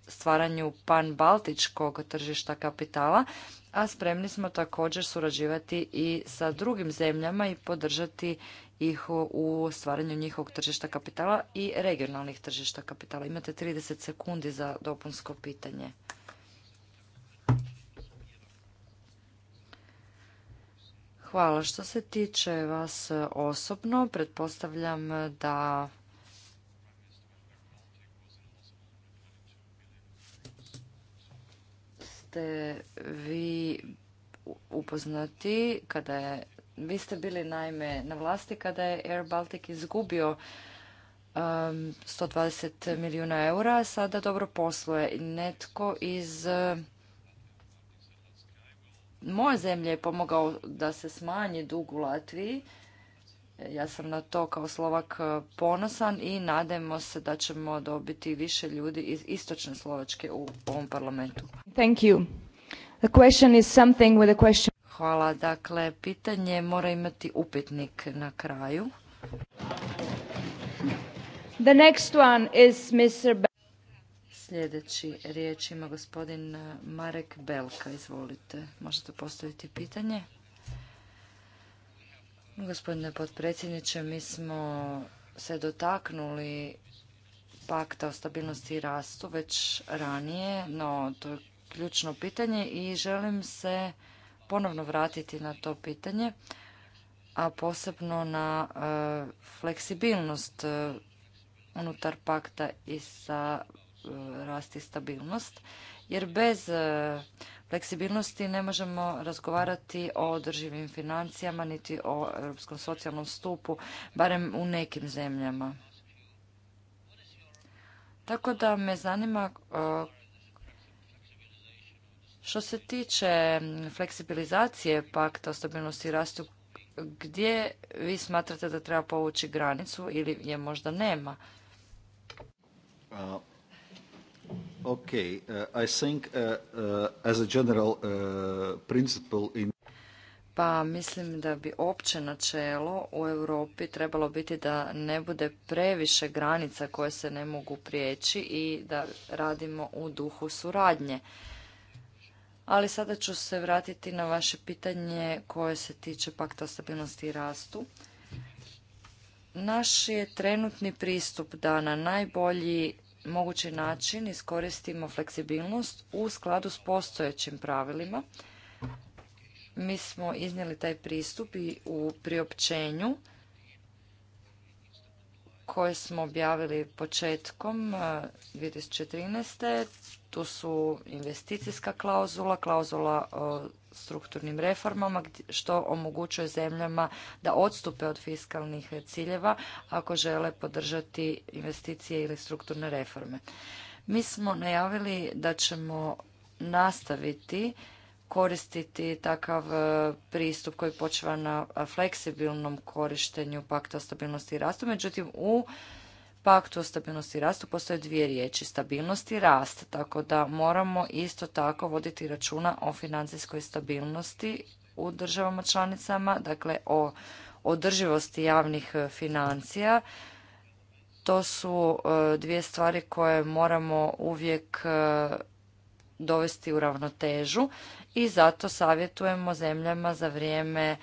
Speaker 4: stvaranju pan-baltičkog tržišta kapitala, a spremni smo također surađivati i sa drugim zemljama i podržati ih u stvaranju njihovog tržišta kapitala i regionalnih tržišta kapitala. Imate 30 sekundi za dopunsko pitanje. Hvala. Što se tiče vas e, osobno, pretpostavljam e, da ste vi upoznati kada je vi ste bili naime na vlasti kada je Air Baltic izgubio 120 milijuna eura, sada dobro posluje. Netko iz moje zemlje je pomogao da se smanji dug u Latviji. Ja sam na to kao Slovak e, ponosan i nadajmo se da ćemo dobiti više ljudi iz istočne Slovačke u ovom parlamentu. Thank you. The question is something with a question. Hvala. Dakle, pitanje mora imati upitnik na kraju. The next one is Mr. Sljedeći riječ ima gospodin Marek Belka. Izvolite, možete postaviti pitanje. Gospodine potpredsjedniče, mi smo se dotaknuli pakta o stabilnosti i rastu već ranije, no to je ključno pitanje i želim se ponovno vratiti na to pitanje, a posebno na e, fleksibilnost e, unutar pakta i sa E, rasti stabilnost, jer bez e, fleksibilnosti ne možemo razgovarati o održivim financijama niti o europskom socijalnom stupu, barem u nekim zemljama. Tako da me zanima e, što se tiče fleksibilizacije pakta o stabilnosti i rastu, gdje vi smatrate da treba povući granicu ili je možda nema?
Speaker 2: Uh, Okay,
Speaker 4: pa mislim da bi opće načelo u Europi trebalo biti da ne bude previše granica koje se ne mogu prijeći i da radimo u duhu suradnje. Ali sada ću se vratiti na vaše pitanje koje se tiče pakta o stabilnosti i rastu. Naš je trenutni pristup da na najbolji mogući način iskoristimo fleksibilnost u skladu s postojećim pravilima. Mi smo iznijeli taj pristup i u priopćenju koje smo objavili početkom 2013. Eh, tu su investicijska klauzula, klauzula o strukturnim reformama što omogućuje zemljama da odstupe od fiskalnih ciljeva ako žele podržati investicije ili strukturne reforme. Mi smo najavili da ćemo nastaviti koristiti takav e, pristup koji počeva na fleksibilnom korištenju pakta o stabilnosti i rastu. Međutim, u paktu o stabilnosti i rastu postoje dvije riječi, stabilnost i rast, tako da moramo isto tako voditi računa o financijskoj stabilnosti u državama članicama, dakle o održivosti javnih e, financija. To su e, dvije stvari koje moramo uvijek e, dovesti u ravnotežu i zato savjetujemo zemljama za vrijeme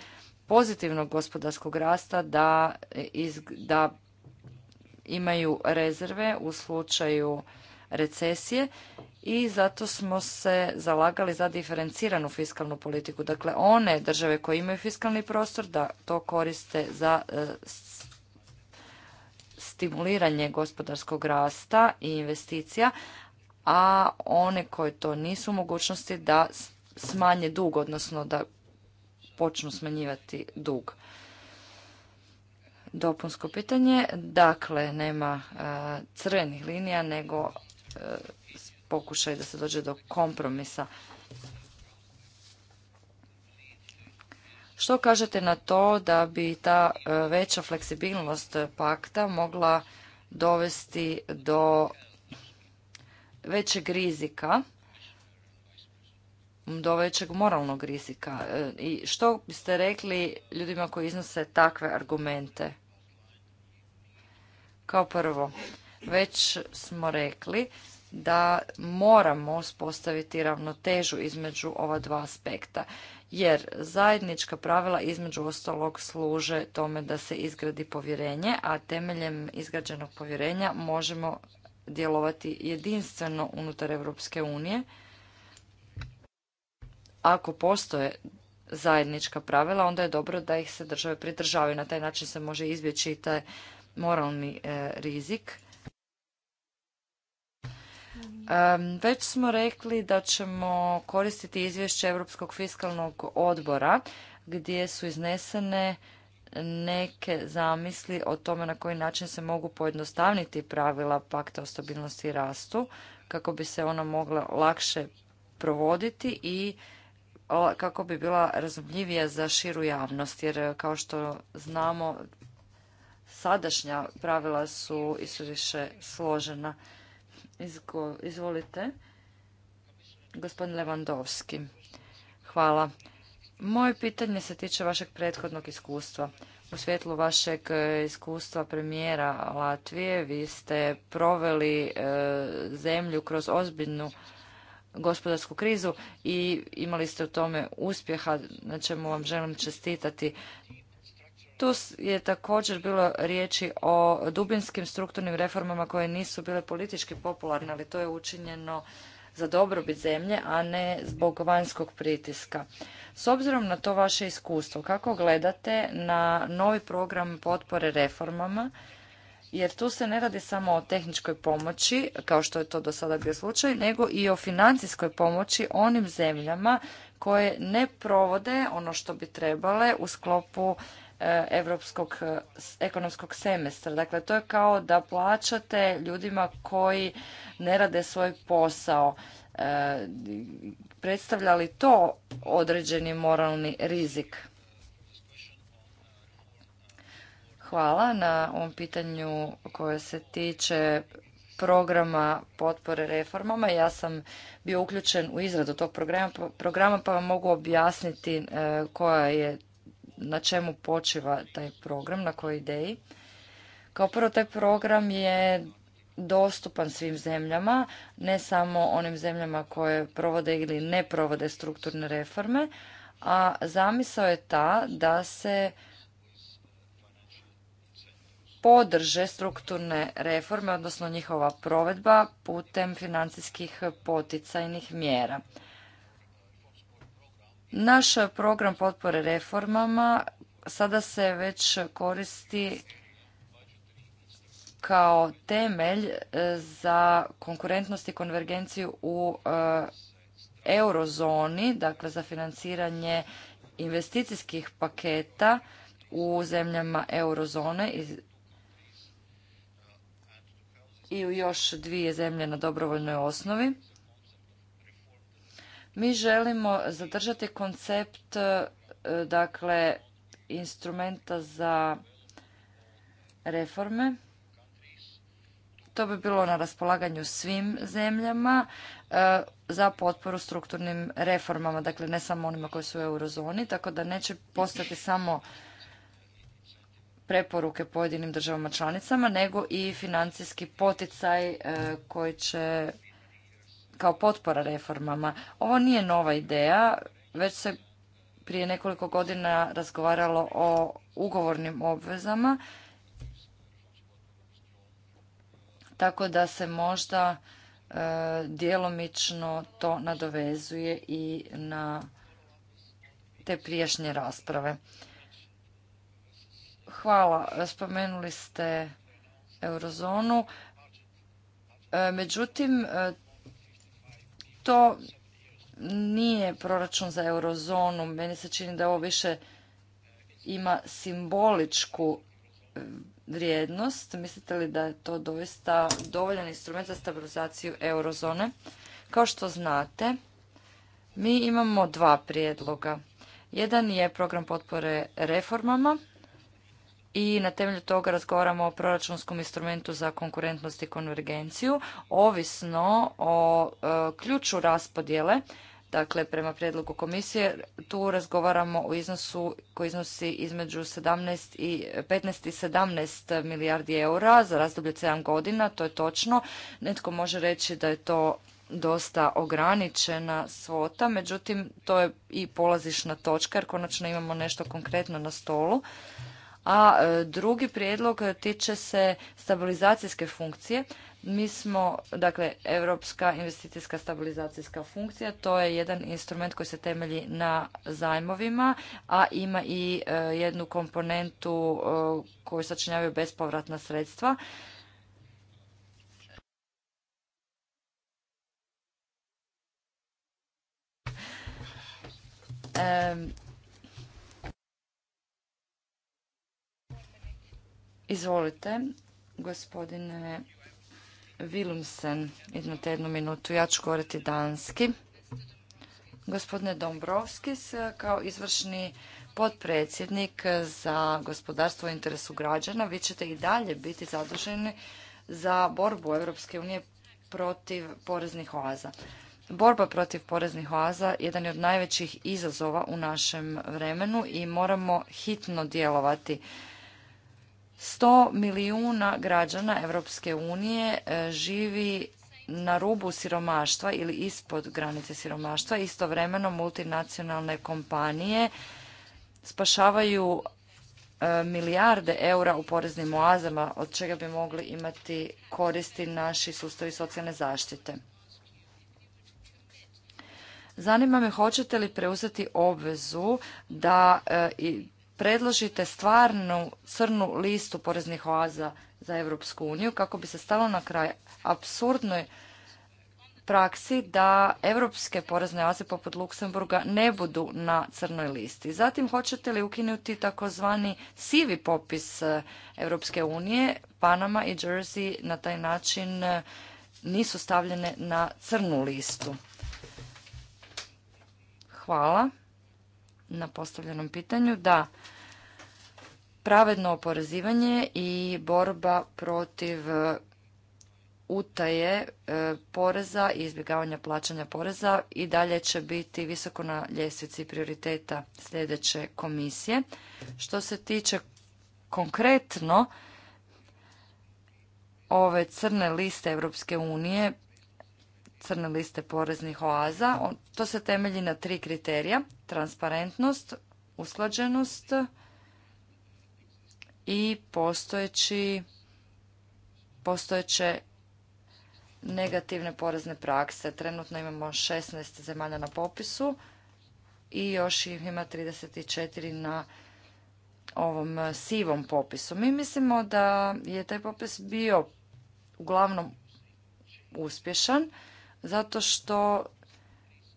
Speaker 4: pozitivnog gospodarskog rasta da, da imaju rezerve u slučaju recesije i zato smo se zalagali za diferenciranu fiskalnu politiku. Dakle, one države koje imaju fiskalni prostor da to koriste za e, stimuliranje gospodarskog rasta i investicija, a one koje to nisu u mogućnosti da smanje dug, odnosno da počnu smanjivati dug dopunsko pitanje. Dakle, nema e, crvenih linija, nego e, pokušaj da se dođe do kompromisa. Što kažete na to da bi ta e, veća fleksibilnost pakta mogla dovesti do većeg rizika do većeg moralnog rizika. E, I što biste rekli ljudima koji iznose takve argumente? Kao prvo, već smo rekli da moramo uspostaviti ravnotežu između ova dva aspekta, jer zajednička pravila između ostalog služe tome da se izgradi povjerenje, a temeljem izgrađenog povjerenja možemo djelovati jedinstveno unutar Europske unije ako postoje zajednička pravila, onda je dobro da ih se države pridržavaju. Na taj način se može izbjeći i taj moralni e, rizik. Već smo rekli da ćemo koristiti izvješće Europskog fiskalnog odbora gdje su iznesene neke zamisli o tome na koji način se mogu pojednostavniti pravila pakta o stabilnosti i rastu kako bi se ona mogla lakše provoditi i kako bi bila razumljivija za širu javnost, jer e, kao što znamo, sadašnja pravila su više složena. izvolite, gospodin Levandovski. Hvala. Moje pitanje se tiče vašeg prethodnog iskustva. U svjetlu vašeg e, iskustva premijera Latvije vi ste proveli e, zemlju kroz ozbiljnu gospodarsku krizu i imali ste u tome uspjeha, na čemu vam želim čestitati. Tu je također bilo riječi o dubinskim strukturnim reformama koje nisu bile politički popularne, ali to je učinjeno za dobrobit zemlje, a ne zbog vanjskog pritiska. S obzirom na to vaše iskustvo, kako gledate na novi program potpore reformama jer tu se ne radi samo o tehničkoj pomoći, kao što je to do sada bio slučaj, nego i o financijskoj pomoći onim zemljama koje ne provode ono što bi trebale u sklopu europskog e, ekonomskog semestra. Dakle, to je kao da plaćate ljudima koji ne rade svoj posao. E, predstavlja li to određeni moralni rizik? Hvala na ovom pitanju koje se tiče programa potpore reformama. Ja sam bio uključen u izradu tog programa pa vam mogu objasniti e, koja je, na čemu počiva taj program, na kojoj ideji. Kao prvo, taj program je dostupan svim zemljama, ne samo onim zemljama koje provode ili ne provode strukturne reforme, a zamisao je ta da se podrže strukturne reforme, odnosno njihova provedba putem financijskih poticajnih mjera. Naš program potpore reformama sada se već koristi kao temelj e, za konkurentnost i konvergenciju u e, eurozoni, dakle za financiranje investicijskih paketa u zemljama eurozone i i u još dvije zemlje na dobrovoljnoj osnovi. Mi želimo zadržati koncept e, dakle instrumenta za reforme. To bi bilo na raspolaganju svim zemljama e, za potporu strukturnim reformama, dakle ne samo onima koji su u eurozoni, tako da neće postati samo preporuke pojedinim državama članicama, nego i financijski poticaj e, koji će kao potpora reformama. Ovo nije nova ideja, već se prije nekoliko godina razgovaralo o ugovornim obvezama, tako da se možda e, djelomično to nadovezuje i na te prijašnje rasprave. Hvala. Spomenuli ste eurozonu. E, međutim, e, to nije proračun za eurozonu. Meni se čini da ovo više ima simboličku vrijednost. Mislite li da je to doista dovoljan instrument za stabilizaciju eurozone? Kao što znate, mi imamo dva prijedloga. Jedan je program potpore reformama i na temelju toga razgovaramo o proračunskom instrumentu za konkurentnost i konvergenciju, ovisno o e, ključu raspodjele, dakle prema prijedlogu komisije, tu razgovaramo o iznosu koji iznosi između 17 i 15 i 17 milijardi eura za razdoblje 7 godina, to je točno. Netko može reći da je to dosta ograničena svota, međutim to je i polazišna točka jer konačno imamo nešto konkretno na stolu a e, drugi prijedlog e, tiče se stabilizacijske funkcije. Mi smo, dakle, Europska investicijska stabilizacijska funkcija, to je jedan instrument koji se temelji na zajmovima, a ima i e, jednu komponentu koju sačinjavaju bespovratna sredstva. Izvolite, gospodine Vilumsen, imate jednu minutu, ja ću govoriti danski. Gospodine Dombrovskis, kao izvršni potpredsjednik za gospodarstvo u interesu građana, vi ćete i dalje biti zaduženi za borbu Europske unije protiv poreznih oaza. Borba protiv poreznih oaza jedan je od najvećih izazova u našem vremenu i moramo hitno djelovati 100 milijuna građana Europske unije e, živi na rubu siromaštva ili ispod granice siromaštva. Istovremeno multinacionalne kompanije spašavaju e, milijarde eura u poreznim oazama, od čega bi mogli imati koristi naši sustavi socijalne zaštite. Zanima me hoćete li preuzeti obvezu da e, predložite stvarnu crnu listu poreznih oaza za Europsku uniju kako bi se stalo na kraj apsurdnoj praksi da europske porezne oaze poput Luksemburga ne budu na crnoj listi. Zatim hoćete li ukinuti takozvani sivi popis e, Europske unije, Panama i Jersey na taj način e, nisu stavljene na crnu listu. Hvala na postavljenom pitanju. Da, pravedno oporezivanje i borba protiv e, utaje e, poreza i izbjegavanja plaćanja poreza i dalje će biti visoko na ljestvici prioriteta sljedeće komisije. Što se tiče konkretno ove crne liste Europske unije crne liste poreznih oaza. To se temelji na tri kriterija. Transparentnost, usklađenost i postojeći, postojeće negativne porezne prakse. Trenutno imamo 16 zemalja na popisu i još ih ima 34 na ovom sivom popisu. Mi mislimo da je taj popis bio uglavnom uspješan zato što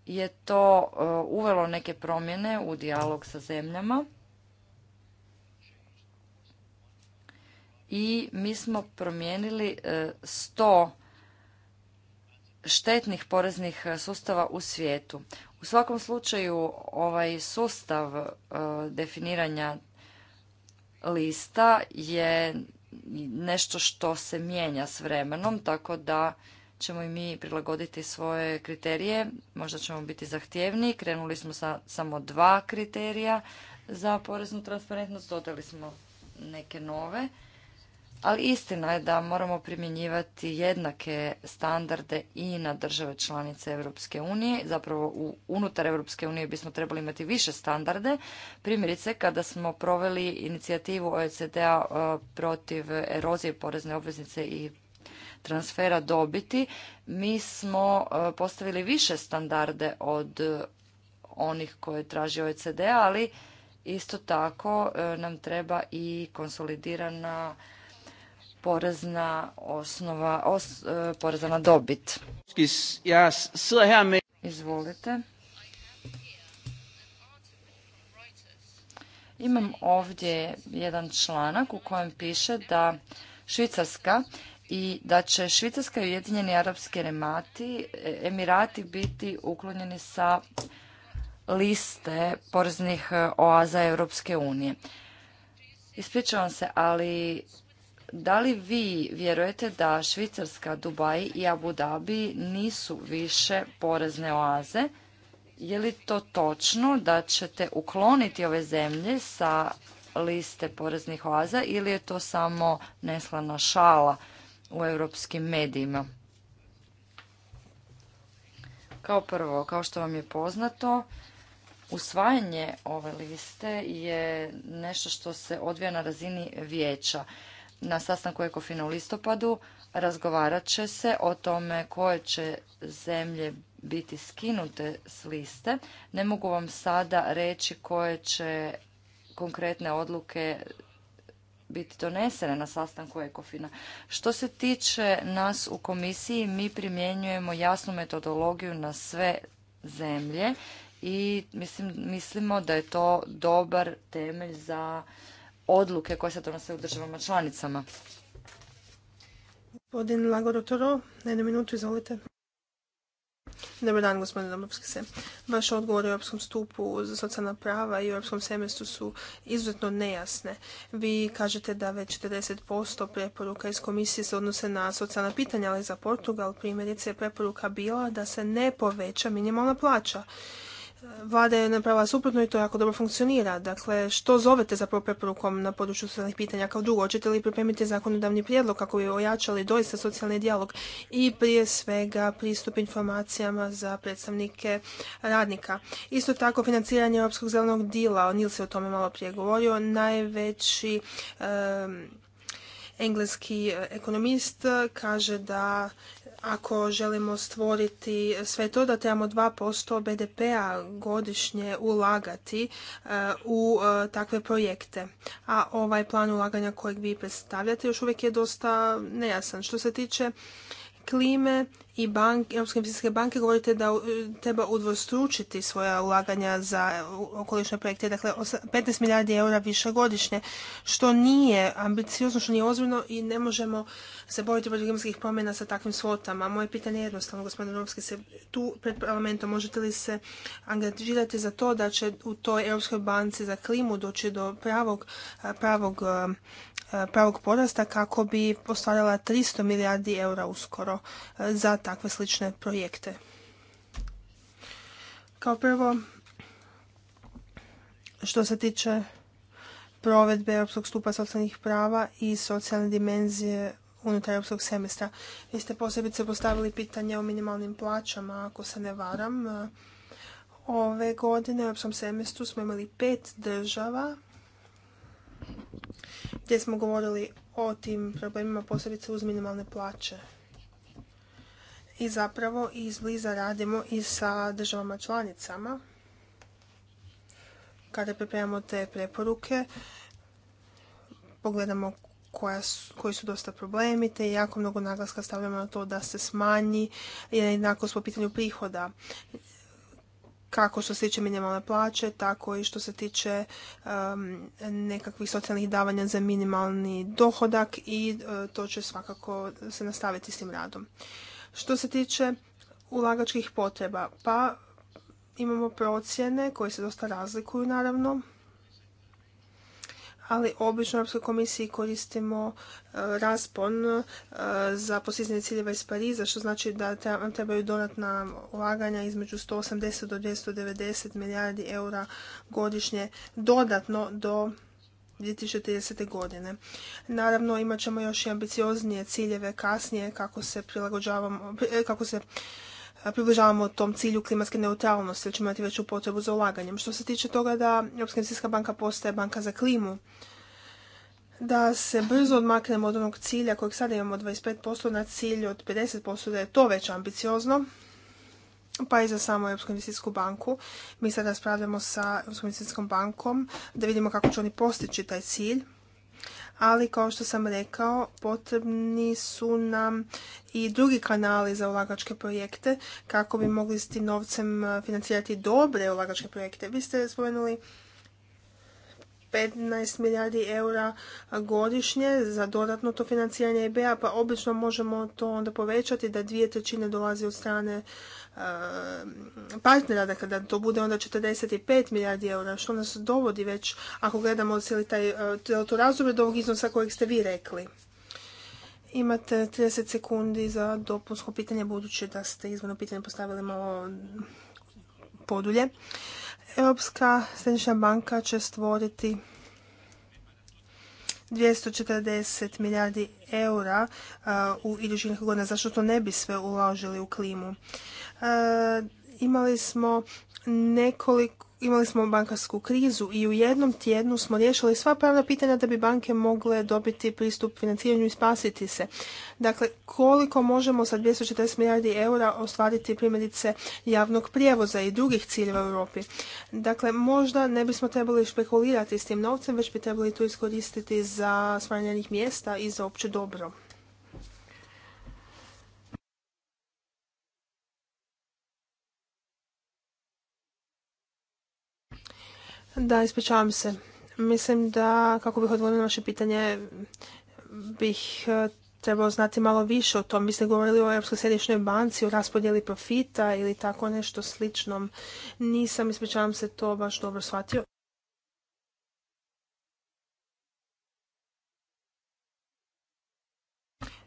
Speaker 4: je to e, uvelo neke promjene u dijalog sa zemljama i mi smo promijenili 100 e, štetnih poreznih sustava u svijetu. U svakom slučaju ovaj sustav e, definiranja lista je nešto što se mijenja s vremenom, tako da ćemo i mi prilagoditi svoje kriterije, možda ćemo biti zahtjevni. Krenuli smo sa samo dva kriterija za poreznu transparentnost, dodali smo neke nove. Ali istina je da moramo primjenjivati jednake standarde i na države članice Europske unije. Zapravo unutar Europske unije bismo trebali imati više standarde. Primjerice, kada smo proveli inicijativu OECD-a e, protiv erozije porezne obveznice i transfera dobiti, mi smo e, postavili više standarde od e, onih koje traži OECD, ali isto tako e, nam treba i konsolidirana porezna osnova, poreza na dobit. Izvolite. Imam ovdje jedan članak u kojem piše da Švicarska i da će Švicarska i Ujedinjeni Arapski Emirati, Emirati biti uklonjeni sa liste poreznih e, oaza Europske unije. Ispričavam se, ali da li vi vjerujete da Švicarska, Dubaj i Abu Dhabi nisu više porezne oaze? Je li to točno da ćete ukloniti ove zemlje sa liste poreznih oaza ili je to samo neslana šala u europskim medijima. Kao prvo, kao što vam je poznato, usvajanje ove liste je nešto što se odvija na razini vijeća. Na sastanku Ekofina u listopadu razgovarat će se o tome koje će zemlje biti skinute s liste. Ne mogu vam sada reći koje će konkretne odluke biti donesene na sastanku ECOFINA. Što se tiče nas u komisiji, mi primjenjujemo jasnu metodologiju na sve zemlje i mislim, mislimo da je to dobar temelj za odluke koje se donose u državama članicama.
Speaker 1: Gospodin Lagorotoro, na jednu minutu, izvolite. Dobar dan, gospodine Dombrovski se. Vaš odgovor o Europskom stupu za socijalna prava i Europskom semestru su izuzetno nejasne. Vi kažete da već 40% preporuka iz komisije se odnose na socijalna pitanja, ali za Portugal primjerice je preporuka bila da se ne poveća minimalna plaća. Vlada je napravila suprotno i to jako dobro funkcionira. Dakle, što zovete za preporukom na području socijalnih pitanja kao drugo? Hoćete li pripremiti zakonodavni prijedlog kako bi ojačali doista socijalni dijalog i prije svega pristup informacijama za predstavnike radnika? Isto tako, financiranje Europskog zelenog dila, Nil se o tome malo prije govorio, najveći engleski e, ekonomist kaže da ako želimo stvoriti sve to da trebamo 2% BDP-a godišnje ulagati e, u e, takve projekte. A ovaj plan ulaganja kojeg vi predstavljate još uvijek je dosta nejasan. Što se tiče klime i bank, Europske investicijske banke govorite da e, treba udvostručiti svoja ulaganja za okolišne projekte, dakle 15 milijardi eura više godišnje, što nije ambiciozno, što nije ozbiljno i ne možemo se boriti protiv klimatskih promjena sa takvim svotama. Moje pitanje je jednostavno, gospodine Europski, se tu pred parlamentom možete li se angažirati za to da će u toj Europskoj banci za klimu doći do pravog, pravog pravog porasta kako bi postavljala 300 milijardi eura uskoro e, za takve slične projekte. Kao prvo, što se tiče provedbe Europskog stupa socijalnih prava i socijalne dimenzije unutar Europskog semestra. Vi ste posebice postavili pitanje o minimalnim plaćama, ako se ne varam. Ove godine u Europskom semestru smo imali pet država gdje smo govorili o tim problemima posebice uz minimalne plaće. I zapravo izbliza radimo i sa državama članicama kada pripremamo te preporuke. Pogledamo su, koji su dosta problemi, te jako mnogo naglaska stavljamo na to da se smanji jednakost po pitanju prihoda kako što se tiče minimalne plaće, tako i što se tiče um, nekakvih socijalnih davanja za minimalni dohodak i e, to će svakako se nastaviti s tim radom. Što se tiče ulagačkih potreba, pa imamo procjene koje se dosta razlikuju naravno ali obično u Europskoj komisiji koristimo e, raspon e, za postizanje ciljeva iz Pariza, što znači da nam trebaju dodatna ulaganja između 180 do 290 milijardi eura godišnje dodatno do 2030. godine. Naravno, imat ćemo još i ambicioznije ciljeve kasnije kako se prilagođavamo, e, kako se približavamo tom cilju klimatske neutralnosti, jer ćemo imati veću potrebu za ulaganjem. Što se tiče toga da Europska investicijska banka postaje banka za klimu, da se brzo odmaknemo od onog cilja kojeg sada imamo 25% na cilj od 50%, da je to već ambiciozno, pa i za samu Europsku investicijsku banku. Mi sad raspravljamo sa Europskom investicijskom bankom da vidimo kako će oni postići taj cilj ali kao što sam rekao, potrebni su nam i drugi kanali za ulagačke projekte kako bi mogli s tim novcem e, financirati dobre ulagačke projekte. Vi ste spomenuli 15 milijardi eura godišnje za dodatno to financiranje EBA, pa obično možemo to onda povećati da dvije trećine dolazi od strane Eh, partnera, da dakle, da to bude onda 45 milijardi eura, što nas dovodi već, ako gledamo cijeli taj, eh, to razdoblje do ovog iznosa kojeg ste vi rekli. Imate 30 sekundi za dopunsko pitanje, budući da ste izvorno pitanje postavili malo podulje. Europska središnja banka će stvoriti 240 milijardi eura eh, u idućih godina. Zašto to ne bi sve uložili u klimu? Eh, imali smo nekoliko imali smo bankarsku krizu i u jednom tjednu smo riješili sva pravna pitanja da bi banke mogle dobiti pristup financiranju i spasiti se. Dakle, koliko možemo sa 240 milijardi eura ostvariti primjerice javnog prijevoza i drugih ciljeva u Europi? Dakle, možda ne bismo trebali špekulirati s tim novcem, već bi trebali to iskoristiti za smanjenih mjesta i za opće dobro Da, ispričavam se. Mislim da, kako bih odgovorila na vaše pitanje, bih e, trebao znati malo više o tom. Vi ste govorili o Europskoj središnjoj banci, o raspodjeli profita ili tako nešto sličnom. Nisam, ispričavam se, to baš dobro shvatio.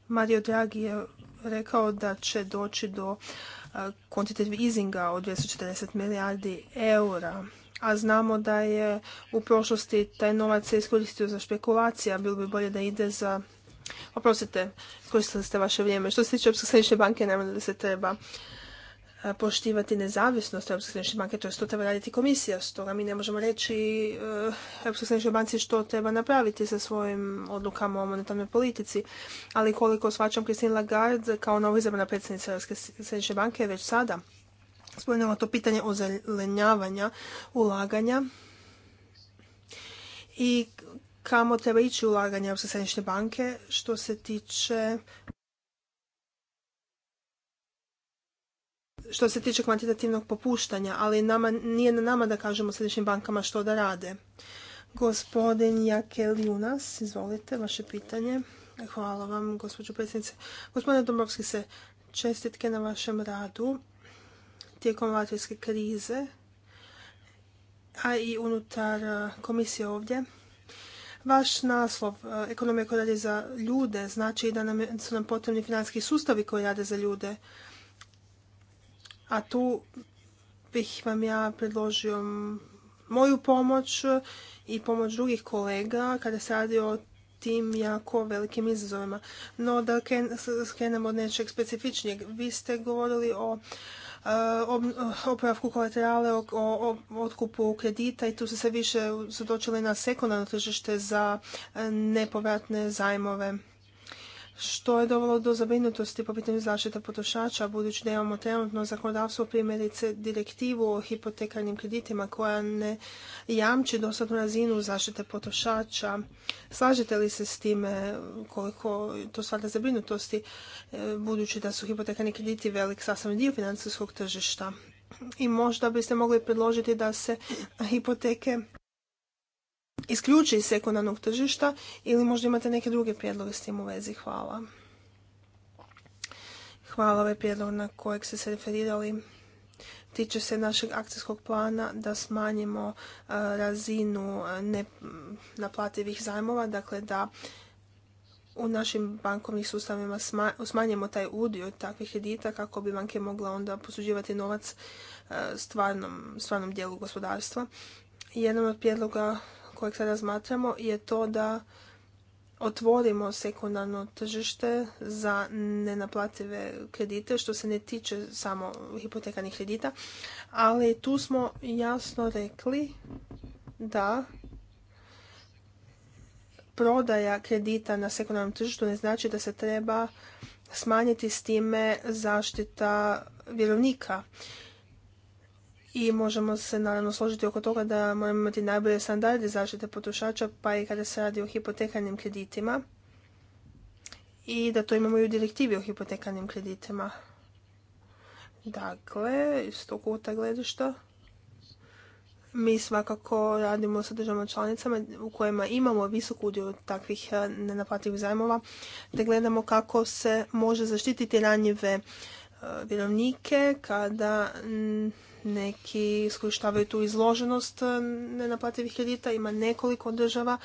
Speaker 1: Mario Draghi je rekao da će doći do e, quantitative easinga od 240 milijardi eura a znamo da je u prošlosti taj novac se iskoristio za a bilo bi bolje da ide za Oprostite, iskoristili ste vaše vrijeme. Što se tiče Europske središnje banke, naravno da se treba e, poštivati nezavisnost Europske središnje banke, to je što treba raditi komisija. Stoga mi ne možemo reći e, Europskoj središnjoj banci što treba napraviti sa svojim odlukama o monetarnoj politici. Ali koliko svačam Christine Lagarde kao novo izabrana predsjednica Europske središnje banke već sada spomenula to pitanje ozelenjavanja ulaganja i kamo treba ići ulaganja u središnje banke što se tiče što se tiče kvantitativnog popuštanja, ali nama, nije na nama da kažemo središnjim bankama što da rade. Gospodin Jakel Junas, izvolite, vaše pitanje. Hvala vam, gospođo predsjednice. Gospodine Dombrovski se čestitke na vašem radu tijekom latvijske krize, a i unutar e, komisije ovdje, Vaš naslov, e, ekonomija koja radi za ljude, znači da nam, su nam potrebni financijski sustavi koji rade za ljude. A tu bih vam ja predložio moju pomoć i pomoć drugih kolega kada se radi o tim jako velikim izazovima. No da skrenemo od nečeg specifičnijeg. Vi ste govorili o oporavku kolaterale, o, o otkupu kredita i tu su se više zadočili na sekundarno tržište za e, nepovratne zajmove što je dovelo do zabrinutosti po pitanju zaštite potrošača, budući da imamo trenutno zakonodavstvo primjerice direktivu o hipotekarnim kreditima koja ne jamči dostatnu razinu zaštite potrošača. Slažete li se s time koliko to stvara zabrinutosti, e, budući da su hipotekarni krediti velik sastavni dio financijskog tržišta? I možda biste mogli predložiti da se hipoteke isključi iz sekundarnog tržišta ili možda imate neke druge prijedloge s tim u vezi. Hvala. Hvala ovaj prijedlog na kojeg ste se referirali. Tiče se našeg akcijskog plana da smanjimo e, razinu e, naplativih zajmova, dakle da u našim bankovnim sustavima smanjimo taj udio takvih kredita kako bi banke mogle onda posuđivati novac e, stvarnom, stvarnom dijelu gospodarstva. Jedan od prijedloga kojeg sada razmatramo je to da otvorimo sekundarno tržište za nenaplative kredite, što se ne tiče samo hipotekarnih kredita, ali tu smo jasno rekli da prodaja kredita na sekundarnom tržištu ne znači da se treba smanjiti s time zaštita vjerovnika i možemo se naravno složiti oko toga da moramo imati najbolje standarde zaštite potrošača, pa i kada se radi o hipotekarnim kreditima i da to imamo i u direktivi o hipotekarnim kreditima. Dakle, iz tog kuta gledišta mi svakako radimo sa državama članicama u kojima imamo visok udio takvih eh, nenaplativih zajmova, te gledamo kako se može zaštititi ranjive eh, vjerovnike kada mm, neki iskorištavaju tu izloženost e, nenaplativih kredita. Ima nekoliko država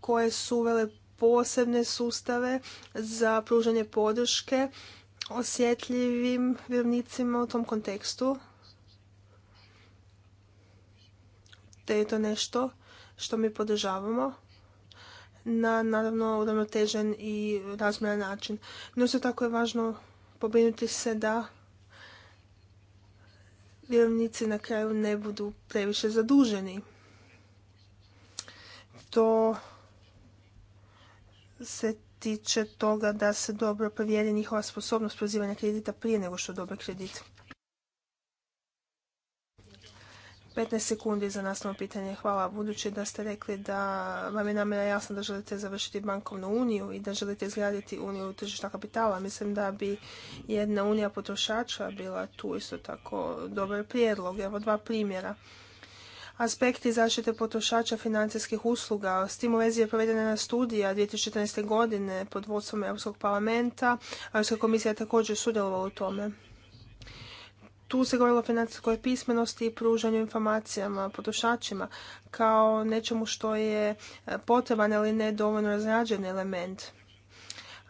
Speaker 1: koje su uvele posebne sustave za pružanje podrške osjetljivim vjerovnicima u tom kontekstu. Te je to nešto što mi podržavamo na naravno uravnotežen i razmjeran način. No isto tako je važno pobrinuti se da vjerovnici na kraju ne budu previše zaduženi. To se tiče toga da se dobro provjeri njihova sposobnost prozivanja kredita prije nego što dobe kredit. 15 sekundi za nastavno pitanje. Hvala. Budući da ste rekli da vam je namjera jasno da želite završiti bankovnu uniju i da želite izgraditi uniju tržišta kapitala, mislim da bi jedna unija potrošača bila tu isto tako dobar prijedlog. Evo dva primjera. Aspekti zaštite potrošača financijskih usluga. S tim u vezi je provedena studija 2014. godine pod vodstvom Europskog parlamenta. Europska komisija je također sudjelovala u tome tu se govorilo o financijskoj pismenosti i pružanju informacijama potrošačima kao nečemu što je e, potreban ili ne dovoljno razrađen element.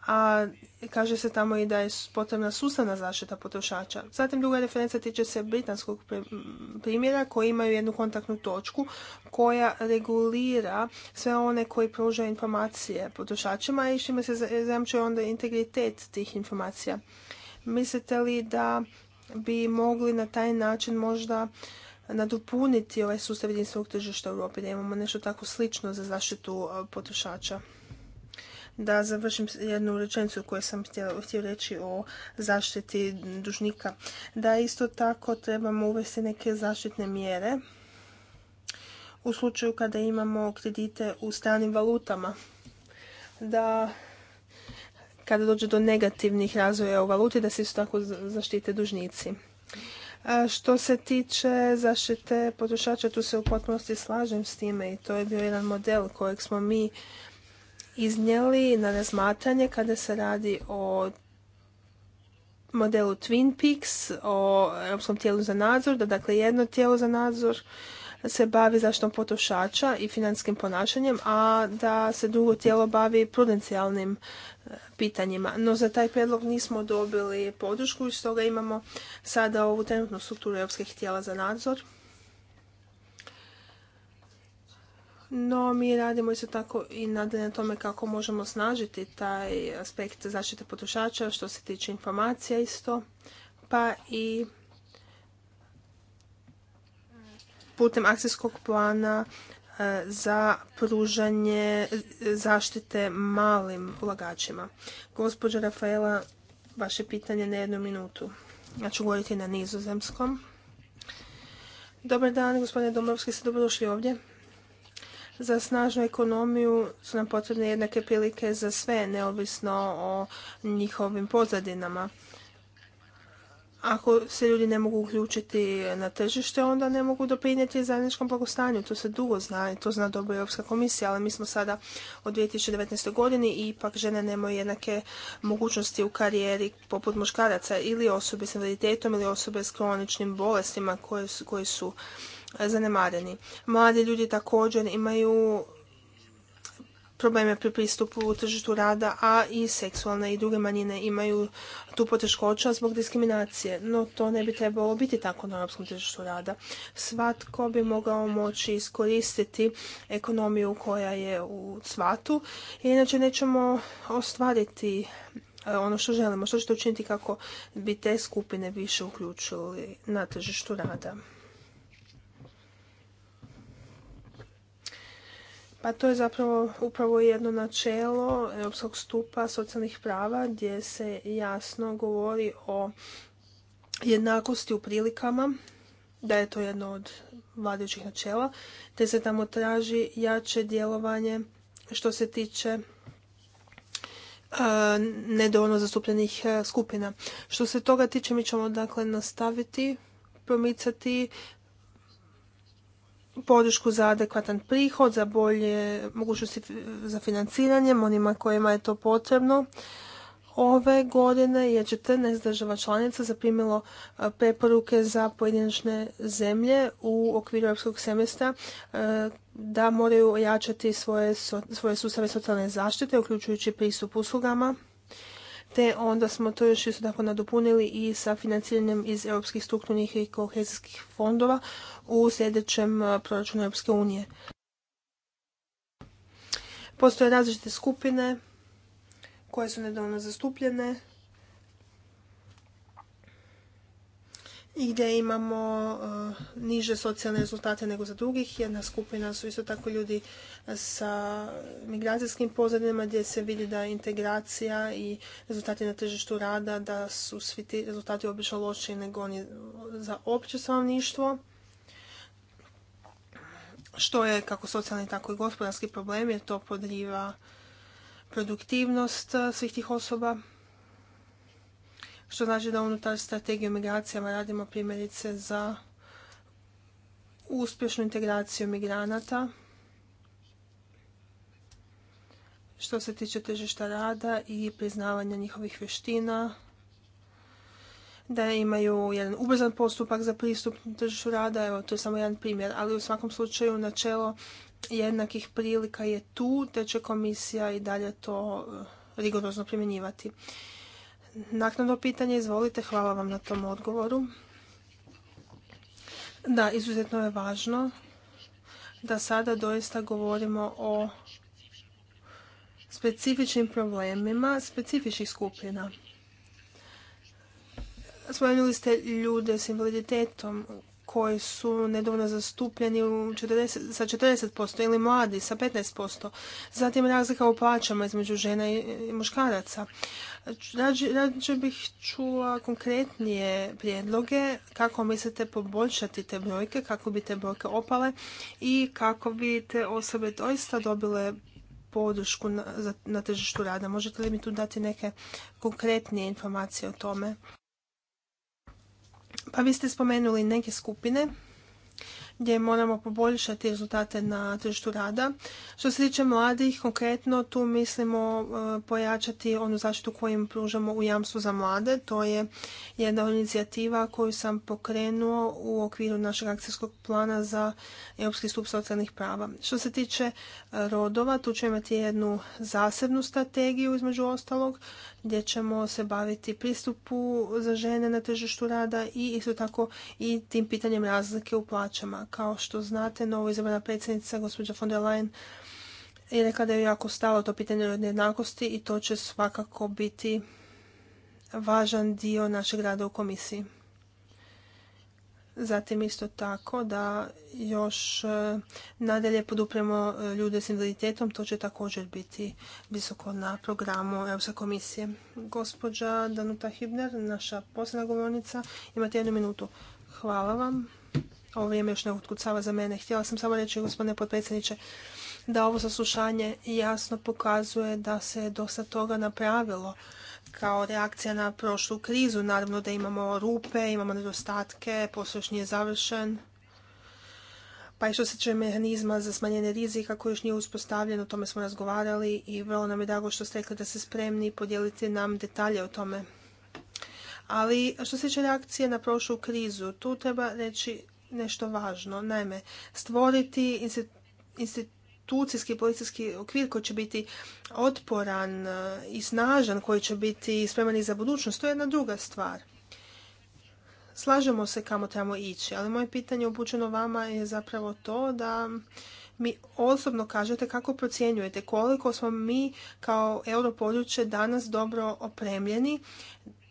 Speaker 1: A kaže se tamo i da je potrebna sustavna zaštita potrošača. Zatim druga referenca tiče se britanskog primjera koji imaju jednu kontaktnu točku koja regulira sve one koji pružaju informacije potrošačima i čime se zajamčuje onda integritet tih informacija. Mislite li da bi mogli na taj način možda nadopuniti ovaj sustav jedinstvenog tržišta u Europi, da imamo nešto tako slično za zaštitu e, potrošača. Da završim jednu rečenicu koju sam htjela, htio reći o zaštiti dužnika. Da isto tako trebamo uvesti neke zaštitne mjere u slučaju kada imamo kredite u stranim valutama. Da kada dođe do negativnih razvoja u valuti da se isto tako zaštite dužnici. Što se tiče zaštite potrošača, tu se u potpunosti slažem s time i to je bio jedan model kojeg smo mi iznijeli na razmatranje kada se radi o modelu Twin Peaks, o Europskom tijelu za nadzor, da dakle jedno tijelo za nadzor se bavi zaštitom potrošača i financijskim ponašanjem, a da se drugo tijelo bavi prudencijalnim e, pitanjima. No za taj predlog nismo dobili podršku i stoga imamo sada ovu trenutnu strukturu europskih tijela za nadzor. No, mi radimo isto tako i na tome kako možemo snažiti taj aspekt zaštite potrošača što se tiče informacija isto, pa i putem akcijskog plana e, za pružanje zaštite malim ulagačima. Gospođa Rafaela, vaše pitanje na jednu minutu. Ja ću govoriti na nizozemskom. Dobar dan, gospodine Dombrovski, ste dobrodošli ovdje. Za snažnu ekonomiju su nam potrebne jednake prilike za sve, neovisno o njihovim pozadinama ako se ljudi ne mogu uključiti na tržište, onda ne mogu doprinijeti zajedničkom blagostanju. To se dugo zna i to zna dobro Europska komisija, ali mi smo sada od 2019. godini i ipak žene nemaju jednake mogućnosti u karijeri poput muškaraca ili osobe s invaliditetom ili osobe s kroničnim bolestima koje koji su zanemareni. Mladi ljudi također imaju probleme pri pristupu u tržištu rada, a i seksualne i druge manjine imaju tu poteškoća zbog diskriminacije. No to ne bi trebalo biti tako na europskom tržištu rada. Svatko bi mogao moći iskoristiti ekonomiju koja je u cvatu, inače nećemo ostvariti e, ono što želimo. Što ćete učiniti kako bi te skupine više uključili na tržištu rada? Pa to je zapravo upravo jedno načelo Europskog stupa socijalnih prava gdje se jasno govori o jednakosti u prilikama, da je to jedno od vladajućih načela, te se tamo traži jače djelovanje što se tiče nedovoljno zastupljenih skupina. Što se toga tiče, mi ćemo dakle nastaviti promicati podršku za adekvatan prihod, za bolje mogućnosti za financiranjem onima kojima je to potrebno. Ove godine je 14 država članica zaprimilo e, preporuke za pojedinačne zemlje u okviru europskog semestra e, da moraju ojačati svoje, svoje sustave socijalne zaštite, uključujući pristup uslugama te onda smo to još isto tako nadopunili i sa financiranjem iz europskih strukturnih i kohezijskih fondova u sljedećem eh, proračunu Europske unije. Postoje različite skupine koje su nedavno zastupljene i gdje imamo eh, niže socijalne rezultate nego za drugih. Jedna skupina su isto tako ljudi eh, sa migracijskim pozadinama gdje se vidi da integracija i rezultati na tržištu rada, da su svi ti rezultati obično lošiji nego oni za opće stanovništvo što je kako socijalni tako i gospodarski problem jer to podriva produktivnost eh, svih tih osoba što znači da unutar strategije o migracijama radimo primjerice za uspješnu integraciju migranata što se tiče tržišta rada i priznavanja njihovih vještina, da imaju jedan ubrzan postupak za pristup tržištu rada, evo to je samo jedan primjer, ali u svakom slučaju načelo jednakih prilika je tu, te će komisija i dalje to eh, rigorozno primjenjivati naknadno pitanje, izvolite, hvala vam na tom odgovoru. Da, izuzetno je važno da sada doista govorimo o specifičnim problemima specifičnih skupina. Spomenuli ste ljude s invaliditetom koji su nedovoljno zastupljeni u 40, sa 40% ili mladi sa 15%. Zatim razlika u plaćama između žena i muškaraca. Rađe znači, znači bih čula konkretnije prijedloge kako mislite poboljšati te brojke, kako bi te brojke opale i kako bi te osobe doista dobile podršku na, na tržištu rada. Možete li mi tu dati neke konkretnije informacije o tome? Pa vi ste spomenuli neke skupine gdje moramo poboljšati rezultate na tržištu rada. Što se tiče mladih, konkretno tu mislimo e, pojačati onu zaštitu koju im pružamo u jamstvu za mlade. To je jedna inicijativa koju sam pokrenuo u okviru našeg akcijskog plana za Europski stup socijalnih prava. Što se tiče e, rodova, tu ćemo imati jednu zasebnu strategiju između ostalog gdje ćemo se baviti pristupu za žene na tržištu rada i isto tako i tim pitanjem razlike u plaćama. Kao što znate, novo izabrana predsjednica gospođa von der Leyen je rekla da je jako stalo to pitanje od jednakosti i to će svakako biti važan dio našeg rada u komisiji. Zatim isto tako da još e, nadalje podupremo e, ljude s invaliditetom, to će također biti visoko na programu Europske komisije. Gospođa Danuta Hibner, naša posljedna govornica, imate jednu minutu. Hvala vam. Ovo vrijeme još ne utkucava za mene. Htjela sam samo reći, gospodine potpredsjedniče, da ovo saslušanje jasno pokazuje da se dosta toga napravilo kao reakcija na prošlu krizu. Naravno da imamo rupe, imamo nedostatke, posao još nije završen. Pa i što se tiče mehanizma za smanjenje rizika koji još nije uspostavljen, o tome smo razgovarali i vrlo nam je drago što ste rekli da ste spremni podijeliti nam detalje o tome. Ali što se tiče reakcije na prošlu krizu, tu treba reći nešto važno. Naime, stvoriti institucije institucijski policijski okvir koji će biti otporan e, i snažan, koji će biti spreman i za budućnost, to je jedna druga stvar. Slažemo se kamo trebamo ići, ali moje pitanje upućeno vama je zapravo to da mi osobno kažete kako procjenjujete koliko smo mi kao europodručje danas dobro opremljeni,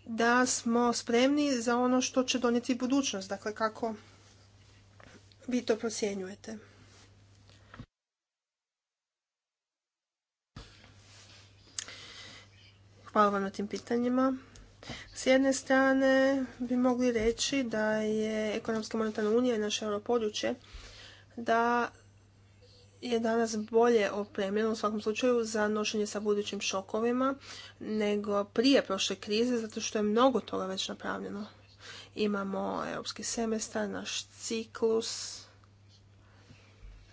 Speaker 1: da smo spremni za ono što će donijeti budućnost, dakle kako vi to procjenjujete. Hvala vam na tim pitanjima. S jedne strane bi mogli reći da je ekonomska monetarna unija i naše europodručje da je danas bolje opremljeno u svakom slučaju za nošenje sa budućim šokovima nego prije prošle krize zato što je mnogo toga već napravljeno. Imamo europski semestar, naš ciklus,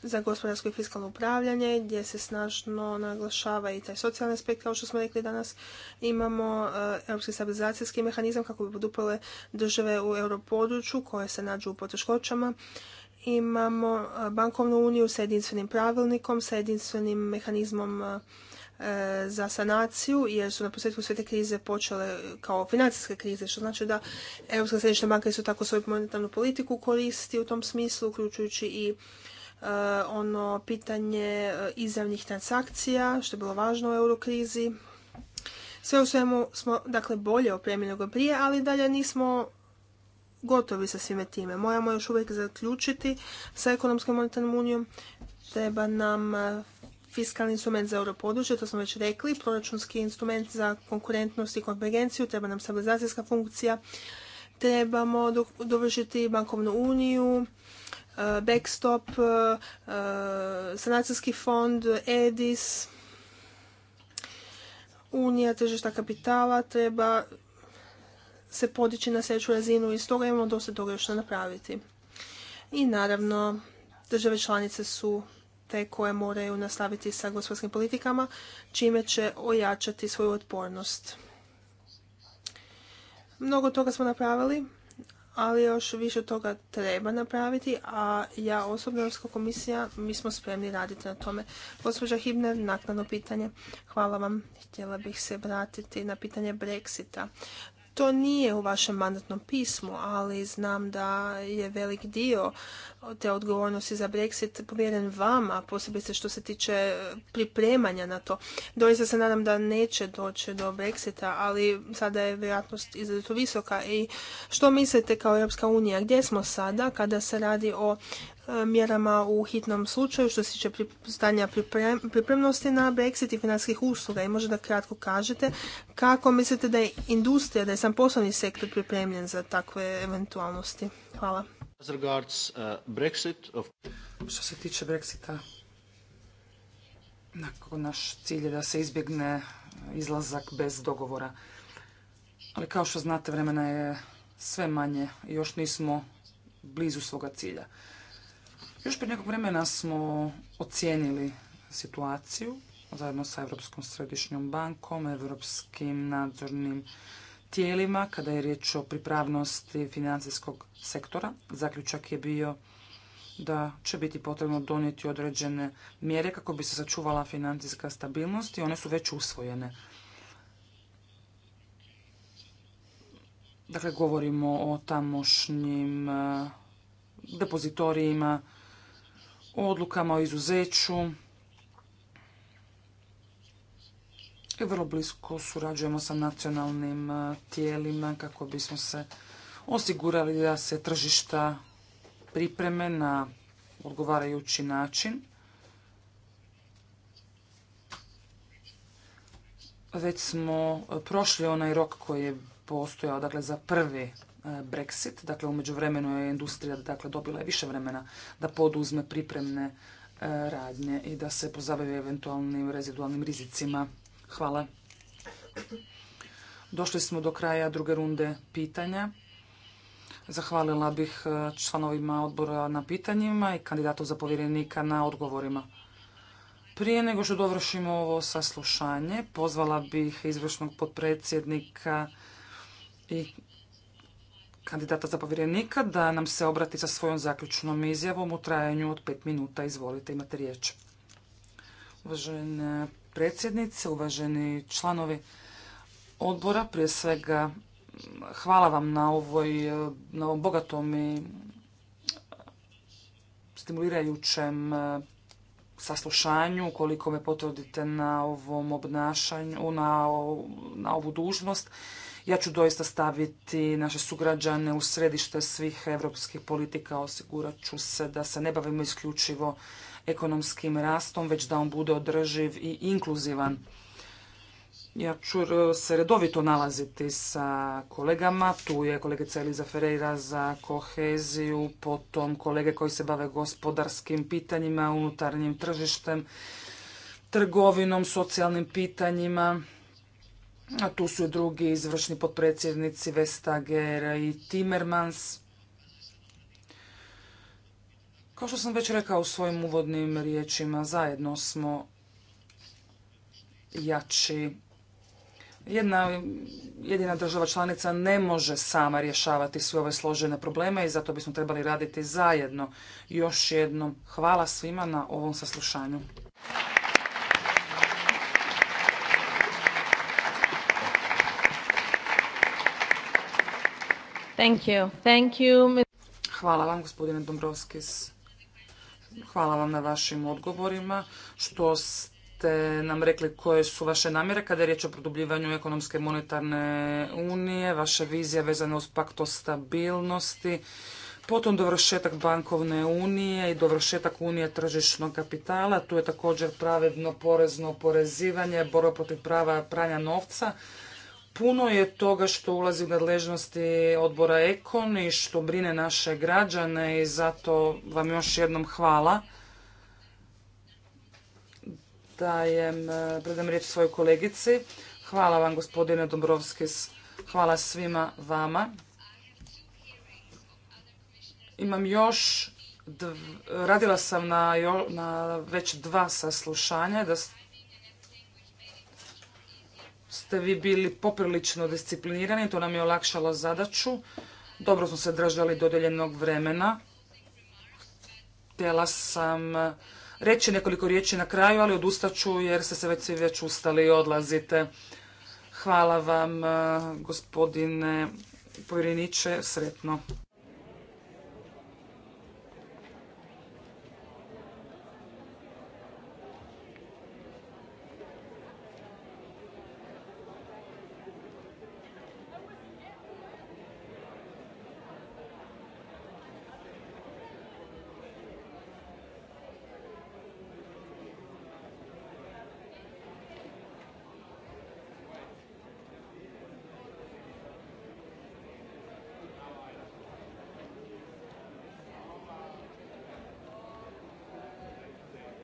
Speaker 1: za gospodarsko i fiskalno upravljanje gdje se snažno naglašava i taj socijalni aspekt kao što smo rekli danas. Imamo eh, europski stabilizacijski mehanizam kako bi podupale države u europodručju koje se nađu u poteškoćama. Imamo eh, bankovnu uniju sa jedinstvenim pravilnikom, sa jedinstvenim mehanizmom eh, za sanaciju jer su na posljedku sve te krize počele kao financijske krize, što znači da Europska središnja banka isto tako svoju monetarnu politiku koristi u tom smislu, uključujući i Eh, ono pitanje eh, izravnih transakcija, što je bilo važno u eurokrizi. Sve u svemu smo dakle bolje opremljeni nego prije, ali dalje nismo gotovi sa svime time. Moramo još uvijek zaključiti sa ekonomskom monetarnom unijom. Treba nam eh, fiskalni instrument za europodručje, to smo već rekli, proračunski instrument za konkurentnost i konvergenciju, treba nam stabilizacijska funkcija, trebamo dovršiti bankovnu uniju, Eh, backstop, eh, sanacijski fond, EDIS, Unija tržišta kapitala treba se podići na sljedeću razinu i stoga imamo dosta toga još napraviti. I naravno, države članice su te koje moraju nastaviti sa gospodarskim politikama, čime će ojačati svoju otpornost. Mnogo toga smo napravili, ali još više toga treba napraviti, a ja osobno Europska komisija, mi smo spremni raditi na tome. Gospođa Hibner, naknadno pitanje. Hvala vam. Htjela bih se vratiti na pitanje Brexita. To nije u vašem mandatnom pismu, ali znam da je velik dio te odgovornosti za Brexit povjeren vama, posebice što se tiče e, pripremanja na to. Doista se nadam da neće doći do Brexita, ali sada je vjerojatnost izuzetno visoka. I što mislite kao Europska unija, gdje smo sada kada se radi o E, mjerama u hitnom slučaju što se tiče stanja pripremnosti na Brexit i financijskih usluga i možda da kratko kažete kako mislite da je industrija, da je sam poslovni sektor pripremljen za takve eventualnosti. Hvala.
Speaker 2: Uh,
Speaker 3: što se tiče Brexita, naš cilj je da se izbjegne izlazak bez dogovora. Ali kao što znate, vremena je sve manje i još nismo blizu svoga cilja. Još prije nekog vremena smo ocijenili situaciju zajedno sa Europskom središnjom bankom, Europskim nadzornim tijelima kada je riječ o pripravnosti financijskog sektora. Zaključak je bio da će biti potrebno donijeti određene mjere kako bi se sačuvala financijska stabilnost i one su već usvojene. Dakle, govorimo o tamošnjim eh, depozitorijima, odlukama o izuzeću i vrlo blisko surađujemo sa nacionalnim e, tijelima kako bismo se osigurali da se tržišta pripreme na odgovarajući način. Već smo e, prošli onaj rok koji je postojao dakle, za prvi E, Brexit. Dakle, umeđu vremenu je industrija dakle, dobila je više vremena da poduzme pripremne e, radnje i da se pozabavi eventualnim rezidualnim rizicima. Hvala. Došli smo do kraja druge runde pitanja. Zahvalila bih e, članovima odbora na pitanjima i kandidatu za povjerenika na odgovorima. Prije nego što dovršimo ovo saslušanje, pozvala bih izvršnog potpredsjednika i kandidata za povjerenika da nam se obrati sa svojom zaključnom izjavom u trajanju od pet minuta. Izvolite, imate riječ. Uvažene predsjednice, uvaženi članovi odbora, prije svega hvala vam na, ovoj, na ovom bogatom i stimulirajućem e, saslušanju, koliko me potvrdite na ovom obnašanju, na ovu dužnost. Ja ću doista staviti naše sugrađane u središte svih europskih politika. Osigurat ću se da se ne bavimo isključivo ekonomskim rastom, već da on bude održiv i inkluzivan. Ja ću e, se redovito nalaziti sa kolegama. Tu je kolegica Eliza Ferreira za koheziju, potom kolege koji se bave gospodarskim pitanjima, unutarnjim tržištem, trgovinom, socijalnim pitanjima. A tu su i drugi izvršni potpredsjednici Vestager i Timmermans. Kao što sam već rekao u svojim uvodnim riječima, zajedno smo jači. Jedna jedina država članica ne može sama rješavati sve ove složene probleme i zato bismo trebali raditi zajedno. Još jednom hvala svima na ovom saslušanju.
Speaker 1: Thank you. Thank
Speaker 3: Hvala vam, gospodine Dombrovskis. Hvala vam na vašim odgovorima. Što ste nam rekli koje su vaše namjere kada je riječ o produbljivanju ekonomske monetarne unije, vaše vizija vezana uz pakt o stabilnosti, potom dovršetak bankovne unije i dovršetak unije tržišnog kapitala. Tu je također pravedno porezno oporezivanje, borba protiv prava pranja novca Puno je toga što ulazi u nadležnosti odbora Ekon i što brine naše građane i zato vam još jednom hvala. Dajem, e, predam riječ svojoj kolegici. Hvala vam gospodine Dobrovskis, hvala svima vama. Imam još, radila sam na, na već dva saslušanja, da ste vi bili poprilično disciplinirani, to nam je olakšalo zadaću. Dobro smo se držali dodeljenog vremena. Htjela sam e, reći nekoliko riječi na kraju, ali odustaću jer ste se već svi već ustali i odlazite. Hvala vam, e, gospodine povjereniče, sretno.